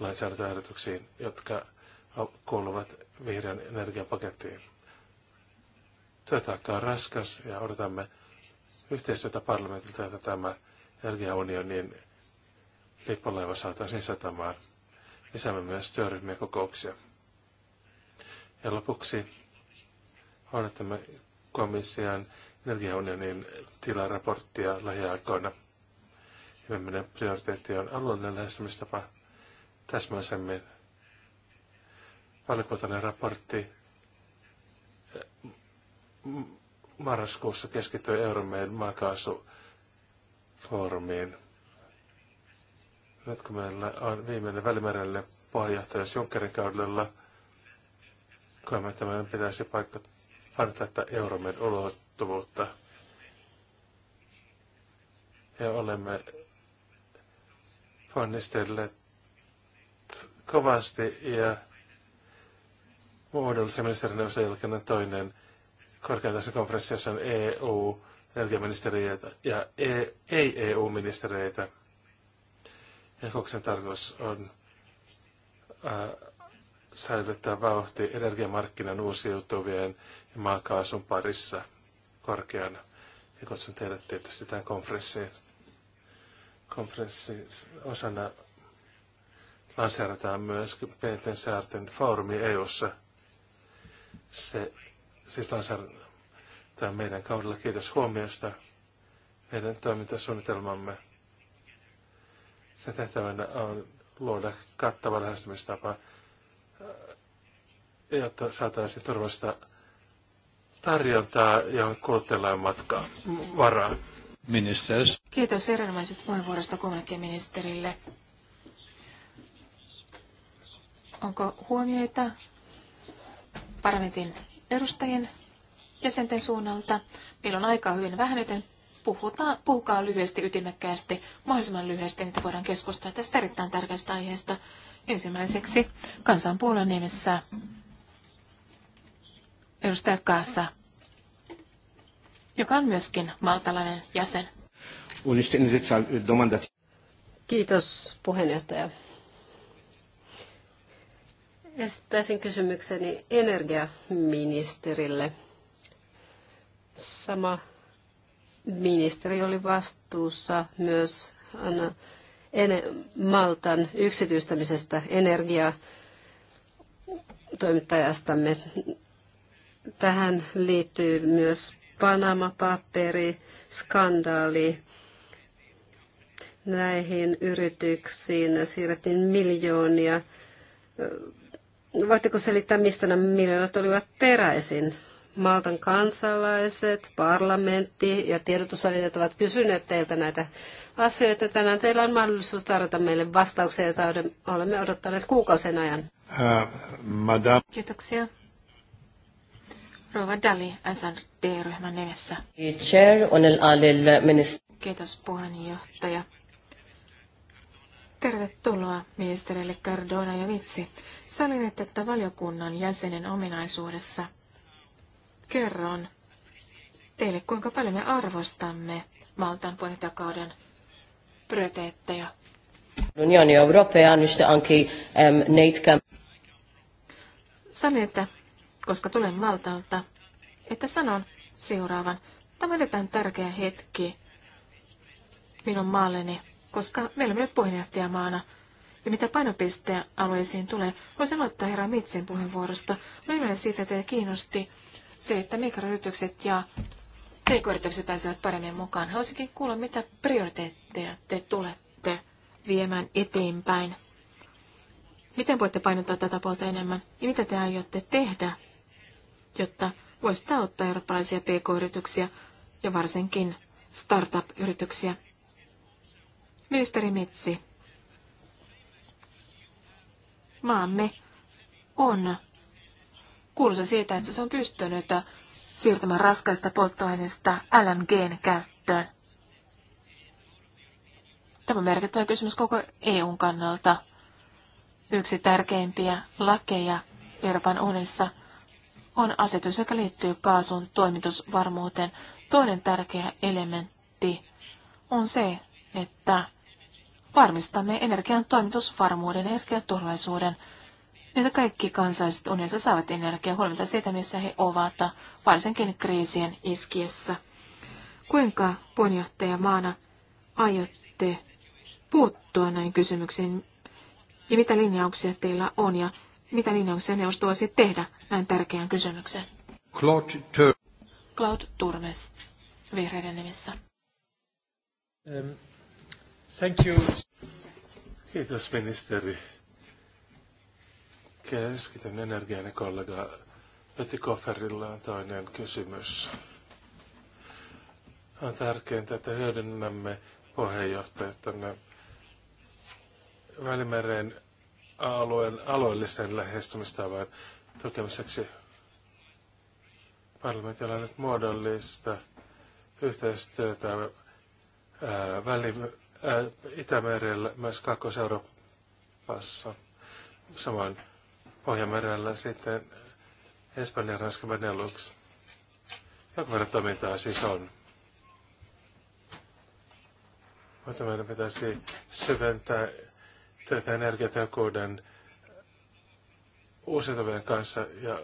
[SPEAKER 1] lainsäädäntöehdotuksiin, jotka kuuluvat vihreän energiapakettiin. Työtaakka on raskas ja odotamme yhteistyötä parlamentilta, että tämä energiaunionin lippulaiva saataisiin satamaan. Lisäämme myös työryhmien kokouksia. Ja lopuksi odotamme komission energiaunionin tilaraporttia lähiaikoina. Ja prioriteetti on alueellinen lähestymistapa täsmällisemmin. Valiokuntainen raportti eh, marraskuussa keskittyi Euromeen maakaasufoorumiin. Nyt kun meillä on viimeinen välimerelle puheenjohtajuus Junckerin kaudella, koemme, että meidän pitäisi paikottaa painottaa Euromed ulottuvuutta. Ja olemme ponnistelleet kovasti ja muodollisen ministerin jälkeen toinen korkeatason konferenssi, jossa on EU, ministeriä ja e, ei-EU-ministereitä. Ja kokouksen tarkoitus on ää, äh, säilyttää vauhti energiamarkkinan uusiutuvien ja maakaasun parissa korkeana. Ja kutsun teidät tietysti tämän konferenssiin. Konferenssin osana lanseerataan myös Pienten saarten foorumi EUssa. Se siis lanseerataan meidän kaudella. Kiitos huomiosta meidän toimintasuunnitelmamme. Sen tehtävänä on luoda kattava lähestymistapa jotta saataisiin turvallista tarjontaa ja kuluttajilla matkaa varaa. Ministers.
[SPEAKER 2] Kiitos erinomaisesta puheenvuorosta kummallekin ministerille. Onko huomioita parlamentin edustajien jäsenten suunnalta? Meillä on aikaa hyvin vähän, joten puhutaan, puhukaa lyhyesti, ytimekkäästi, mahdollisimman lyhyesti, niin voidaan keskustella tästä erittäin tärkeästä aiheesta. Ensimmäiseksi kansanpuolen nimessä edustaja Kaassa, joka on myöskin maltalainen
[SPEAKER 3] jäsen. Kiitos puheenjohtaja. Esittäisin kysymykseni energiaministerille. Sama ministeri oli vastuussa myös Maltan yksityistämisestä energiatoimittajastamme. Tähän liittyy myös Panama-paperi, skandaali. Näihin yrityksiin siirrettiin miljoonia. Voitteko selittää, mistä nämä miljoonat olivat peräisin? Maltan kansalaiset, parlamentti ja tiedotusvälineet ovat kysyneet teiltä näitä asioita. Tänään teillä on mahdollisuus tarjota meille vastauksia, joita olemme odottaneet kuukausien ajan. Ää, äh, Kiitoksia. Rova Dali, SRD-ryhmän nimessä.
[SPEAKER 2] Kiitos puheenjohtaja. Tervetuloa ministerille Cardona ja Vitsi. Sallin, että valiokunnan jäsenen ominaisuudessa kerron teille, kuinka paljon me arvostamme Maltan puheenjohtajakauden prioriteetteja.
[SPEAKER 3] Unioni Europea nystä anki
[SPEAKER 2] Sallin, että koska tulen valtalta, että sanon seuraavan. Tämä on erittäin tärkeä hetki minun maalleni, koska meillä on nyt puheenjohtajamaana. Ja mitä painopistealueisiin tulee, voisin ottaa herra Mitsin puheenvuorosta. Olen siitä, että kiinnosti se, että mikroyritykset ja pk-yritykset pääsevät paremmin mukaan. Haluaisinkin kuulla, mitä prioriteetteja te tulette viemään eteenpäin. Miten voitte painottaa tätä puolta enemmän ja mitä te aiotte tehdä jotta voisi auttaa eurooppalaisia pk-yrityksiä ja varsinkin startup-yrityksiä. Ministeri Metsi, maamme on kuuluisa siitä, että se on pystynyt siirtämään raskaista polttoaineista LNGn käyttöön. Tämä on merkittävä kysymys koko EUn kannalta. Yksi tärkeimpiä lakeja Euroopan unissa – on asetus, joka liittyy kaasun toimitusvarmuuteen. Toinen tärkeä elementti on se, että varmistamme energian toimitusvarmuuden, energiaturvallisuuden. Niitä kaikki kansalliset unionissa saavat energiaa huolimatta siitä, missä he ovat, varsinkin kriisien iskiessä. Kuinka puheenjohtaja maana aiotte puuttua näin kysymyksiin ja mitä linjauksia teillä on ja mitä linjauksia neuvosto voisi tehdä näin tärkeän kysymyksen?
[SPEAKER 1] Claude, Tur-
[SPEAKER 2] Claude Turmes, vihreiden nimissä.
[SPEAKER 1] Um, thank you. Kiitos ministeri. Keskitän energian kollega Kofferilla on toinen kysymys. On tärkeintä, että hyödynnämme tänne Välimeren alueen alueellisen lähestymistavan tukemiseksi. Parlamentilla on nyt muodollista yhteistyötä ää, väli, ää, Itämerellä, myös Kaakkois-Euroopassa, samoin Pohjanmerellä, sitten Espanjan, Ranskan, Benelux. Joku verran toimintaa siis on. Mutta meidän pitäisi syventää tätä energiatehokkuuden uusiutuvien kanssa ja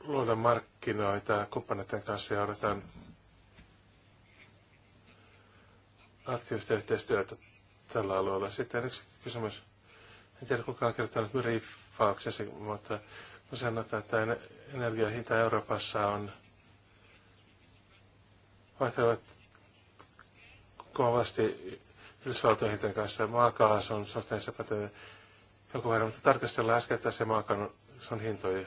[SPEAKER 1] luoda markkinoita kumppaneiden kanssa ja odotan aktiivista yhteistyötä tällä alueella. Sitten yksi kysymys. En tiedä kukaan on kirjoittanut riiffauksesi, mutta sanotaan, että energiahinta hinta Euroopassa on vaihtelevat kovasti Yhdysvaltoihin kanssa on suhteessa pätevä jonkun verran, mutta tarkastellaan tässä maakaasun hintoja.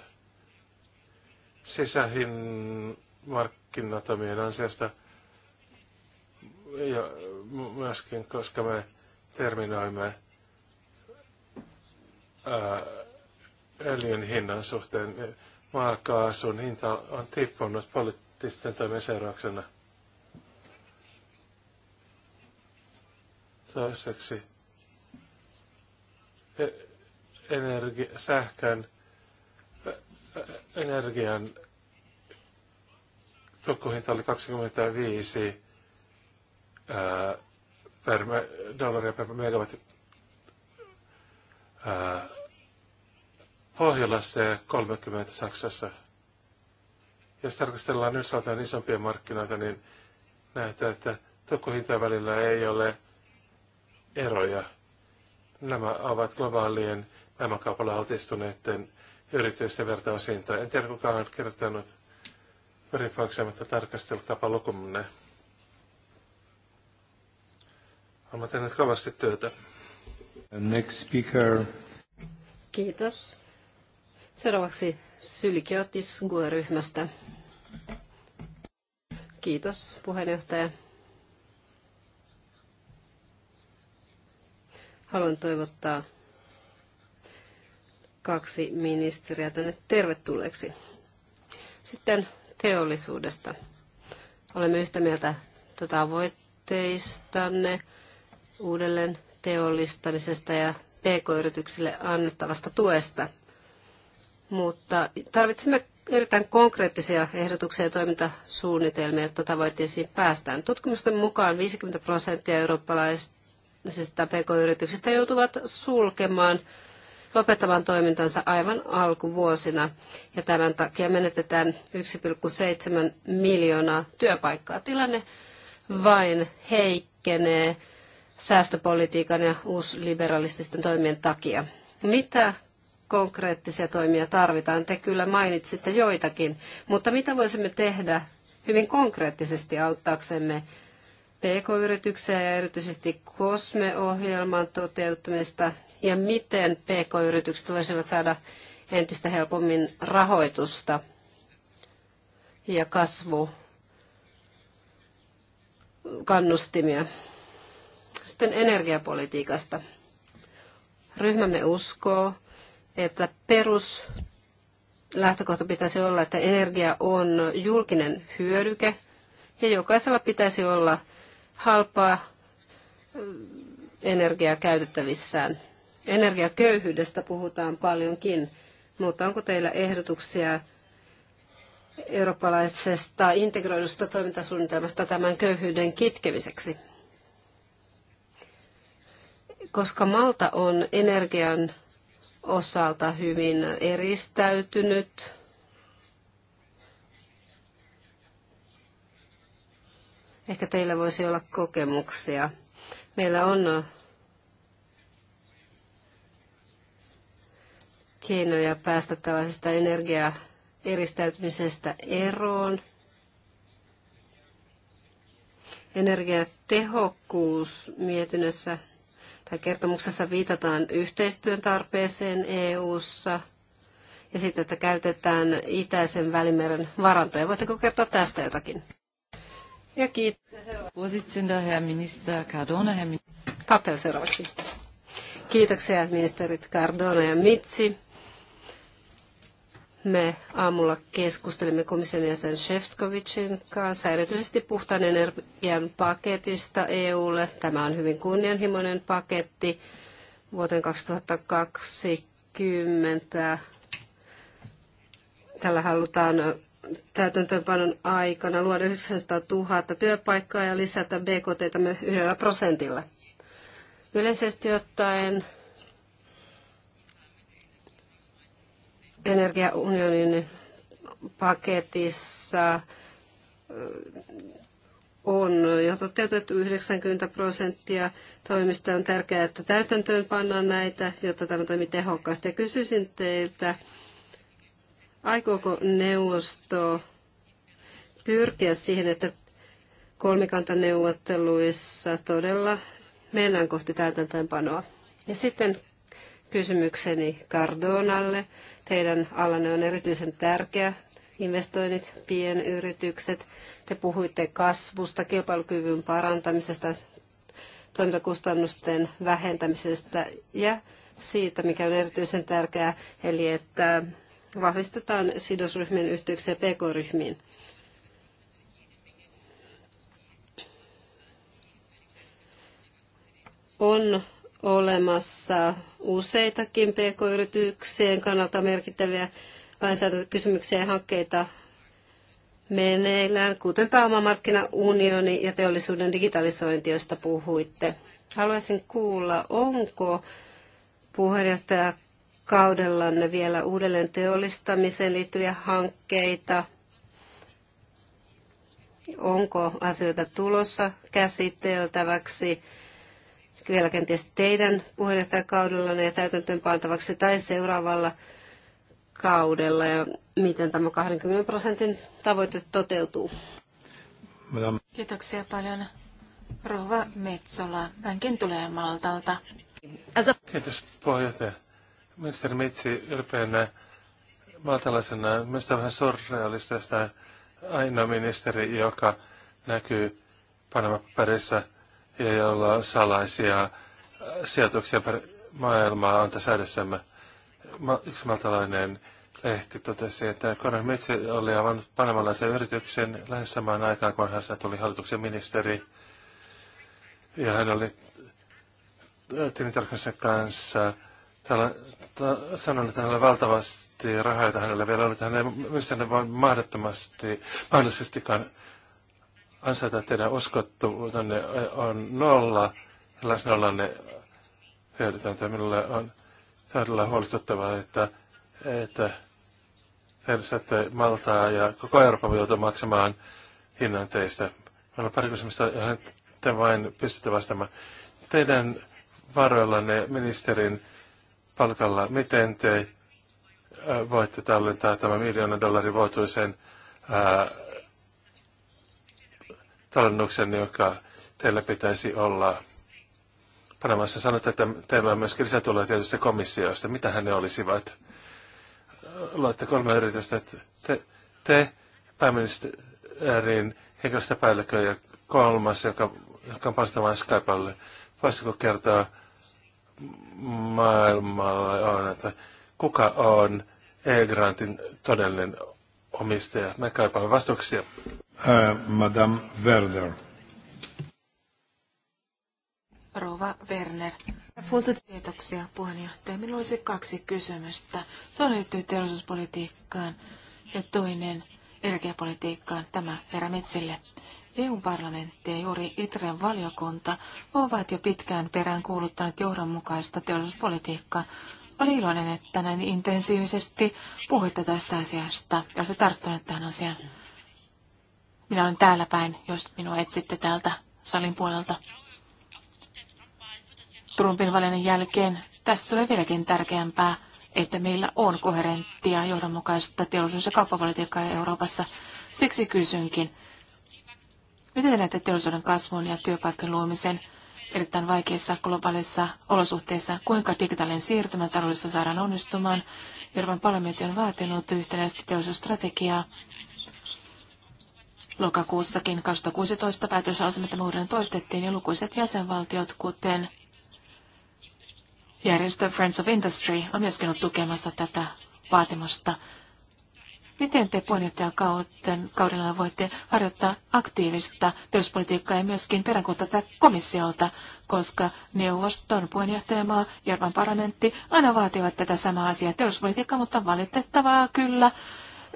[SPEAKER 1] Sisähin markkinatomien ansiosta ja myöskin, koska me terminoimme öljyn hinnan suhteen, niin maakaasun hinta on tippunut poliittisten toimien seurauksena – Toiseksi e- energi- sähkön, e- energian tukkuhinta oli 25 ää, per me, dollaria per megawatt ää, Pohjolassa ja 30 Saksassa. Jos tarkastellaan Yhdysvaltain isompia markkinoita, niin näyttää, että tukkuhintojen välillä ei ole eroja. Nämä ovat globaalien maailmankaupalle altistuneiden yritysten vertaushinta. En tiedä, kukaan on kirjoittanut mutta tarkastelkaapa lukumme. Olemme tehneet kovasti työtä. Next speaker.
[SPEAKER 3] Kiitos. Seuraavaksi Sylikiotis GUE-ryhmästä. Kiitos puheenjohtaja. Haluan toivottaa kaksi ministeriä tänne tervetulleeksi. Sitten teollisuudesta. Olemme yhtä mieltä tavoitteistanne uudelleen teollistamisesta ja pk-yrityksille annettavasta tuesta. Mutta tarvitsemme erittäin konkreettisia ehdotuksia ja toimintasuunnitelmia, jotta tavoitteisiin päästään. Tutkimusten mukaan 50 prosenttia eurooppalaisista Siis pk-yrityksistä joutuvat sulkemaan, lopettamaan toimintansa aivan alkuvuosina. Ja tämän takia menetetään 1,7 miljoonaa työpaikkaa. Tilanne vain heikkenee säästöpolitiikan ja uusliberalististen toimien takia. Mitä konkreettisia toimia tarvitaan? Te kyllä mainitsitte joitakin, mutta mitä voisimme tehdä hyvin konkreettisesti auttaaksemme PK-yrityksiä ja erityisesti COSME-ohjelman toteuttamista ja miten PK-yritykset voisivat saada entistä helpommin rahoitusta ja kasvukannustimia. Sitten energiapolitiikasta. Ryhmämme uskoo, että perus lähtökohta pitäisi olla, että energia on julkinen hyödyke ja jokaisella pitäisi olla – halpaa energiaa käytettävissään. Energiaköyhyydestä puhutaan paljonkin, mutta onko teillä ehdotuksia eurooppalaisesta integroidusta toimintasuunnitelmasta tämän köyhyyden kitkemiseksi? Koska Malta on energian osalta hyvin eristäytynyt, Ehkä teillä voisi olla kokemuksia. Meillä on keinoja päästä tällaisesta energiaa eristäytymisestä eroon. Energiatehokkuus mietinnössä tai kertomuksessa viitataan yhteistyön tarpeeseen EU:ssa ja sitten, että käytetään itäisen välimeren varantoja. Voitteko kertoa tästä jotakin? Ja kiitos. Herr Minister Kiitoksia ministerit Cardona ja Mitsi. Me aamulla keskustelimme komission jäsen Shevkovicin kanssa erityisesti puhtaan energian paketista EUlle. Tämä on hyvin kunnianhimoinen paketti vuoteen 2020. Tällä halutaan täytäntöönpanon aikana luoda 900 000 työpaikkaa ja lisätä BKT -tämme yhdellä prosentilla. Yleisesti ottaen energiaunionin paketissa on jo toteutettu 90 prosenttia toimista. On tärkeää, että täytäntöön pannaan näitä, jotta tämä toimii tehokkaasti. Ja kysyisin teiltä, Aikooko neuvosto pyrkiä siihen, että kolmikantaneuvotteluissa todella mennään kohti täytäntöönpanoa? Ja sitten kysymykseni Cardonalle. Teidän alanne on erityisen tärkeä investoinnit, pienyritykset. Te puhuitte kasvusta, kilpailukyvyn parantamisesta, toimintakustannusten vähentämisestä ja siitä, mikä on erityisen tärkeää, eli että vahvistetaan sidosryhmien yhteyksiä pk-ryhmiin. On olemassa useitakin pk-yrityksien kannalta merkittäviä lainsäädäntökysymyksiä ja hankkeita meneillään, kuten pääomamarkkinaunioni ja teollisuuden digitalisointi, joista puhuitte. Haluaisin kuulla, onko puheenjohtaja kaudellanne vielä uudelleen teollistamiseen liittyviä hankkeita? Onko asioita tulossa käsiteltäväksi vielä kenties teidän puheenjohtajakaudellanne ja täytäntöönpantavaksi tai seuraavalla kaudella ja miten tämä 20 prosentin tavoite toteutuu? Kiitoksia paljon.
[SPEAKER 2] Rova Metsola, hänkin tulee Maltalta.
[SPEAKER 1] Kiitos puheenjohtaja. Ministeri Mitsi ylpeänä maatalaisena, minusta on vähän surrealista sitä ainoa ministeri, joka näkyy Panama-paperissa ja jolla on salaisia sijoituksia maailmaa on tässä edessämme. Yksi maltalainen lehti totesi, että Conor Mitsi oli avannut panamalaisen yrityksen lähes samaan aikaan, kun hän tuli hallituksen ministeri. Ja hän oli äh, tilintarkastuksen kanssa Täällä ta, sanon, että hänellä valtavasti rahaa, jota hänellä vielä on, että hän ei missään voi mahdottomasti, mahdollisestikaan ansaita teidän uskottuutanne on nolla, ja läsnollanne hyödytöntä. Minulle on todella huolestuttavaa, että, että teille saatte Maltaa ja koko Euroopan joutuu maksamaan hinnan teistä. Meillä on pari kysymystä, johon te vain pystytte vastaamaan. Teidän varoillanne ministerin palkalla. Miten te äh, voitte tallentaa tämän miljoonan dollarin vuotuisen äh, tallennuksen, joka teillä pitäisi olla Panamassa? Sanotte, että teillä on myöskin lisätuloja tietystä komissiosta. Mitähän ne olisivat? Luette kolme yritystä. Että te, te pääministerin henkilöstöpäällikkö ja kolmas, joka, joka on palstamaan Skypelle. Voisitko kertoa maailmalla on, että kuka on E-Grantin todellinen omistaja. Me kaipaamme vastauksia. Uh, Madame Werner.
[SPEAKER 2] Rova Werner. Kiitoksia puheenjohtaja. Minulla olisi kaksi kysymystä. Toinen liittyy teollisuuspolitiikkaan ja toinen energiapolitiikkaan. Tämä herra Metsille. EU-parlamentti ja juuri ITREn valiokunta ovat jo pitkään perään kuuluttaneet johdonmukaista teollisuuspolitiikkaa. Oli iloinen, että näin intensiivisesti puhuitte tästä asiasta ja olette tarttuneet tähän asiaan. Minä olen täällä päin, jos minua etsitte täältä salin puolelta. Trumpin valinnan jälkeen tästä tulee vieläkin tärkeämpää, että meillä on koherenttia johdonmukaista teollisuus- ja kauppapolitiikkaa Euroopassa. Siksi kysynkin, Miten näette teollisuuden kasvun ja työpaikkojen luomisen erittäin vaikeissa globaalissa olosuhteissa? Kuinka digitaalinen siirtymä taloudessa saadaan onnistumaan? Euroopan parlamentti on vaatinut yhtenäistä teollisuusstrategiaa. Lokakuussakin 2016 päätöslausumatta muuden toistettiin ja lukuiset jäsenvaltiot, kuten järjestö Friends of Industry, on myöskin ollut tukemassa tätä vaatimusta. Miten te kaudella voitte harjoittaa aktiivista teollisuuspolitiikkaa ja myöskin peräänkuuttaa komissiolta, koska neuvoston puheenjohtajamaa ja Euroopan parlamentti aina vaativat tätä samaa asiaa teollisuuspolitiikkaa, mutta valitettavaa kyllä.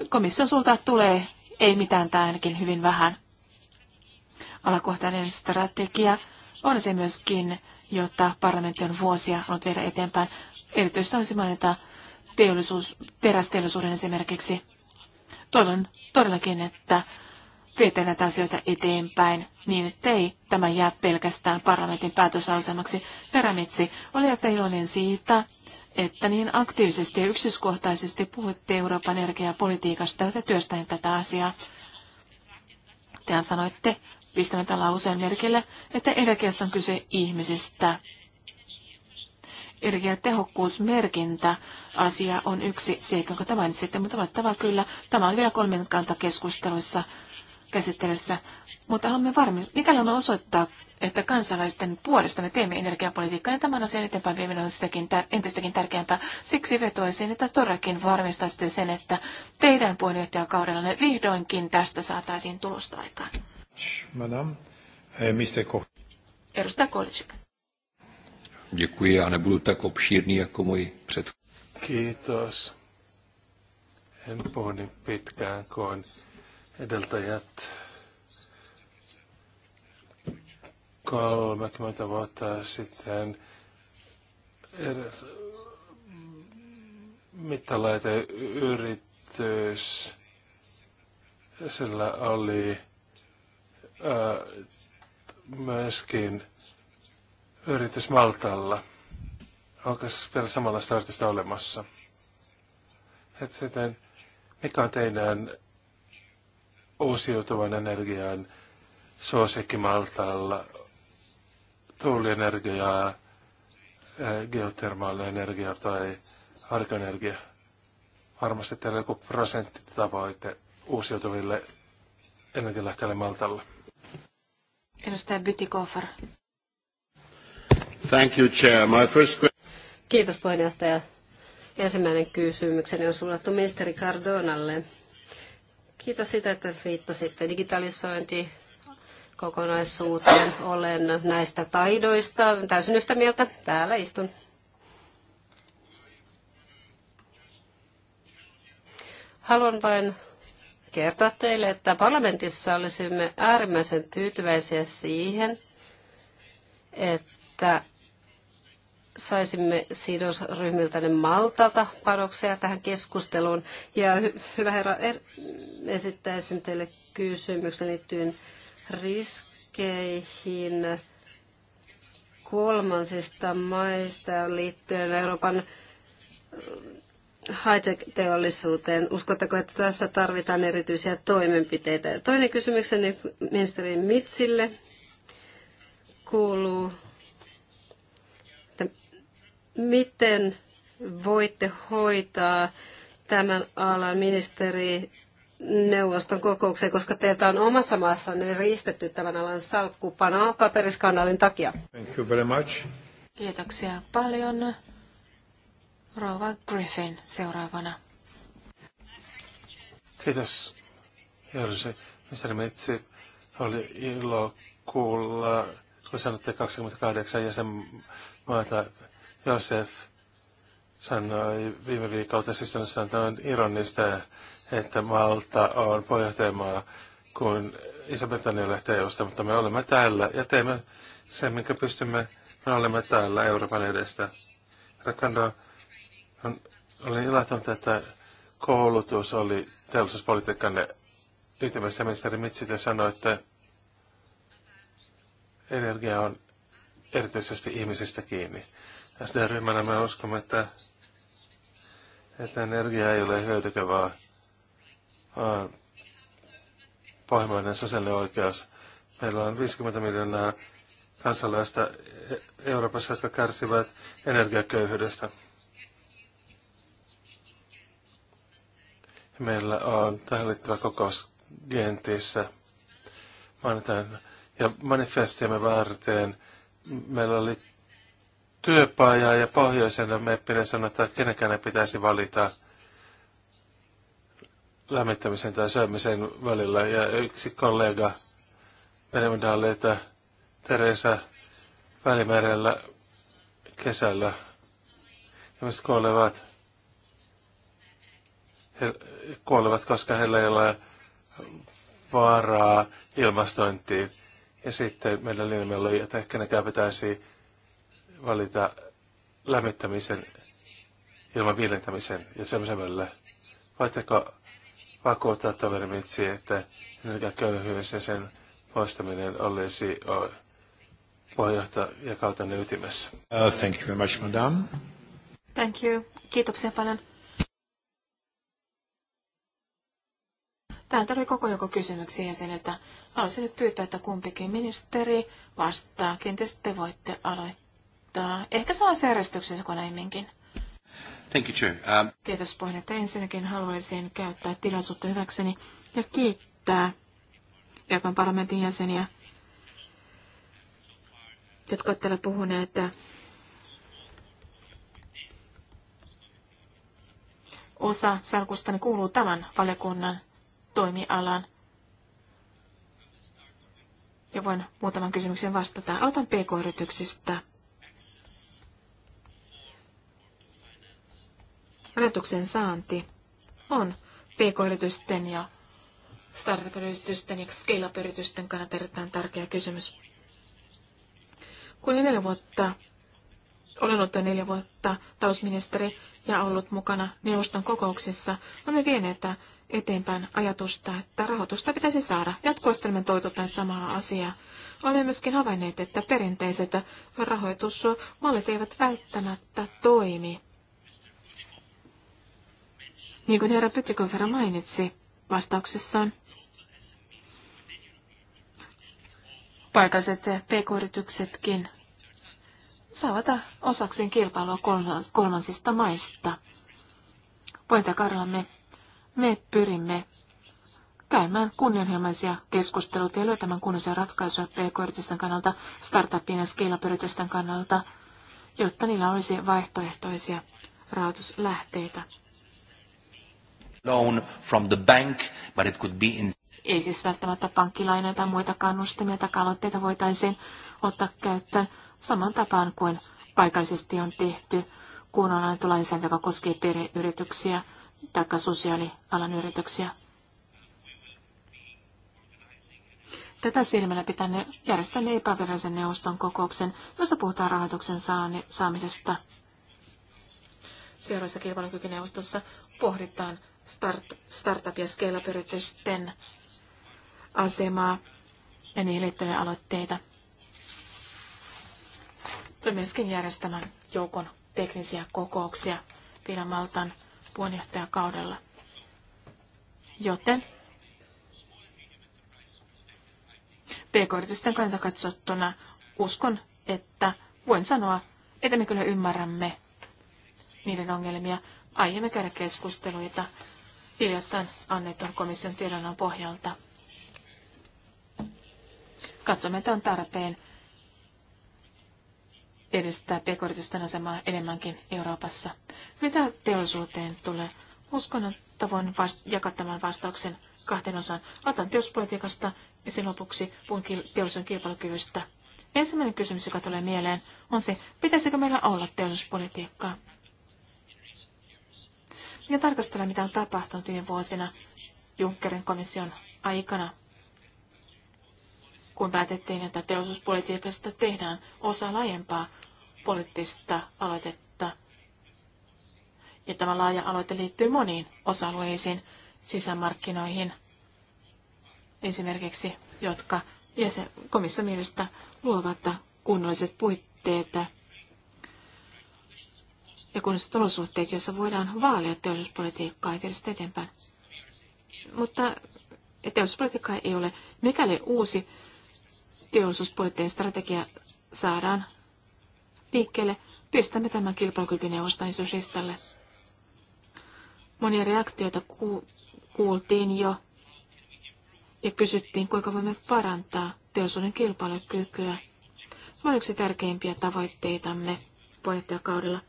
[SPEAKER 2] Komission suulta tulee ei mitään tai ainakin hyvin vähän. Alakohtainen strategia on se myöskin, jota parlamentti on vuosia ollut viedä eteenpäin. Erityisesti olisi mainita teollisuus, terästeollisuuden esimerkiksi. Toivon todellakin, että viette näitä asioita eteenpäin niin, että ei tämä jää pelkästään parlamentin päätösasemaksi. Perämitsi, oli että iloinen siitä, että niin aktiivisesti ja yksityiskohtaisesti puhutte Euroopan energiapolitiikasta ja työstäen tätä asiaa. Tehän sanoitte pistämättä lauseen merkille, että energiassa on kyse ihmisistä Energiatehokkuusmerkintä asia on yksi seikka, jonka te mainitsitte, mutta vattava kyllä. Tämä on vielä kolmen keskusteluissa käsittelyssä. Mutta haluamme varmi, mikäli haluamme osoittaa, että kansalaisten puolesta me teemme energiapolitiikkaa, niin tämän asian eteenpäin vieminen on sitäkin tär- entistäkin tärkeämpää. Siksi vetoisin, että todellakin varmistaisitte sen, että teidän puheenjohtajakaudellanne vihdoinkin tästä saataisiin tulosta aikaan.
[SPEAKER 1] Madame, eh, Mr. Koch. Edustaja Kolitsik. Děkuji, já nebudu tak obšírný jako můj před. Kiitos. En niin pitkään, kun edeltäjät 30 vuotta sitten eräs mittalaiteyritys, sillä oli ää, äh, myöskin yritys Maltalla. Onko vielä samanlaista yritystä olemassa? Sitten, mikä on teidän uusiutuvan energian suosikki Maltalla? Tuulienergiaa, geotermaalinen energia tai arkoenergia? Varmasti teillä on joku prosenttitavoite uusiutuville energialähteille Maltalla.
[SPEAKER 3] Edustaja Bytikofer. Thank you, Chair. My first... Kiitos puheenjohtaja. Ensimmäinen kysymykseni on suunnattu ministeri Cardonalle. Kiitos siitä, että viittasitte digitalisointi kokonaisuuteen. Olen näistä taidoista täysin yhtä mieltä. Täällä istun. Haluan vain kertoa teille, että parlamentissa olisimme äärimmäisen tyytyväisiä siihen, että saisimme sidosryhmiltä maltalta panoksia tähän keskusteluun. Ja hy- hyvä herra, er- esittäisin teille kysymyksen liittyen riskeihin kolmansista maista liittyen Euroopan äh, high-tech-teollisuuteen. Uskotteko, että tässä tarvitaan erityisiä toimenpiteitä? Toinen kysymykseni ministeri Mitsille kuuluu, että miten voitte hoitaa tämän alan ministeri neuvoston kokoukseen, koska teiltä on omassa maassanne riistetty tämän alan salkku Panama paperiskandaalin takia.
[SPEAKER 1] Thank you very much.
[SPEAKER 3] Kiitoksia paljon.
[SPEAKER 2] Rova Griffin seuraavana.
[SPEAKER 1] Kiitos. Jorge, ministeri Metsi, oli ilo kuulla, kun sanotte 28 jäsen että Josef sanoi viime viikolla sisällössä, että on ironista, että Malta on pohjohtajamaa, kun Iso-Britannia lähtee josta, mutta me olemme täällä ja teemme sen, minkä pystymme. Me olemme täällä Euroopan edestä. Rakando, on, olin ilahtunut, että koulutus oli teollisuuspolitiikkanne ytimessä. Ministeri Mitsi, te sanoitte, energia on erityisesti ihmisistä kiinni. SD-ryhmänä me uskomme, että, että energia ei ole hyötykä, vaan pohjoinen sosiaalinen oikeus. Meillä on 50 miljoonaa kansalaista Euroopassa, jotka kärsivät energiaköyhyydestä. Meillä on tähän liittyvä kokous Gentissä mainitaan ja manifestiamme varten – meillä oli työpaja ja pohjoisena meppinen sanoa, että kenenkään ne pitäisi valita lämmittämisen tai syömisen välillä. Ja yksi kollega Benemdalleita Teresa Välimerellä kesällä. tämmöiset kuolevat, he kuolevat, koska heillä ei ole varaa ilmastointiin. Ja sitten meillä linjalla oli, että ehkä nekään pitäisi valita lämmittämisen ilman viilentämisen ja semmoisen välillä. Voitteko vakuuttaa Mitsi, että köyhyys ja sen poistaminen olisi puheenjohtajakautenne ytimessä? Uh, thank you very much, madam.
[SPEAKER 2] Thank you. Kiitoksia paljon. Tämä oli koko joko kysymyksiä jäseniltä. Haluaisin nyt pyytää, että kumpikin ministeri vastaa. Kenties te voitte aloittaa. Ehkä saa järjestyksessä kuin ennenkin.
[SPEAKER 1] Thank you, Um...
[SPEAKER 2] Kiitos puheenjohtaja. Ensinnäkin haluaisin käyttää tilaisuutta hyväkseni ja kiittää Euroopan parlamentin jäseniä, jotka ovat täällä puhuneet osa salkustani kuuluu tämän valiokunnan toimialan. Ja voin muutaman kysymyksen vastata. Aloitan pk-yrityksistä. Rahoituksen saanti on pk-yritysten ja startup-yritysten ja scale-up-yritysten kannalta erittäin tärkeä kysymys. Kun neljä vuotta, olen ollut neljä vuotta talousministeri, ja ollut mukana neuvoston kokouksissa, olemme vieneet eteenpäin ajatusta, että rahoitusta pitäisi saada. Jatkuvasti olemme samaa asiaa. Olemme myöskin havainneet, että perinteiset rahoitusmallit eivät välttämättä toimi. Niin kuin herra Pytikofer mainitsi vastauksessaan, paikalliset pk-yrityksetkin saavat osakseen kilpailua kolmansista maista. Karlamme, me pyrimme käymään kunnianhimoisia keskusteluita ja löytämään kunnollisia ratkaisuja pk-yritysten kannalta, startupien ja skilapyritysten kannalta, jotta niillä olisi vaihtoehtoisia rahoituslähteitä.
[SPEAKER 1] Loan from the bank, but it could be in...
[SPEAKER 2] Ei siis välttämättä pankkilainoja tai muita kannustimia tai aloitteita voitaisiin ottaa käyttöön saman tapaan kuin paikallisesti on tehty, kun on annettu lainsäädäntö, joka koskee perheyrityksiä tai sosiaalialan yrityksiä. Tätä silmällä pitänne järjestämme epävirallisen neuvoston kokouksen, jossa puhutaan rahoituksen saamisesta. Seuraavassa kilpailukykyneuvostossa pohditaan start, startup- ja scale-up-yritysten asemaa ja niihin liittyviä aloitteita. Tulen myöskin järjestämään joukon teknisiä kokouksia vielä Maltan puheenjohtajakaudella. Joten PK-yritysten kannalta katsottuna uskon, että voin sanoa, että me kyllä ymmärrämme niiden ongelmia. Aiemmin käydä keskusteluita hiljattain annetun komission tiedonannon pohjalta. Katsomme, että on tarpeen edistää pk asemaa enemmänkin Euroopassa. Mitä teollisuuteen tulee? Uskon, että voin vast- jakaa tämän vastauksen kahteen osaan. Otan teollisuuspolitiikasta ja sen lopuksi puhun teollisuuden kilpailukyvystä. Ensimmäinen kysymys, joka tulee mieleen, on se, pitäisikö meillä olla teollisuuspolitiikkaa? Ja tarkastella, mitä on tapahtunut viime vuosina Junckerin komission aikana, kun päätettiin, että teollisuuspolitiikasta tehdään osa laajempaa poliittista aloitetta. Ja tämä laaja aloite liittyy moniin osa-alueisiin sisämarkkinoihin, esimerkiksi, jotka jäsen, komission mielestä luovat kunnolliset puitteet ja kunnolliset olosuhteet, joissa voidaan vaalia teollisuuspolitiikkaa ja eteenpäin. Mutta teollisuuspolitiikka ei ole, mikäli uusi teollisuuspoliittinen strategia saadaan liikkeelle, pistämme tämän kilpailukykyneuvoston syslistalle. Monia reaktioita ku- kuultiin jo ja kysyttiin, kuinka voimme parantaa teollisuuden kilpailukykyä. Se on yksi tärkeimpiä tavoitteitamme puheenjohtajakaudella.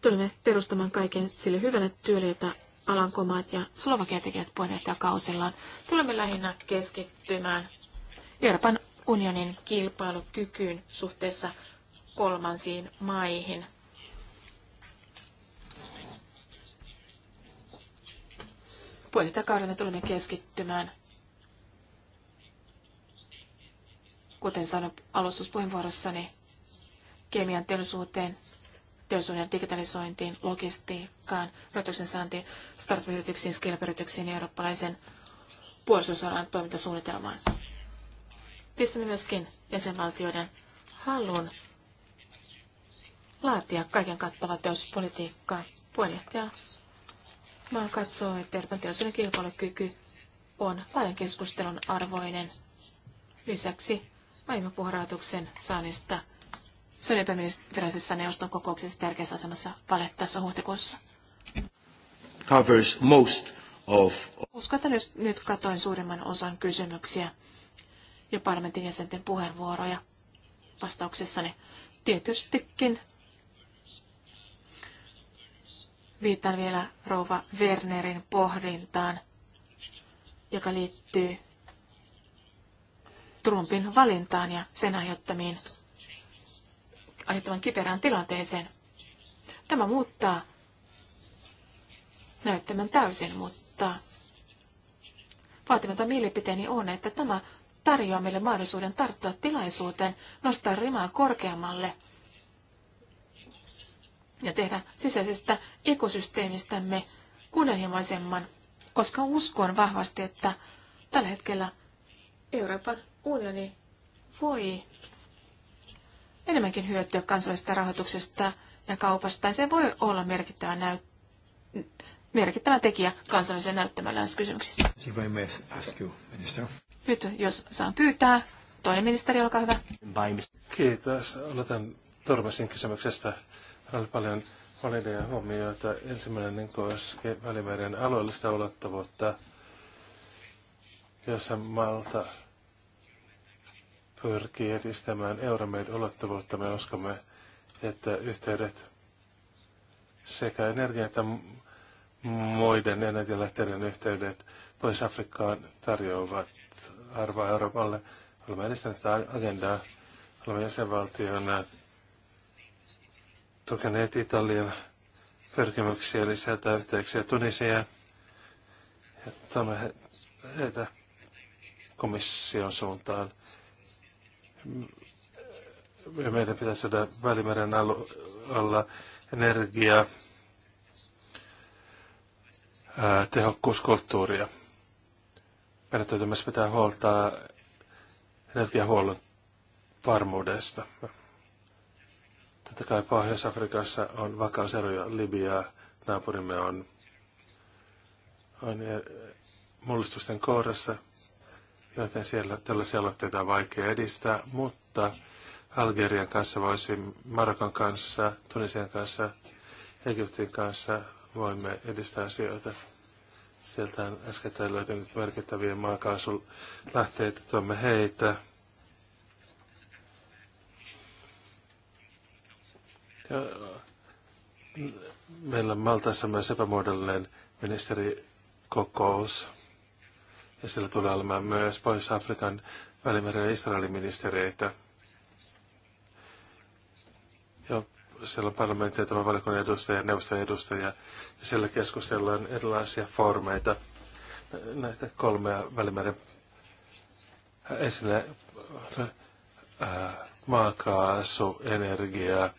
[SPEAKER 2] Tulemme perustamaan kaiken sille hyvälle työlle, jota Alankomaat ja Slovakia tekevät puheenjohtajakausillaan. Tulemme lähinnä keskittymään Euroopan unionin kilpailukykyyn suhteessa kolmansiin maihin. Puheenjohtajakaudella me tulemme keskittymään, kuten sanoin alustuspuheenvuorossani, kemian teollisuuteen, teollisuuden digitalisointiin, logistiikkaan, rahoituksen saantiin, startup-yrityksiin, yrityksiin ja eurooppalaisen puolustusalan toimintasuunnitelmaan. Pistämme myöskin jäsenvaltioiden halun laatia kaiken kattava teospolitiikkaa. Puheenjohtaja maa katsoo, että Euroopan teollisuuden kilpailukyky on laajan keskustelun arvoinen. Lisäksi aiemmin puhrautuksen saannista se on epävirallisessa neuvoston kokouksessa tärkeässä asemassa tässä huhtikuussa.
[SPEAKER 1] Covers most of...
[SPEAKER 2] Uskon, että nyt, nyt katoin suurimman osan kysymyksiä, ja parlamentin jäsenten puheenvuoroja vastauksessani. Tietystikin viittaan vielä rouva Wernerin pohdintaan, joka liittyy Trumpin valintaan ja sen aiheuttamiin aiheuttavan kiperään tilanteeseen. Tämä muuttaa näyttämän täysin, mutta vaatimaton mielipiteeni on, että tämä tarjoaa meille mahdollisuuden tarttua tilaisuuteen, nostaa rimaa korkeammalle ja tehdä sisäisestä ekosysteemistämme kunnianhimoisemman, koska uskon vahvasti, että tällä hetkellä Euroopan unioni voi enemmänkin hyötyä kansallisesta rahoituksesta ja kaupasta, ja se voi olla merkittävä, näyt- merkittävä tekijä kansallisen näyttämällä kysymyksissä. Nyt, jos saan pyytää, toinen ministeri, olkaa hyvä.
[SPEAKER 1] Kiitos. Aloitan Torvasin kysymyksestä. Oli paljon valideja huomioita. Ensimmäinen niin koskee Välimeren alueellista ulottuvuutta, jossa Malta pyrkii edistämään Euromed ulottuvuutta. Me uskomme, että yhteydet sekä energia- että muiden energialähteiden yhteydet pois Afrikkaan tarjoavat arvoa Euroopalle. Haluamme edistää tätä agendaa. Haluamme jäsenvaltiona tukeneet Italian pyrkimyksiä lisätä yhteyksiä Tunisia. Ja tuomme heitä komission suuntaan. Meidän pitäisi saada Välimeren alueella energia, tehokkuuskulttuuria. Meidän myös pitää huolta energiahuollon varmuudesta. Totta kai Pohjois-Afrikassa on vakauseroja Libiaa, naapurimme on, on e, mullistusten kohdassa, joten siellä tällaisia aloitteita on vaikea edistää, mutta Algerian kanssa voisi, Marokon kanssa, Tunisian kanssa, Egyptin kanssa voimme edistää asioita. Sieltä on äskettäin löytynyt merkittäviä maakaasulähteitä. Tuomme heitä. Ja meillä on Maltassa myös epämuodollinen ministerikokous. Ja siellä tulee olemaan myös Pohjois-Afrikan välimeren ja Israelin ministereitä. Ja siellä on parlamentin ja tämän valiokunnan edustajia ja neuvoston edustajia, ja siellä keskustellaan erilaisia formeita näitä kolmea välimeren äh, esille äh, maakaasu, energia,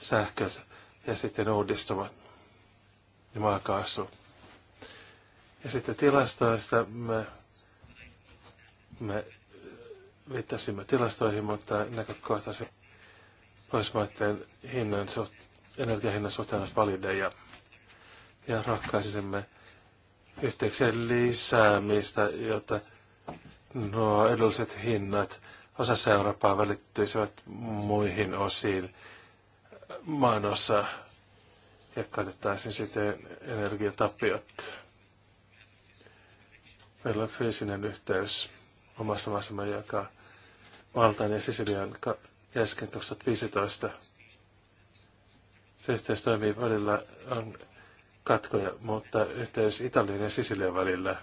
[SPEAKER 1] sähkö ja sitten uudistuvat ja maakaasu. Ja sitten tilastoista me, me viittasimme tilastoihin, mutta näkökohtaisesti Pohjoismaiden hinnan, energiahinnan suhteen olisi valideja ja rohkaisisimme yhteyksien lisäämistä, jotta nuo edulliset hinnat osassa Eurooppaa välittyisivät muihin osiin maanossa ja katettaisiin sitten energiatapiot. Meillä on fyysinen yhteys omassa maassamme, joka Valtaan ja Sisilian kesken 2015. Se yhteys toimii välillä on katkoja, mutta yhteys Italian ja Sisilian välillä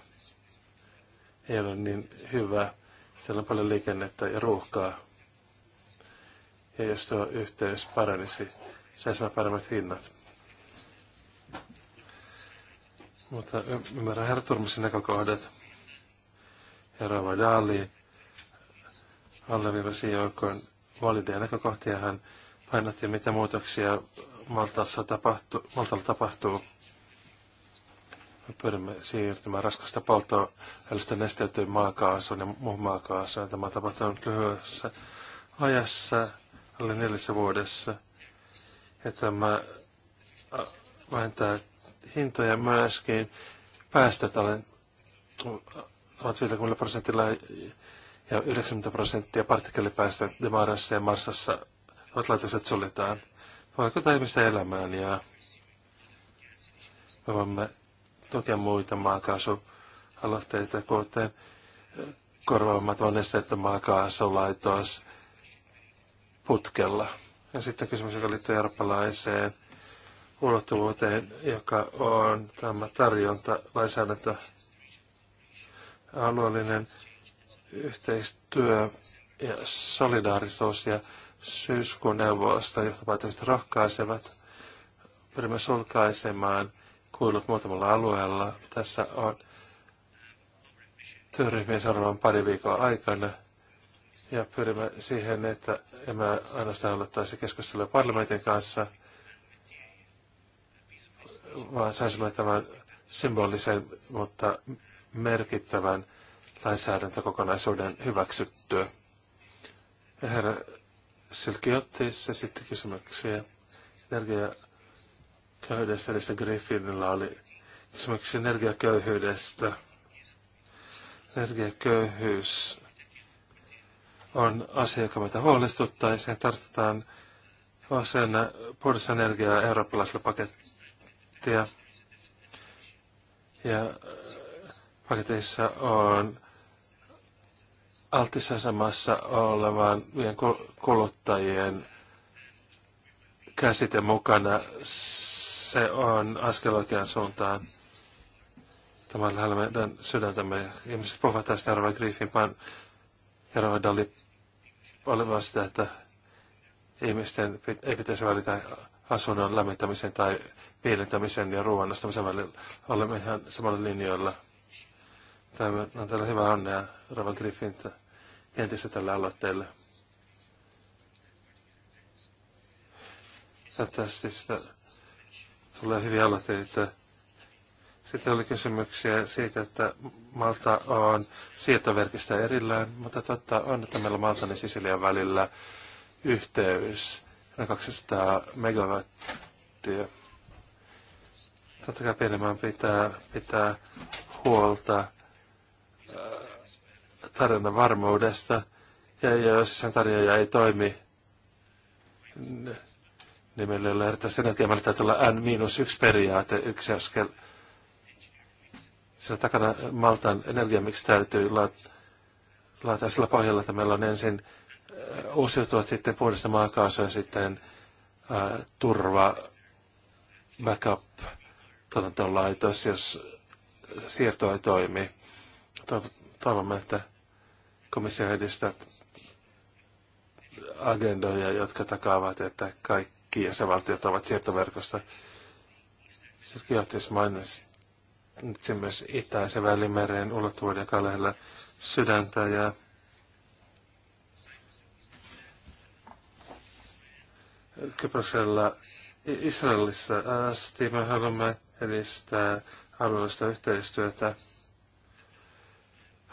[SPEAKER 1] ei ole niin hyvä. Siellä on paljon liikennettä ja ruuhkaa. Ja jos tuo yhteys paranisi, saisimme paremmat hinnat. Mutta ymmärrän herra Turmasin näkökohdat. Herra Vajali, alleviivasi joukkoon valideja näkökohtia. Hän painotti, mitä muutoksia Maltassa tapahtu, Maltalla tapahtuu. Me pyrimme siirtymään raskasta polttoöljystä nesteytyy maakaasuun ja muuhun maakaasuun. Tämä on tapahtunut lyhyessä ajassa, alle neljässä vuodessa. Ja tämä vähentää hintoja myöskin päästöt alle 1050 prosentilla ja 90 prosenttia partikkelipäästä Demarassa ja Marsassa ovat laitokset suljetaan. Vaikuttaa ihmisten elämään ja me voimme tukea muita maakaasualoitteita, kuten korvaamaton esteetön maakaasulaitos putkella. Ja sitten kysymys, joka liittyy eurooppalaiseen ulottuvuuteen, joka on tämä tarjonta, lainsäädäntö, alueellinen yhteistyö ja solidaarisuus ja syyskuun neuvoston johtopäätökset rohkaisevat. Pyrimme sulkaisemaan kuilut muutamalla alueella. Tässä on työryhmien seuraavan pari viikon aikana. Ja pyrimme siihen, että emme ainoastaan aloittaisi keskustelua parlamentin kanssa, vaan saisimme tämän symbolisen, mutta merkittävän lainsäädäntökokonaisuuden hyväksyttyä. Ja herra Silki otti sitten kysymyksiä energiaköyhyydestä, eli se Griffinilla oli kysymyksiä energiaköyhyydestä. Energiaköyhyys on asia, joka meitä huolestuttaa ja siihen tarvitaan osana puhdasta energiaa eurooppalaisella pakettia. Ja paketeissa on altisasemassa olevan meidän kuluttajien käsite mukana. Se on askel oikeaan suuntaan. Tämä on lähellä meidän sydäntämme. Ihmiset puhuvat tästä Herra Griffin vaan Herra Rova Dali olevan sitä, että ihmisten ei pitäisi välitä asunnon lämmittämisen tai viilentämisen ja ruoan ostamisen välillä. Olemme ihan samalla linjoilla. Tämä on tällä hyvä onnea Rova Griffintä kentissä tällä aloitteella. Fantastista. Tulee hyviä aloitteita. Sitten oli kysymyksiä siitä, että Malta on siirtoverkistä erillään, mutta totta on, että meillä Maltan ja Sisilian välillä yhteys 200 megawattia. Totta kai pienemään pitää, pitää huolta
[SPEAKER 3] äh,
[SPEAKER 1] tarjonnan varmuudesta. Ja jos siis sen tarjoaja ei toimi, niin meillä ei ole erittäin sen jälkeen, meillä täytyy olla N-1 periaate, yksi askel. Sillä takana Maltan energiamiksi täytyy laittaa sillä pohjalla, että meillä on ensin äh, uusiutuvat sitten puhdasta maakaasua ja sitten ää, äh, turva, backup, tuotantolaitos, jos siirto ei toimi. Toivomme, että komissio edistää agendoja, jotka takaavat, että kaikki jäsenvaltiot ovat siirtoverkosta. Sirki johtaisi mainitsi myös itäisen välimeren ulottuvuuden, joka lähellä sydäntä ja Kyproksella Israelissa asti me haluamme edistää alueellista yhteistyötä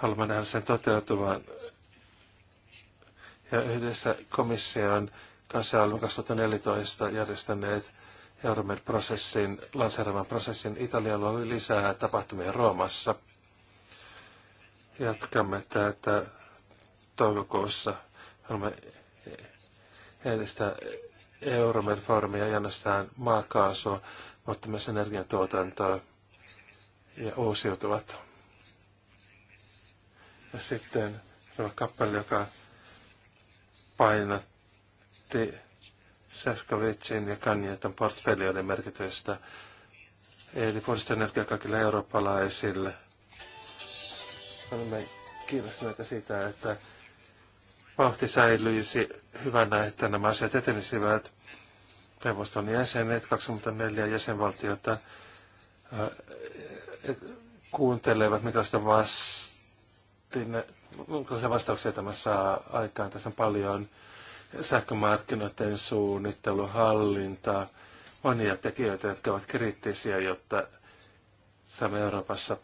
[SPEAKER 1] haluamme nähdä sen toteutuvan. Ja yhdessä komission kanssa olemme 2014 järjestäneet Euromed-prosessin, lanseeraavan prosessin Italialla oli lisää tapahtumia Roomassa. Jatkamme tätä toukokuussa. Haluamme edistää Euromed-foorumia ja maakaasua, mutta myös energiantuotantoa ja uusiutuvat ja sitten kappale, joka painatti Sefkovicin ja Kanjetan portfelioiden merkitystä, eli puhdista energiaa kaikille eurooppalaisille. Olemme kiinnostuneita siitä, että vauhti säilyisi hyvänä, että nämä asiat etenisivät. Neuvoston jäsenet, 24 jäsenvaltiota, kuuntelevat, sitä vasta miettinyt, minkälaisia vastauksia tämä saa aikaan. Tässä on paljon sähkömarkkinoiden suunnittelu, hallinta, monia tekijöitä, jotka ovat kriittisiä, jotta saamme Euroopassa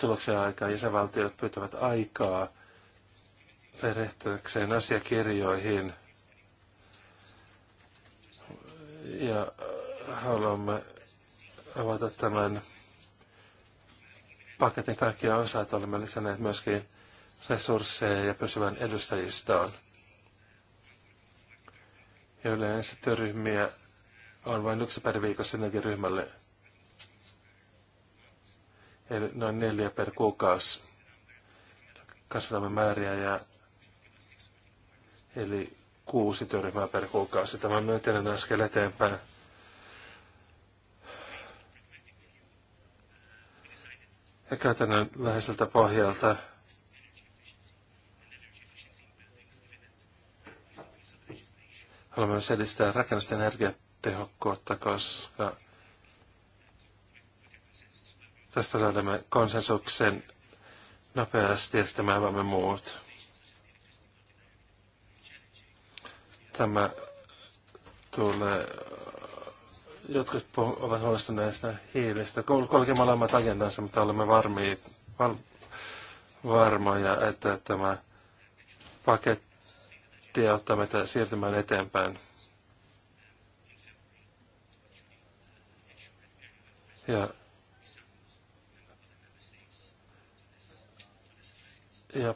[SPEAKER 1] tuloksia aikaan. Jäsenvaltiot pyytävät aikaa perehtyäkseen asiakirjoihin. Ja haluamme avata tämän paketin kaikkia osat olemme lisänneet myöskin resursseja ja pysyvän edustajistoon. Ja yleensä työryhmiä on vain yksi per viikossa neljä ryhmälle. Eli noin neljä per kuukausi kasvatamme määriä ja eli kuusi työryhmää per kuukausi. Tämä on myönteinen askel eteenpäin. ja käytännön läheiseltä pohjalta. Haluamme myös edistää rakennusten energiatehokkuutta, koska tästä löydämme konsensuksen nopeasti ja sitten me avaamme muut. Tämä tulee
[SPEAKER 3] Jotkut ovat
[SPEAKER 1] sitä hiilestä. Kolkemalla omat agendansa, mutta olemme varmii, val, varmoja, että tämä paketti auttaa meitä siirtymään eteenpäin. Ja, ja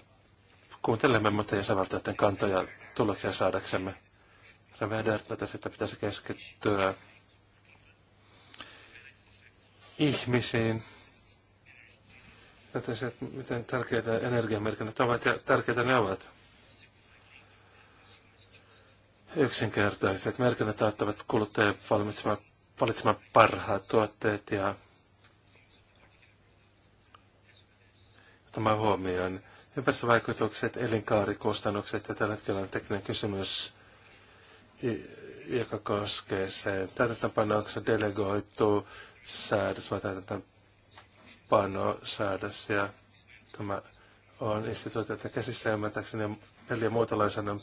[SPEAKER 1] kuuntelemme muuten jäsenvaltioiden kantoja tuloksia saadaksemme. Reveder totesi, että pitäisi keskittyä ihmisiin. Joten se, miten tärkeitä energiamerkinnät ovat ja tärkeitä ne ovat. Yksinkertaiset merkinnät auttavat kuluttajia valitsemaan, valitsemaan parhaat tuotteet ja ottamaan huomioon ympäristövaikutukset, elinkaarikustannukset ja tällä hetkellä on tekninen kysymys, joka koskee sen täytäntöpanoksen delegoituu säädös, vai täytäntöönpanosäädös, ja tämä on että käsissä ymmärtääkseni neljä muuta lainsäädännön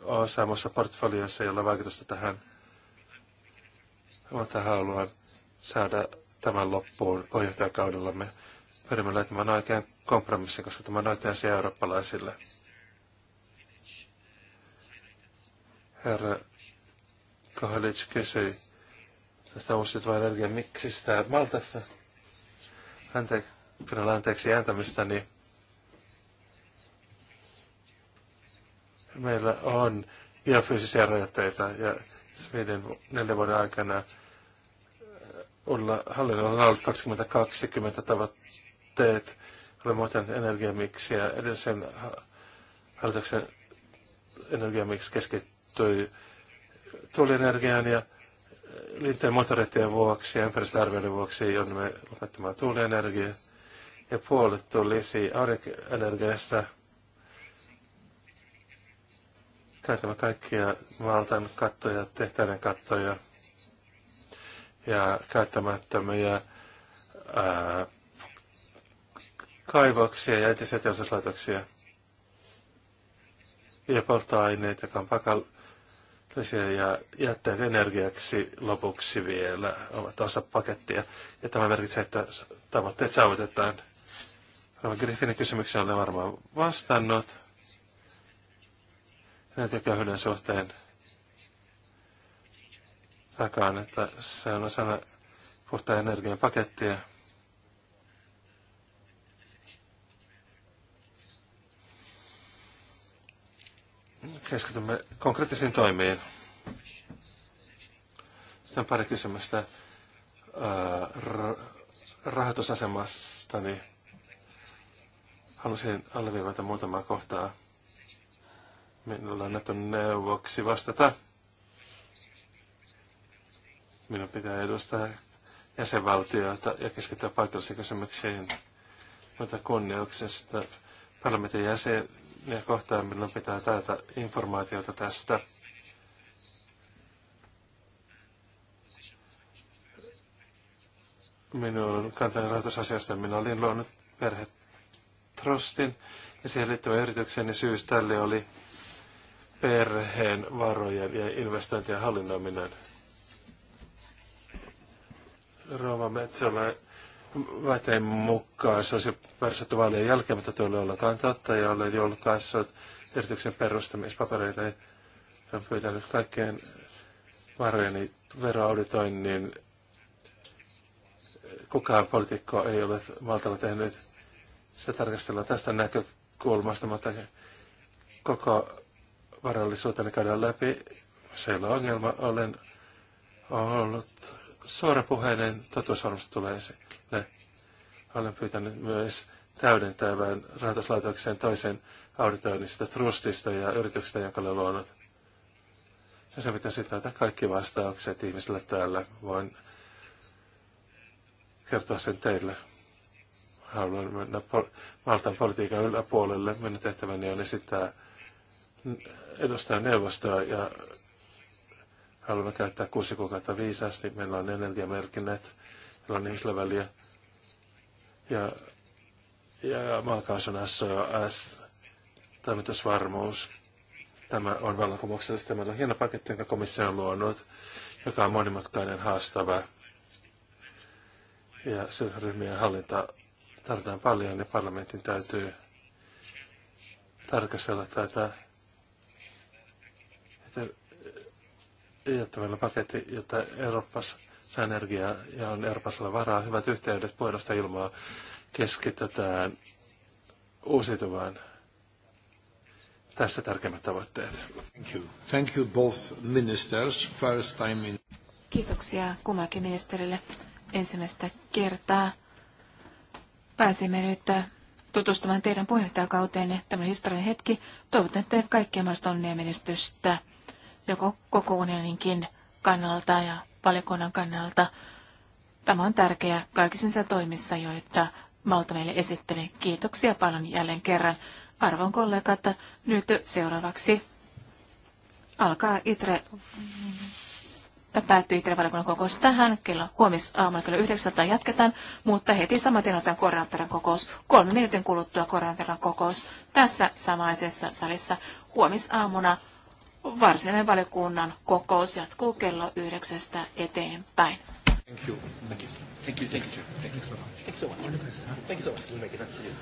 [SPEAKER 1] on samassa portfoliossa, jolla vaikutusta tähän. Mutta haluan saada tämän loppuun puheenjohtajakaudellamme. Pyrimme löytämään oikean kompromissin, koska tämä on oikea asia eurooppalaisille. Herra Kohalic kysyi, tästä uusiutuvan energian miksistä Maltassa. Ante, pyydän anteeksi niin... Meillä on biofyysisiä rajoitteita ja viiden, neljän vuoden aikana äh, olla hallinnolla on ollut 2020 tavoitteet. Olen muuten energiamiksiä. Edellisen hallituksen energiamiksi keskittyi tuulienergiaan ja liittyen motoreiden vuoksi ja ympäristöarvioiden vuoksi joudumme lopettamaan tuulienergiaa ja puolet tulisi aurinkoenergiasta. Käytämme kaikkia valtan kattoja, tehtäiden kattoja ja käyttämättömiä kaivoksia ja entisiä teollisuuslaitoksia ja polttoaineet, jotka on pakal- tosiaan ja jätteet energiaksi lopuksi vielä ovat osa pakettia. Ja tämä merkitsee, että tavoitteet saavutetaan. Rova Griffinin kysymyksiä olen varmaan vastannut. Energiaköyhyyden suhteen takaan, että se on osana puhtaan energian pakettia. keskitymme konkreettisiin toimiin. Sitten pari kysymystä äh, rahoitusasemastani. Halusin alleviivata muutamaa kohtaa. Minulla on annettu neuvoksi vastata. Minun pitää edustaa jäsenvaltiota ja keskittyä paikallisiin kysymyksiin. Mutta kunnioksesta parlamentin jäsen, ja kohtaan, minun pitää taata informaatiota tästä. Minun kantani rahoitusasiasta minä olin luonut perhetrustin ja siihen liittyvän yritykseni syys tälle oli perheen varojen ja investointien hallinnoiminen. Rooma Metsola väteen mukaan se olisi pärsattu vaalien jälkeen, mutta tuolla ollenkaan totta, ja olen julkaissut yrityksen perustamispapereita, ja olen pyytänyt kaikkeen varojeni veroauditoinnin. Kukaan poliitikko ei ole valtalla tehnyt. Sitä tarkastella tästä näkökulmasta, mutta koko varallisuuteni käydään läpi. Se ei ole ongelma. Olen ollut suorapuheinen, totuus varmasti tulee esiin. Olen pyytänyt myös täydentävän rahoituslaitoksen toisen auditoinnista, trustista ja yrityksestä, jonka olen luonut. Ja se pitäisi taata kaikki vastaukset ihmisille täällä. Voin kertoa sen teille. Haluan mennä pol- Maltan politiikan yläpuolelle. Minun tehtäväni on esittää edustaa neuvostoa ja haluamme käyttää kuusi kuukautta viisaasti. Meillä on energiamerkinnät, meillä on ihmisillä väliä ja, ja on SOS, toimitusvarmuus. Tämä on vallankumouksellista. Tämä on hieno paketti, jonka komissio on luonut, joka on monimutkainen haastava. Ja sidosryhmien hallinta tarvitaan paljon, niin parlamentin täytyy tarkastella tätä, että, jotta meillä on paketti, jota Euroopassa energiaa ja on Euroopassa varaa, hyvät yhteydet, puhdasta ilmaa, keskitetään uusiutuvaan. Tässä tärkeimmät tavoitteet. Thank you. Thank you both ministers. First time in...
[SPEAKER 2] Kiitoksia kummallakin ministerille ensimmäistä kertaa. Pääsimme nyt tutustumaan teidän puheenjohtajakauteenne. Tämä historian hetki. Toivotan teille kaikkea maasta onnea menestystä, joko koko unioninkin kannalta ja valiokunnan kannalta. Tämä on tärkeää kaikissa toimissa, joita Malta meille esitteli. Kiitoksia paljon jälleen kerran. Arvon kollegat, nyt seuraavaksi alkaa ITRE, tai päättyy ITRE-valiokunnan kokous tähän. Kello huomisaamuna kello 900 jatketaan, mutta heti samaten otetaan koordinaattorin kokous. Kolme minuutin kuluttua koordinaattorin kokous tässä samaisessa salissa huomisaamuna Varsinainen valiokunnan kokous jatkuu kello yhdeksästä eteenpäin.
[SPEAKER 1] Thank you. Thank you. Thank you. Thank you. Thank you Thank you so much. Thank you so much. We'll make it. That's it.